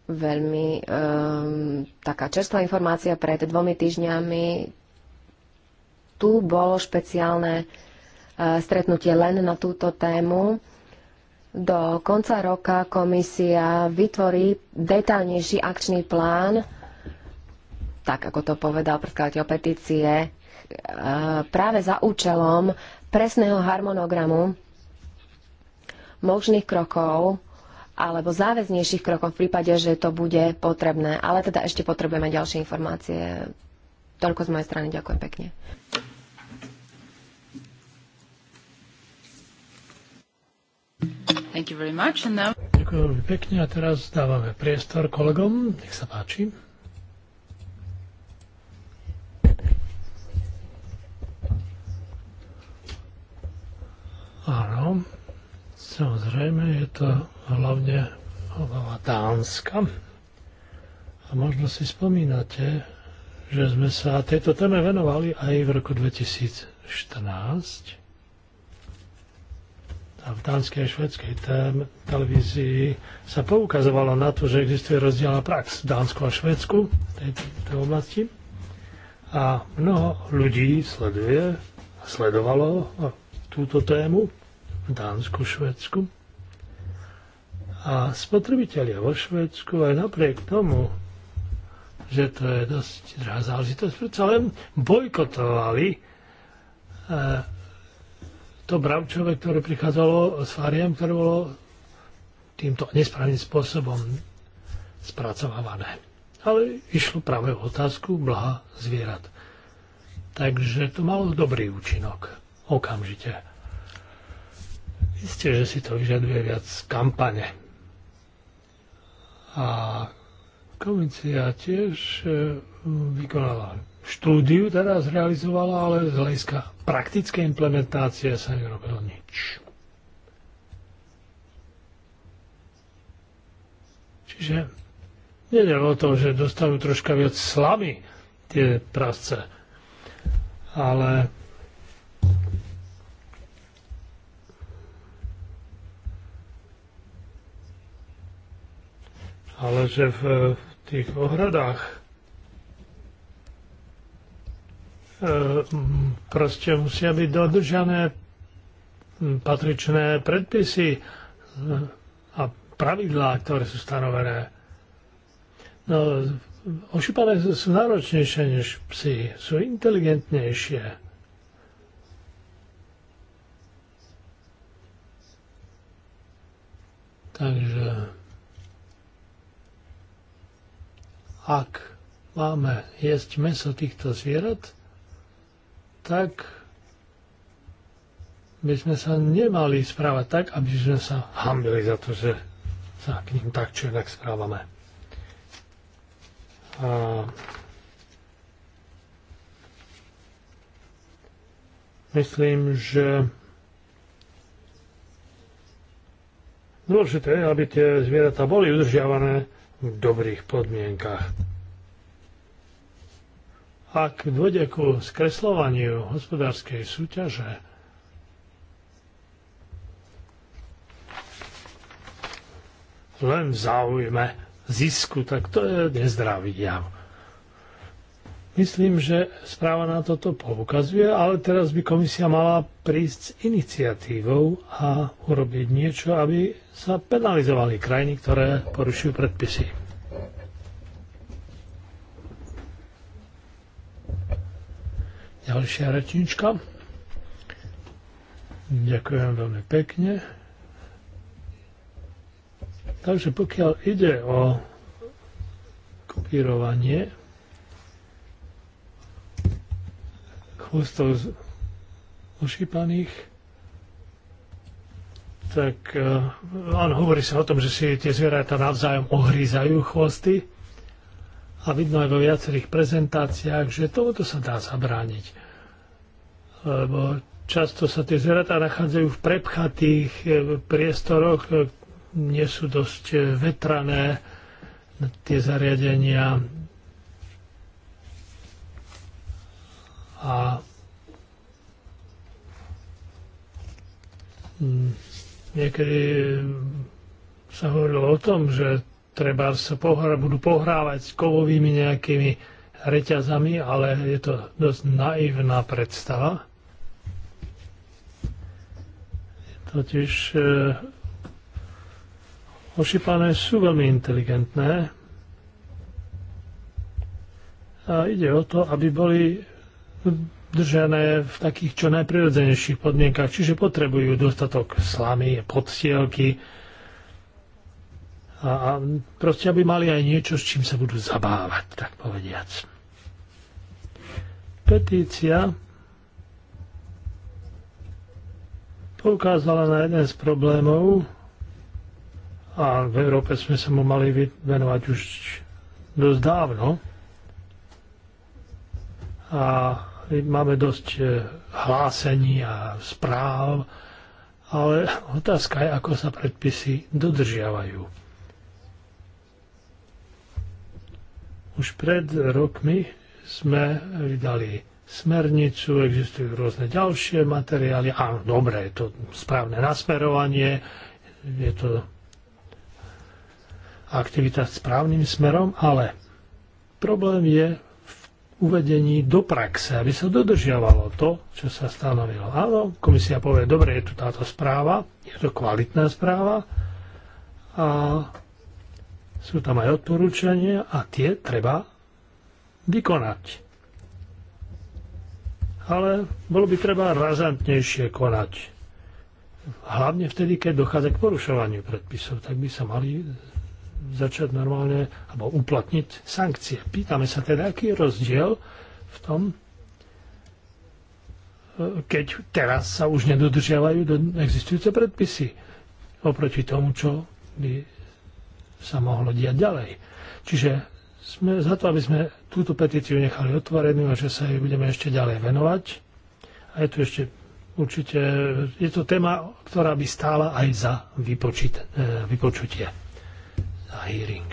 veľmi um, taká čerstvá informácia pred dvomi týždňami. Tu bolo špeciálne uh, stretnutie len na túto tému. Do konca roka komisia vytvorí detaľnejší akčný plán, tak ako to povedal predkladateľ petície, uh, práve za účelom presného harmonogramu možných krokov, alebo záväznejších krokov v prípade, že to bude potrebné. Ale teda ešte potrebujeme ďalšie informácie. Toľko z mojej strany. Ďakujem pekne. Thank you very much. And now... Ďakujem veľmi pekne a teraz dávame priestor kolegom. Nech sa páči. Áno, Samozrejme, je to hlavne obava Dánska. A možno si spomínate, že sme sa tejto téme venovali aj v roku 2014. A v dánskej a švedskej téme, televízii sa poukazovalo na to, že existuje rozdielna prax v Dánsku a Švedsku v tejto, tejto oblasti. A mnoho ľudí sleduje a sledovalo túto tému Dánsku, Švedsku. A spotrebitelia vo Švedsku aj napriek tomu, že to je dosť drahá záležitosť, predsa len bojkotovali e, to bravčové, ktoré prichádzalo s fariem, ktoré bolo týmto nesprávnym spôsobom spracovávané. Ale išlo práve o otázku blaha zvierat. Takže to malo dobrý účinok okamžite. Isté, že si to vyžaduje viac kampane. A komisia tiež e, vykonala štúdiu, teda zrealizovala, ale z hľadiska praktické implementácie sa nerobilo nič. Čiže nie o to, že dostanú troška viac slamy tie prasce, ale ale že v tých ohradách e, proste musia byť dodržané patričné predpisy a pravidlá, ktoré sú stanovené. No, ošupané sú náročnejšie než psi, sú inteligentnejšie. Takže... Ak máme jesť meso týchto zvierat, tak by sme sa nemali správať tak, aby sme sa hambili za to, že sa k ním tak či tak správame. A myslím, že dôležité je, aby tie zvieratá boli udržiavané v dobrých podmienkach. Ak dôjde ku skreslovaniu hospodárskej súťaže, len v záujme zisku, tak to je nezdravý jav. Myslím, že správa na toto poukazuje, ale teraz by komisia mala prísť s iniciatívou a urobiť niečo, aby sa penalizovali krajiny, ktoré porušujú predpisy. Ďalšia rečnička. Ďakujem veľmi pekne. Takže pokiaľ ide o kopírovanie z ošípaných, tak e, áno, hovorí sa o tom, že si tie zvieratá navzájom ohrízajú chvosty a vidno aj vo viacerých prezentáciách, že tomuto sa dá zabrániť. Lebo často sa tie zvieratá nachádzajú v prepchatých e, priestoroch, e, nie sú dosť vetrané tie zariadenia, A mm, niekedy mm, sa hovorilo o tom, že treba sa pohra, budú pohrávať s kovovými nejakými reťazami, ale je to dosť naivná predstava. Totiž e, ošipané sú veľmi inteligentné a ide o to, aby boli držané v takých čo najprirodzenejších podmienkach, čiže potrebujú dostatok slamy, podstielky a, a proste, aby mali aj niečo, s čím sa budú zabávať, tak povediac. Petícia poukázala na jeden z problémov a v Európe sme sa mu mali venovať už dosť dávno, a máme dosť e, hlásení a správ, ale otázka je, ako sa predpisy dodržiavajú. Už pred rokmi sme vydali smernicu, existujú rôzne ďalšie materiály. Áno, dobre, je to správne nasmerovanie, je to aktivita správnym smerom, ale problém je uvedení do praxe, aby sa dodržiavalo to, čo sa stanovilo. Áno, komisia povie, dobre, je tu táto správa, je to kvalitná správa a sú tam aj odporúčania a tie treba vykonať. Ale bolo by treba razantnejšie konať. Hlavne vtedy, keď dochádza k porušovaniu predpisov, tak by sa mali začať normálne alebo uplatniť sankcie. Pýtame sa teda, aký je rozdiel v tom, e, keď teraz sa už nedodržiavajú existujúce predpisy oproti tomu, čo by sa mohlo diať ďalej. Čiže sme za to, aby sme túto petíciu nechali otvorenú a že sa jej budeme ešte ďalej venovať. A je tu ešte určite, je to téma, ktorá by stála aj za e, vypočutie za hearing.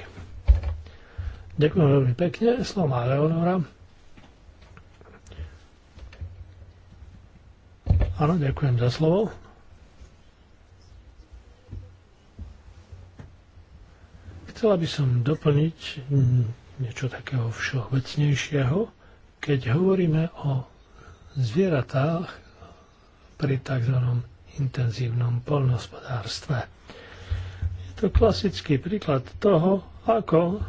Ďakujem veľmi pekne. Slovo má Leonora. Áno, ďakujem za slovo. Chcela by som doplniť niečo takého všeobecnejšieho. Keď hovoríme o zvieratách pri tzv. intenzívnom polnospodárstve, to je klasický príklad toho, ako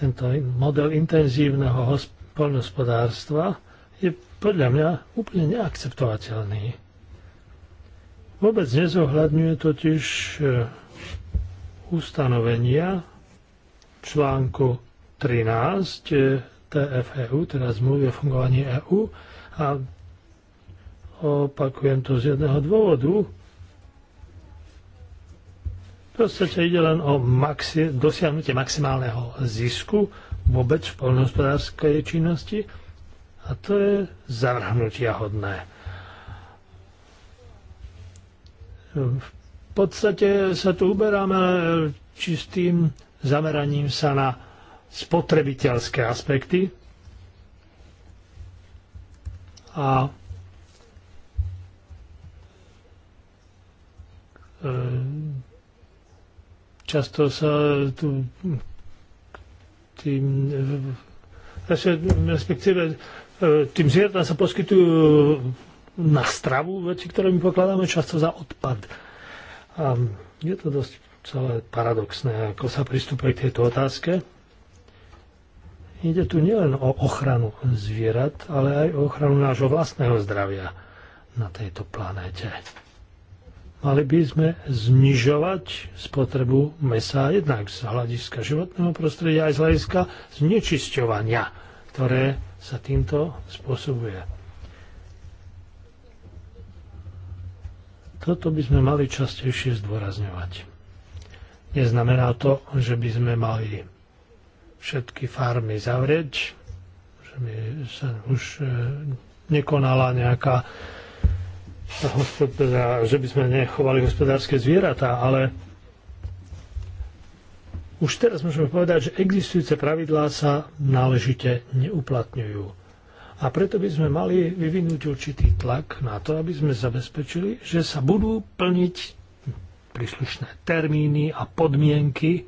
tento model intenzívneho poľnohospodárstva je podľa mňa úplne neakceptovateľný. Vôbec nezohľadňuje totiž e, ustanovenia článku 13 e, TFEU, teda zmluvy o fungovaní EÚ a opakujem to z jedného dôvodu, v podstate ide len o maxi- dosiahnutie maximálneho zisku vôbec v poľnohospodárskej činnosti a to je zavrhnutia hodné. V podstate sa tu uberáme čistým zameraním sa na spotrebiteľské aspekty a e, Často sa tu tým, respektíve e, tým zvieratám sa poskytujú na stravu veci, ktoré my pokladáme často za odpad. A je to dosť celé paradoxné, ako sa pristupuje k tejto otázke. Ide tu nielen o ochranu zvierat, ale aj o ochranu nášho vlastného zdravia na tejto planéte. Mali by sme znižovať spotrebu mesa jednak z hľadiska životného prostredia aj z hľadiska znečisťovania, ktoré sa týmto spôsobuje. Toto by sme mali častejšie zdôrazňovať. Neznamená to, že by sme mali všetky farmy zavrieť, že by sa už e, nekonala nejaká teda, že by sme nechovali hospodárske zvieratá, ale už teraz môžeme povedať, že existujúce pravidlá sa náležite neuplatňujú. A preto by sme mali vyvinúť určitý tlak na to, aby sme zabezpečili, že sa budú plniť príslušné termíny a podmienky,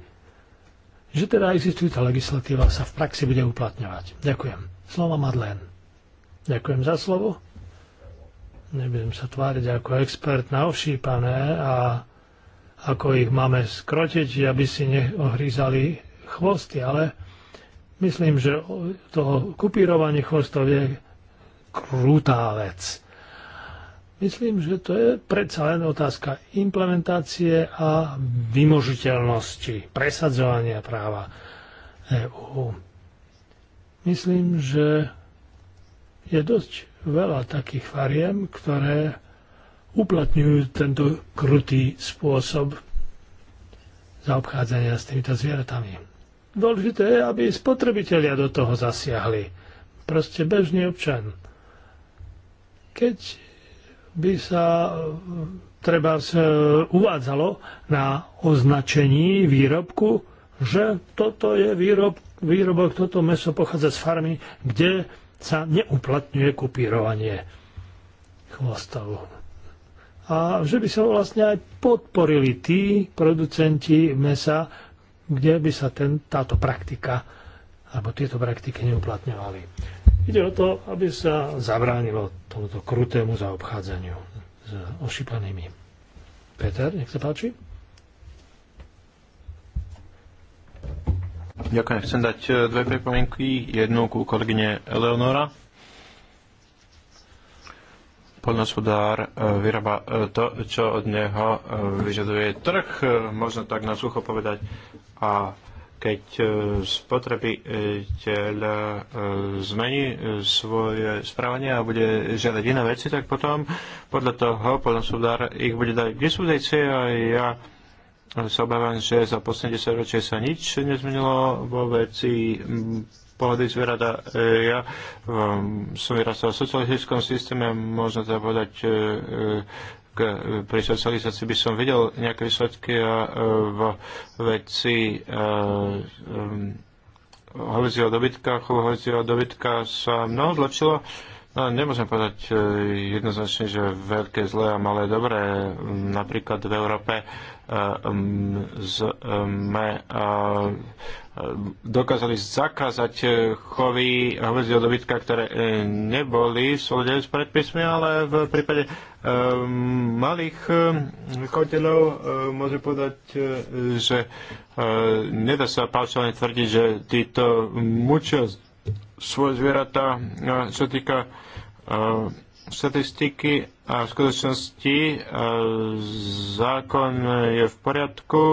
že teda existujúca legislatíva sa v praxi bude uplatňovať. Ďakujem. Slova Madlen. Ďakujem za slovo nebudem sa tváriť ako expert na ovšípané a ako ich máme skrotiť, aby si neohrízali chvosty, ale myslím, že to kupírovanie chvostov je krutá vec. Myslím, že to je predsa len otázka implementácie a vymožiteľnosti, presadzovania práva EÚ. Myslím, že je dosť veľa takých fariem, ktoré uplatňujú tento krutý spôsob zaobchádzania s týmito zvieratami. Dôležité je, aby spotrebitelia do toho zasiahli. Proste bežný občan. Keď by sa e, treba e, uvádzalo na označení výrobku, že toto je výrob, výrobok, toto meso pochádza z farmy, kde sa neuplatňuje kopírovanie chvostov. A že by sa vlastne aj podporili tí producenti mesa, kde by sa ten, táto praktika alebo tieto praktiky neuplatňovali. Ide o to, aby sa zabránilo tomuto krutému zaobchádzaniu s ošípanými. Peter, nech sa páči. Ďakujem. Chcem dať e, dve pripomienky. Jednu ku kolegyne Eleonora. Polnospodár e, vyrába e, to, čo od neho vyžaduje trh, možno tak na sucho povedať. A keď spotrebiteľ zmení svoje správanie a bude žiadať iné veci, tak potom podľa toho polnospodár ich bude dať k dispozícii a ja sa obávam, že za posledné 10 ročie sa nič nezmenilo vo veci pohľady zvieratá. E, ja um, som vyrastal v socialistickom systéme, možno teda povedať, e, e, k, pri socializácii by som videl nejaké výsledky a v veci hovedzieho dobytka, chovu hovedzieho dobytka sa mnoho zlepšilo No, nemôžem povedať e, jednoznačne, že veľké zlé a malé dobré. Napríklad v Európe e, e, sme dokázali zakázať chovy hovedzieho dobytka, ktoré neboli v súlade s predpismi, ale v prípade malých chovateľov môžem povedať, že nedá sa paušálne tvrdiť, že títo mučia svoje zvieratá, e, čo týka e, statistiky a v skutočnosti e, zákon je v poriadku,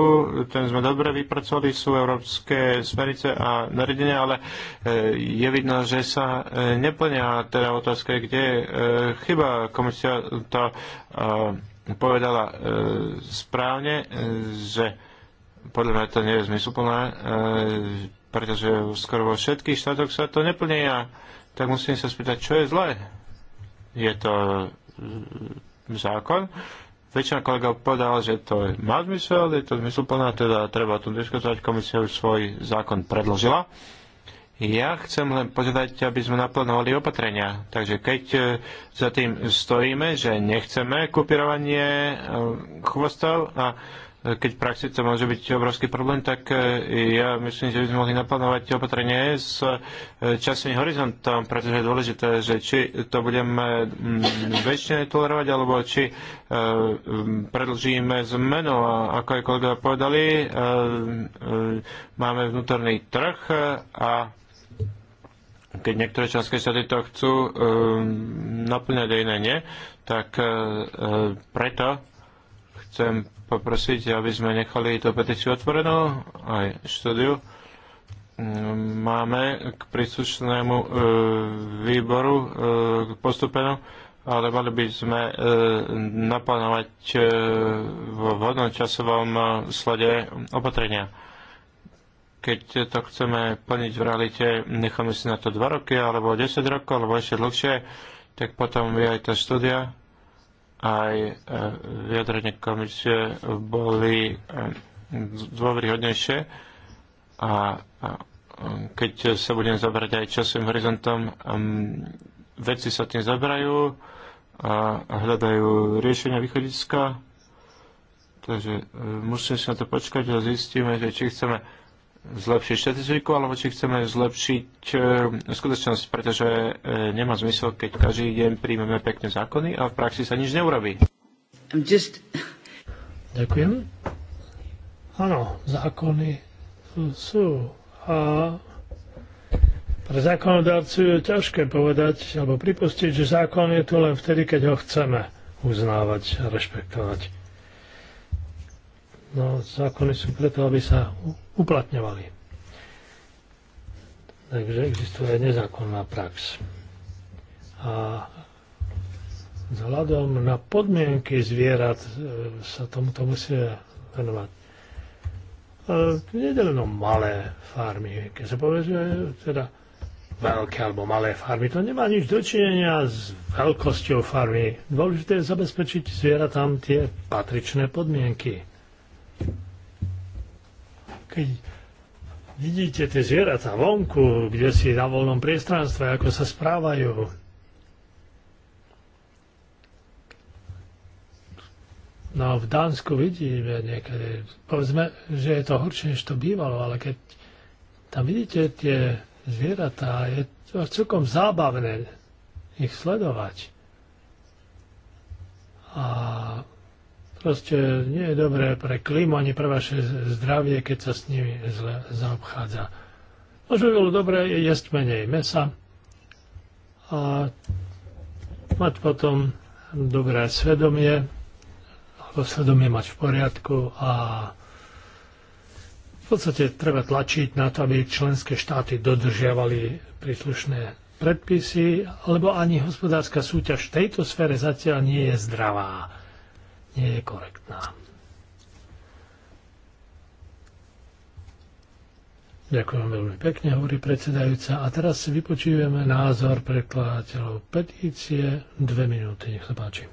ten sme dobre vypracovali, sú európske smerice a nariadenia, ale je vidno, že sa neplňa teda otázka, kde je chyba. Komisia to povedala správne, že podľa mňa to nie je zmysluplné pretože skoro vo všetkých štátoch sa to neplní a tak musím sa spýtať, čo je zlé? Je to mm, zákon? Väčšina kolegov povedala, že to má zmysel, je to zmyslplné, teda treba tu diskutovať, komisia už svoj zákon predložila. Ja chcem len požiadať, aby sme naplánovali opatrenia. Takže keď e, za tým stojíme, že nechceme kupirovanie e, chvostov a keď v praxi to môže byť obrovský problém, tak e, ja myslím, že by sme mohli naplánovať opatrenie s e, časovým horizontom, pretože je dôležité, že či to budeme mm, väčšine tolerovať, alebo či e, predlžíme zmenu. A ako aj kolega povedali, máme vnútorný trh a keď niektoré členské štáty to chcú naplňať a iné nie, tak preto chcem poprosiť, aby sme nechali tú petíciu otvorenú, aj štúdiu. Máme k príslušnému e, výboru e, postupenú, ale mali by sme e, naplánovať e, v vhodnom časovom e, slede opatrenia. Keď to chceme plniť v realite, necháme si na to 2 roky, alebo 10 rokov, alebo ešte dlhšie, tak potom je aj tá štúdia aj e, vyjadrenie komisie boli e, dôveryhodnejšie a keď sa budem zabrať aj časovým horizontom, veci sa tým zabrajú a hľadajú riešenia východiska. Takže e, musíme si na to počkať a zistíme, že či chceme zlepšiť štatistiku, alebo či chceme zlepšiť e, skutočnosť, pretože e, nemá zmysel, keď každý deň príjmeme pekne zákony a v praxi sa nič neurobí. Just... Ďakujem. Áno, zákony sú a pre zákonodárcu je ťažké povedať alebo pripustiť, že zákon je tu len vtedy, keď ho chceme uznávať a rešpektovať. No, zákony sú preto, aby sa uplatňovali. Takže existuje nezákonná prax. A vzhľadom na podmienky zvierat e, sa tomuto musíme venovať. Nie len malé farmy, keď sa povie, že teda veľké alebo malé farmy, to nemá nič dočinenia s veľkosťou farmy. Dôležité je zabezpečiť zvieratám tie patričné podmienky. Keď vidíte tie zvieratá vonku, kde si na voľnom priestranstve, ako sa správajú, No v Dánsku vidíme niekedy, povedzme, že je to horšie, než to bývalo, ale keď tam vidíte tie zvieratá, je to celkom zábavné ich sledovať. A Proste nie je dobré pre klimu, ani pre vaše zdravie, keď sa s nimi zle zaobchádza. Možno by bolo dobré jesť menej mesa a mať potom dobré svedomie, alebo svedomie mať v poriadku a v podstate treba tlačiť na to, aby členské štáty dodržiavali príslušné predpisy, lebo ani hospodárska súťaž v tejto sfére zatiaľ nie je zdravá nie je korektná. Ďakujem veľmi pekne, hovorí predsedajúca. A teraz si vypočujeme názor prekladateľov petície. Dve minúty, nech sa páči.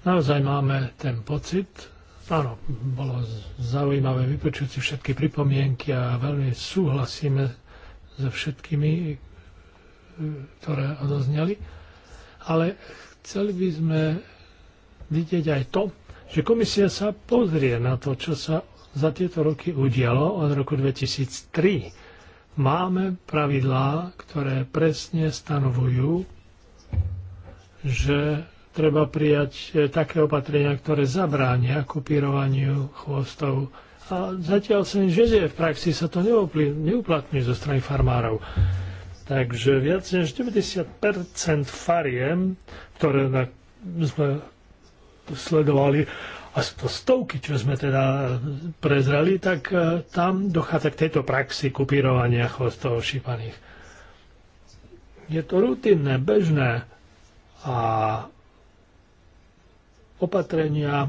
Naozaj máme ten pocit, áno, bolo zaujímavé vypočuť si všetky pripomienky a veľmi súhlasíme so všetkými ktoré odozneli, ale chceli by sme vidieť aj to, že komisia sa pozrie na to, čo sa za tieto roky udialo od roku 2003. Máme pravidlá, ktoré presne stanovujú, že treba prijať eh, také opatrenia, ktoré zabránia kopírovaniu chvostov. A zatiaľ sa nič v praxi sa to neuplatňuje zo strany farmárov. Takže viac než 90 fariem, ktoré na, sme sledovali, a to stovky, čo sme teda prezrali, tak e, tam dochádza k tejto praxi kupírovania chvostov šípaných. Je to rutinné, bežné a opatrenia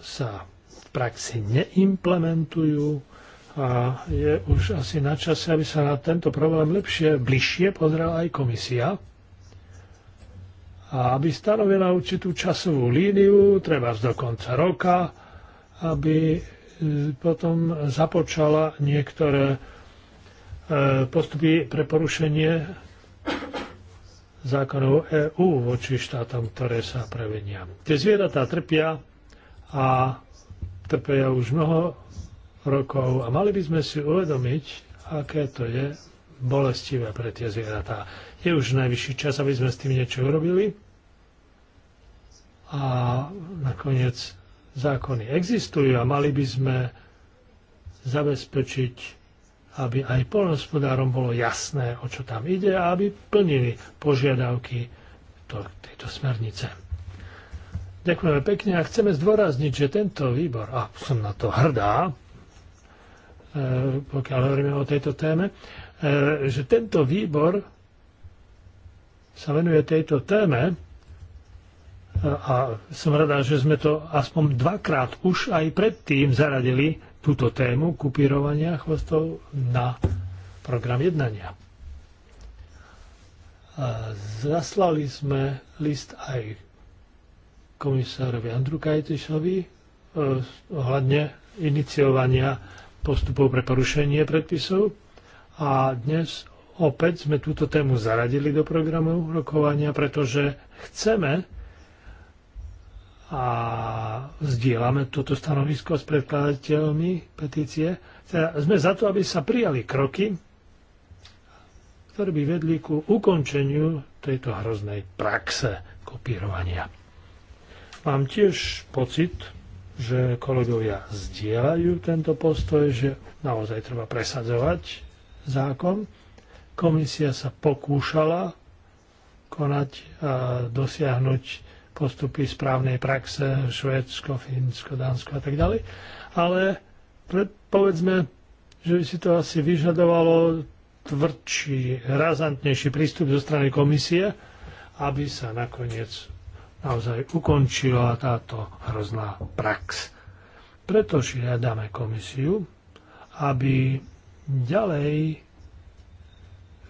sa v praxi neimplementujú a je už asi na čase, aby sa na tento problém lepšie, bližšie pozrela aj komisia. A aby stanovila určitú časovú líniu, treba do konca roka, aby e, potom započala niektoré e, postupy pre porušenie zákonov EÚ voči štátom, ktoré sa prevenia. Tie zvieratá trpia a trpia už mnoho rokov a mali by sme si uvedomiť, aké to je bolestivé pre tie zvieratá. Je už najvyšší čas, aby sme s tým niečo urobili a nakoniec zákony existujú a mali by sme zabezpečiť, aby aj polnospodárom bolo jasné, o čo tam ide a aby plnili požiadavky to, tejto smernice. Ďakujeme pekne a chceme zdôrazniť, že tento výbor, a som na to hrdá, E, pokiaľ hovoríme o tejto téme, e, že tento výbor sa venuje tejto téme e, a som rada, že sme to aspoň dvakrát už aj predtým zaradili túto tému kupírovania chvostov na program jednania. A zaslali sme list aj komisárovi Andru Kajtišovi ohľadne iniciovania postupov pre porušenie predpisov a dnes opäť sme túto tému zaradili do programu rokovania, pretože chceme a vzdielame toto stanovisko s predkladateľmi petície. Teda sme za to, aby sa prijali kroky, ktoré by vedli ku ukončeniu tejto hroznej praxe kopírovania. Mám tiež pocit, že kolegovia zdieľajú tento postoj, že naozaj treba presadzovať zákon. Komisia sa pokúšala konať a dosiahnuť postupy správnej praxe Švédsko, Fínsko, Dánsko a tak ďalej. Ale povedzme, že by si to asi vyžadovalo tvrdší, razantnejší prístup zo strany komisie, aby sa nakoniec naozaj ukončila táto hrozná prax. Preto žiadame komisiu, aby ďalej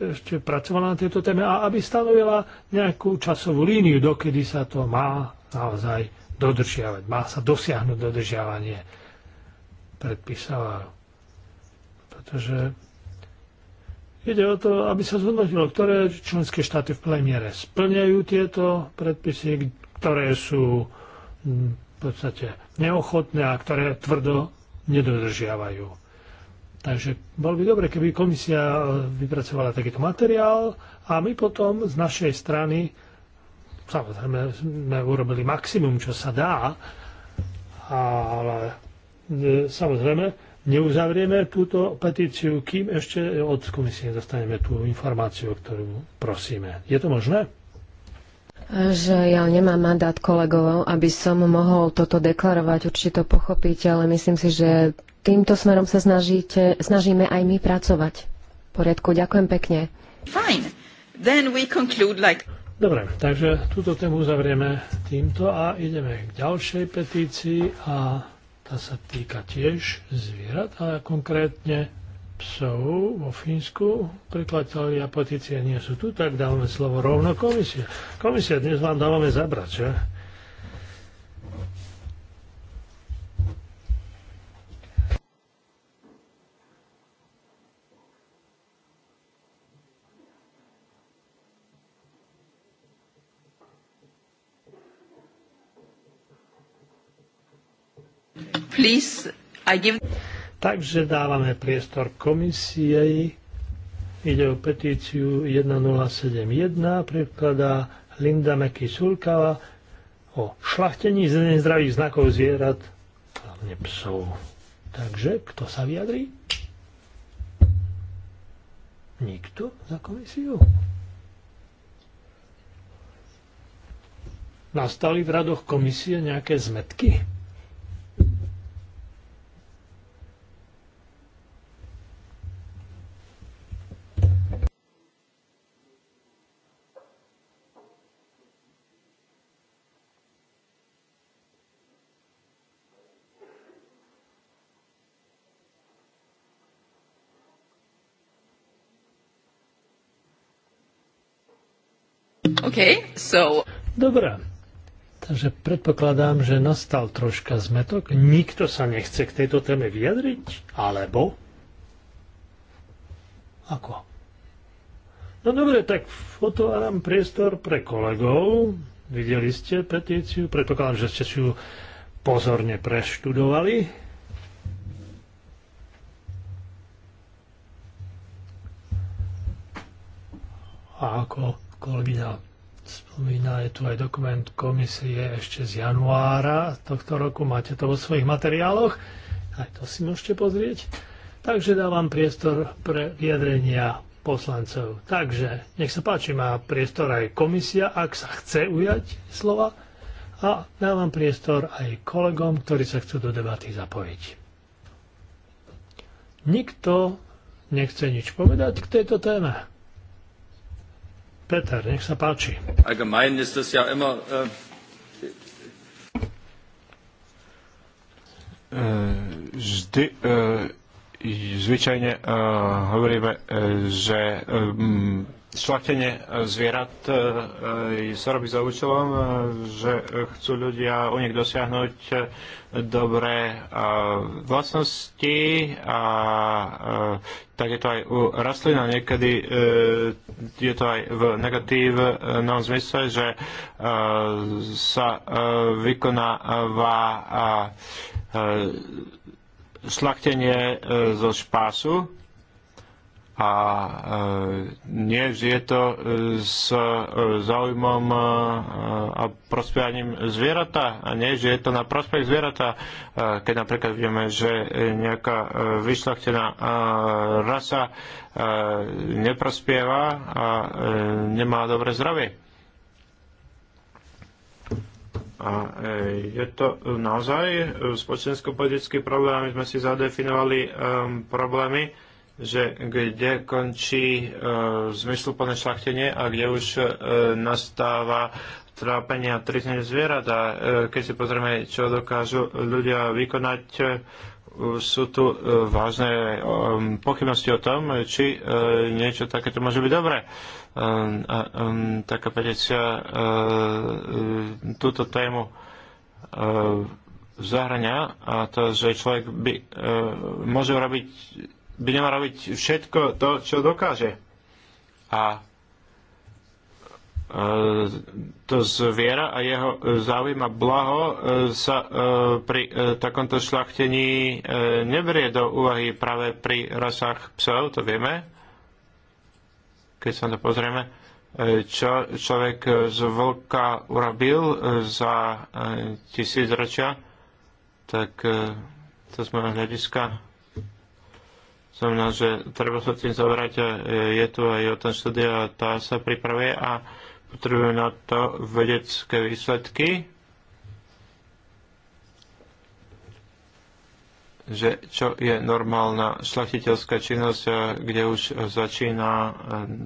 ešte pracovala na tejto téme a aby stanovila nejakú časovú líniu, dokedy sa to má naozaj dodržiavať. Má sa dosiahnuť dodržiavanie predpisov. Pretože Ide o to, aby sa zhodnotilo, ktoré členské štáty v plnej miere splňajú tieto predpisy, ktoré sú mm, v podstate neochotné a ktoré tvrdo nedodržiavajú. Takže bolo by dobre, keby komisia eh, vypracovala takýto materiál a my potom z našej strany samozrejme sme urobili maximum, čo sa dá, ale eh, samozrejme neuzavrieme túto petíciu, kým ešte od komisie dostaneme tú informáciu, ktorú prosíme. Je to možné? že ja nemám mandát kolegov, aby som mohol toto deklarovať, určite to pochopíte, ale myslím si, že týmto smerom sa snažíte, snažíme aj my pracovať. V poriadku, ďakujem pekne. Fine. Then we conclude like... Dobre, takže túto tému uzavrieme týmto a ideme k ďalšej petícii a tá sa týka tiež zvierat, ale konkrétne psov vo Fínsku. a petície nie sú tu, tak dávame slovo rovno komisie. Komisia, dnes vám dávame zabrať, že? Please, I give... Takže dávame priestor komisie. Ide o petíciu 1071, prekladá Linda Meky-Sulkava o šlachtení z nezdravých znakov zvierat, hlavne psov. Takže, kto sa vyjadrí? Nikto za komisiu? Nastali v radoch komisie nejaké zmetky? Okay, so... Dobre. Takže predpokladám, že nastal troška zmetok. Nikto sa nechce k tejto téme vyjadriť? Alebo? Ako? No dobre, tak otváram priestor pre kolegov. Videli ste petíciu? Predpokladám, že ste si ju pozorne preštudovali. A ako kolegyňa spomína, je tu aj dokument komisie ešte z januára tohto roku, máte to vo svojich materiáloch, aj to si môžete pozrieť. Takže dávam priestor pre vyjadrenia poslancov. Takže nech sa páči, má priestor aj komisia, ak sa chce ujať slova a dávam priestor aj kolegom, ktorí sa chcú do debaty zapojiť. Nikto nechce nič povedať k tejto téme. Peter, nech sa páči. Allgemein ist es ja immer... Äh, Vždy äh, zvyčajne uh, hovoríme, eh, že um, eh, šlatenie zvierat uh, sa robí za účelom, uh, že chcú ľudia u nich dosiahnuť dobré uh, vlastnosti a uh, tak je to aj u rastlín a niekedy uh, je to aj v negatívnom zmysle, že uh, sa uh, vykonáva uh, uh, šlachtenie e, zo špásu a nie vždy je to e, s e, záujmom a prospevaním zvierata, a nie vždy je to na prospech zvierata, Keď napríklad vieme, že nejaká vyšlachtená rasa neprospieva a nemá dobré zdravie. A e, je to naozaj e, spoločensko-politický problém. My sme si zadefinovali um, problémy, že kde končí uh, zmysluplné šlachtenie a kde už uh, nastáva trápenie a trizne zvierat. A uh, keď si pozrieme, čo dokážu ľudia vykonať, uh, sú tu uh, vážne um, pochybnosti o tom, či uh, niečo takéto môže byť dobré. Uh, Ehm, a ehm, taká petícia ehm, túto tému zahrania a to, že človek by, môže robiť, by nemal robiť všetko to, čo dokáže. A to zviera a jeho záujem a blaho sa pri takomto šľachtení neberie do úvahy práve pri rasách psov, to vieme keď sa na to pozrieme, e, čo človek z vlka urobil e, za e, tisícročia, tak to z môjho hľadiska znamená, že treba sa tým a Je tu aj o tom štúdia, tá sa pripravuje a potrebujeme na to vedecké výsledky že čo je normálna šlachtiteľská činnosť, eh, kde už začína eh,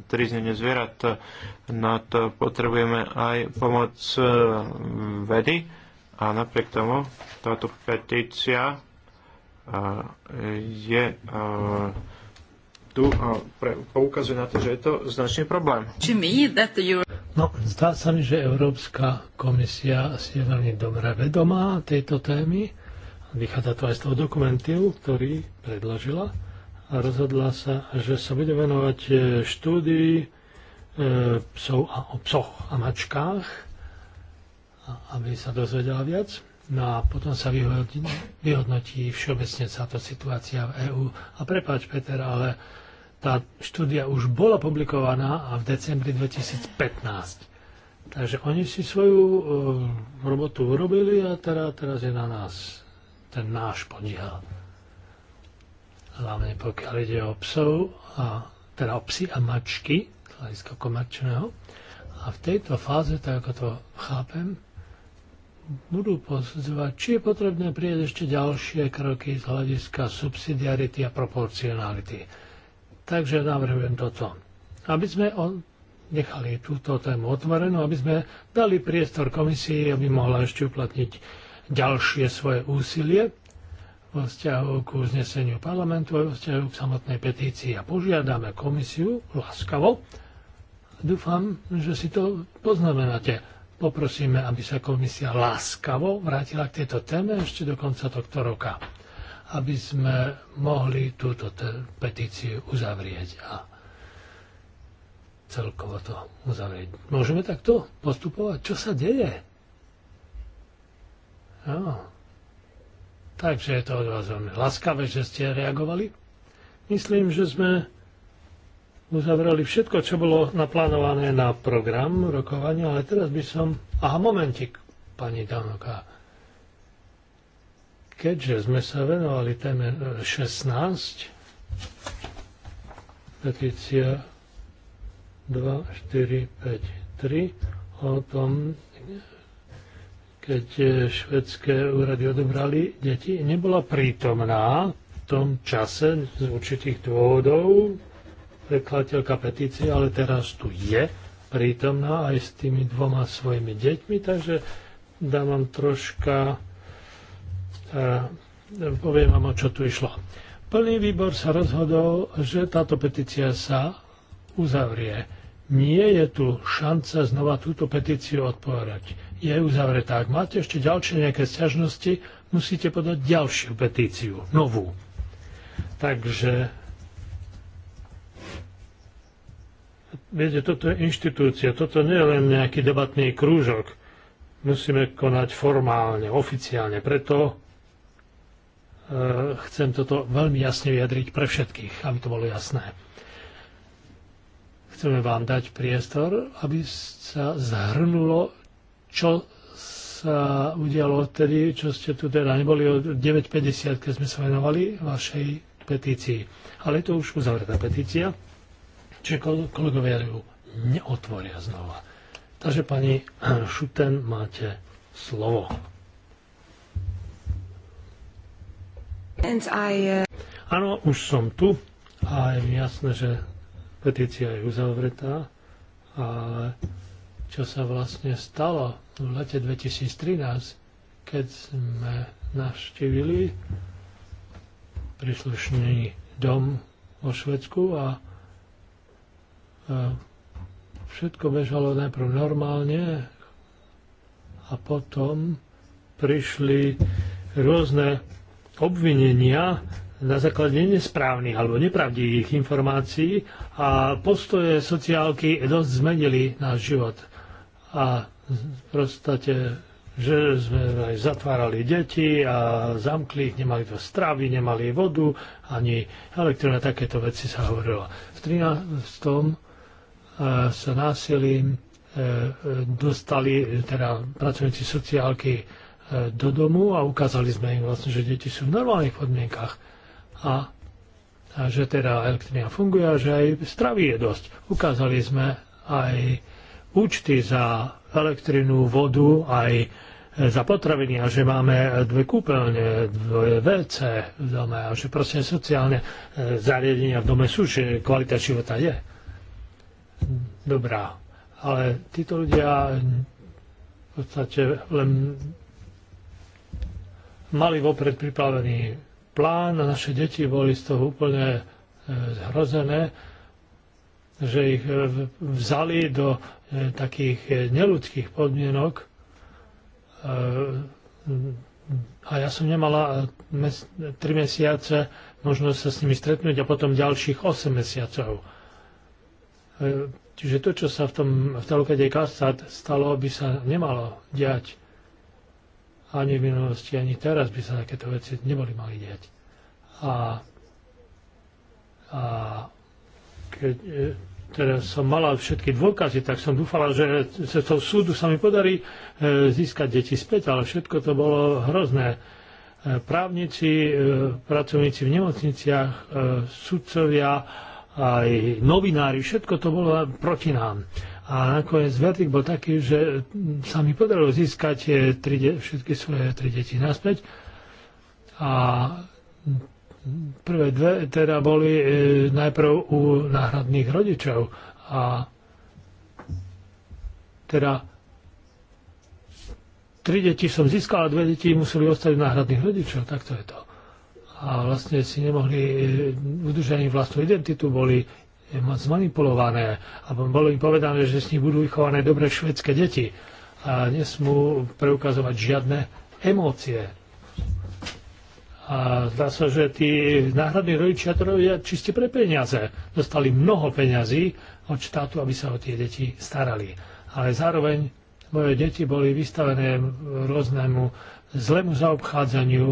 triznenie zvierat. Na to potrebujeme aj pomoc eh, vedy a napriek tomu táto petícia je tu a poukazuje na to, že je to značný problém. No, zdá sa mi, že Európska komisia si je veľmi dobre vedomá tejto témy vychádza to aj z toho dokumentu, ktorý predložila a rozhodla sa, že sa bude venovať e, štúdii e, psov a, o psoch a mačkách, a aby sa dozvedela viac. No a potom sa vyhodí, vyhodnotí všeobecne táto situácia v EÚ. A prepáč, Peter, ale tá štúdia už bola publikovaná a v decembri 2015. Takže oni si svoju e, robotu urobili a teda, teraz je na nás ten náš podiel. Hlavne pokiaľ ide o psov, a, teda o psy a mačky, hľadiska komerčného. A v tejto fáze, tak ako to chápem, budú posudzovať, či je potrebné prieť ešte ďalšie kroky z hľadiska subsidiarity a proporcionality. Takže navrhujem toto. Aby sme on nechali túto tému otvorenú, aby sme dali priestor komisii, aby mohla ešte uplatniť ďalšie svoje úsilie vo vzťahu k uzneseniu parlamentu a vo vzťahu k samotnej petícii a požiadame komisiu láskavo. Dúfam, že si to poznamenáte. Poprosíme, aby sa komisia láskavo vrátila k tejto téme ešte do konca tohto roka, aby sme mohli túto petíciu uzavrieť a celkovo to uzavrieť. Môžeme takto postupovať? Čo sa deje? No. Takže je to od vás veľmi laskavé, že ste reagovali. Myslím, že sme uzavreli všetko, čo bolo naplánované na program rokovania, ale teraz by som... Aha, momentik, pani Danoka. Keďže sme sa venovali téme 16, e, petícia 2, 4, 5, 3, o tom, keď e, švedské úrady odobrali deti, nebola prítomná v tom čase z určitých dôvodov prekladateľka petície, ale teraz tu je prítomná aj s tými dvoma svojimi deťmi, takže dám vám troška, e, poviem vám, o čo tu išlo. Plný výbor sa rozhodol, že táto petícia sa uzavrie nie je tu šanca znova túto petíciu odpovedať. Je uzavretá. Ak máte ešte ďalšie nejaké sťažnosti, musíte podať ďalšiu petíciu, novú. Takže viete, toto je inštitúcia, toto nie je len nejaký debatný krúžok. Musíme konať formálne, oficiálne. Preto e, chcem toto veľmi jasne vyjadriť pre všetkých, aby to bolo jasné. Chceme vám dať priestor, aby sa zhrnulo, čo sa udialo odtedy, čo ste tu teda neboli od 9.50, keď sme sa venovali vašej petícii. Ale je to už uzavretá petícia, čiže kolegovia ju neotvoria znova. Takže pani Šuten, máte slovo. Uh, Áno, už som tu a je mi jasné, že Petícia je uzavretá, ale čo sa vlastne stalo v lete 2013, keď sme navštívili príslušný dom vo Švedsku a e, všetko bežalo najprv normálne a potom prišli rôzne obvinenia na základe nesprávnych alebo nepravdivých informácií a postoje sociálky dosť zmenili náš život. A v podstate, že sme aj zatvárali deti a zamkli ich, nemali to stravy, nemali vodu, ani elektrina, takéto veci sa hovorilo. V 13. E, sa násilím e, dostali teda pracovníci sociálky e, do domu a ukázali sme im vlastne, že deti sú v normálnych podmienkach a, a že teda elektrina funguje a že aj stravy je dosť. Ukázali sme aj účty za elektrinu, vodu, aj za potraviny a že máme dve kúpeľne, dve WC v dome a že proste sociálne e, zariadenia v dome sú, že kvalita života je dobrá. Ale títo ľudia v podstate len mali vopred pripravený plán. Naše deti boli z toho úplne e, zhrozené, že ich e, vzali do e, takých neludských podmienok a ja som nemala 3 mesiace možnosť sa s nimi stretnúť a potom ďalších 8 mesiacov. Čiže to, čo sa v, tom, v telokade Kastat stalo, by sa nemalo diať. Ani v minulosti, ani teraz by sa takéto veci neboli mali diať. A, a keď e, teraz som mala všetky dôkazy, tak som dúfala, že toho súdu sa mi podarí e, získať deti späť, ale všetko to bolo hrozné. E, právnici, pracovníci v nemocniciach, sudcovia, aj novinári, všetko to bolo proti nám. A nakoniec verdikt bol taký, že sa mi podarilo získať tri de- všetky svoje tri deti naspäť. A prvé dve teda boli e, najprv u náhradných rodičov. A teda tri deti som získal a dve deti museli ostať u náhradných rodičov. Tak to je to. A vlastne si nemohli e, udržať vlastnú identitu, boli je moc zmanipulované a bolo im povedané, že s nich budú vychované dobré švedské deti a nesmú preukazovať žiadne emócie. A zdá sa, že tí náhradní rodičia to robia čiste pre peniaze. Dostali mnoho peňazí od štátu, aby sa o tie deti starali. Ale zároveň moje deti boli vystavené rôznemu zlému zaobchádzaniu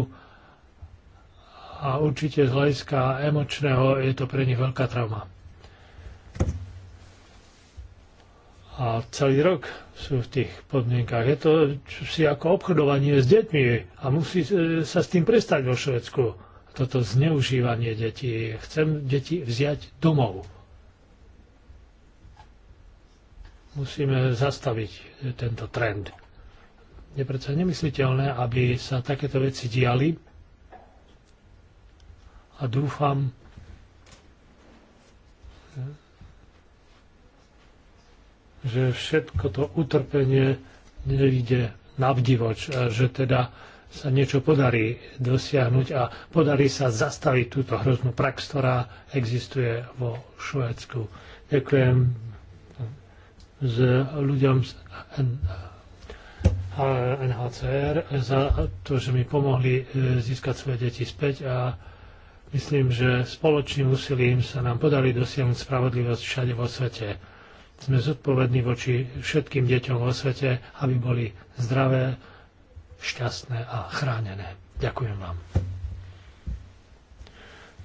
a určite z hľadiska emočného je to pre nich veľká trauma a celý rok sú v tých podmienkách. Je to si ako obchodovanie s deťmi a musí sa s tým prestať vo Švedsku. Toto zneužívanie detí. Chcem deti vziať domov. Musíme zastaviť tento trend. Je predsa nemysliteľné, aby sa takéto veci diali a dúfam, že všetko to utrpenie na vdivoč, že teda sa niečo podarí dosiahnuť a podarí sa zastaviť túto hroznú prax, ktorá existuje vo Švédsku. Ďakujem s ľuďom z NHCR za to, že mi pomohli e, získať svoje deti späť a myslím, že spoločným úsilím sa nám podarí dosiahnuť spravodlivosť všade vo svete. Sme zodpovední voči všetkým deťom vo svete, aby boli zdravé, šťastné a chránené. Ďakujem vám.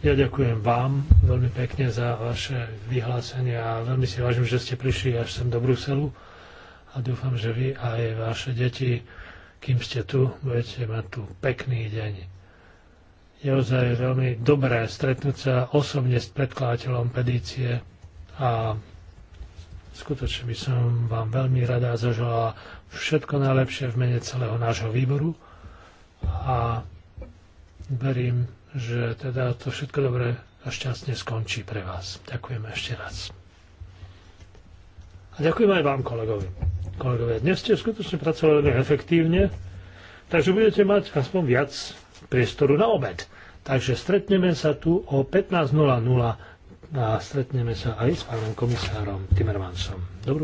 Ja ďakujem vám veľmi pekne za vaše vyhlásenie a veľmi si vážim, že ste prišli až sem do Bruselu a dúfam, že vy a aj vaše deti, kým ste tu, budete mať tu pekný deň. Je ozaj veľmi dobré stretnúť sa osobne s predkladateľom pedície a Skutočne by som vám veľmi rada zažala všetko najlepšie v mene celého nášho výboru a verím, že teda to všetko dobre a šťastne skončí pre vás. Ďakujem ešte raz. A ďakujem aj vám, kolegovi. Kolegovia, dnes ste skutočne pracovali veľmi efektívne, takže budete mať aspoň viac priestoru na obed. Takže stretneme sa tu o 15.00 a stretneme sa aj s pánom komisárom Timmermansom. Dobrú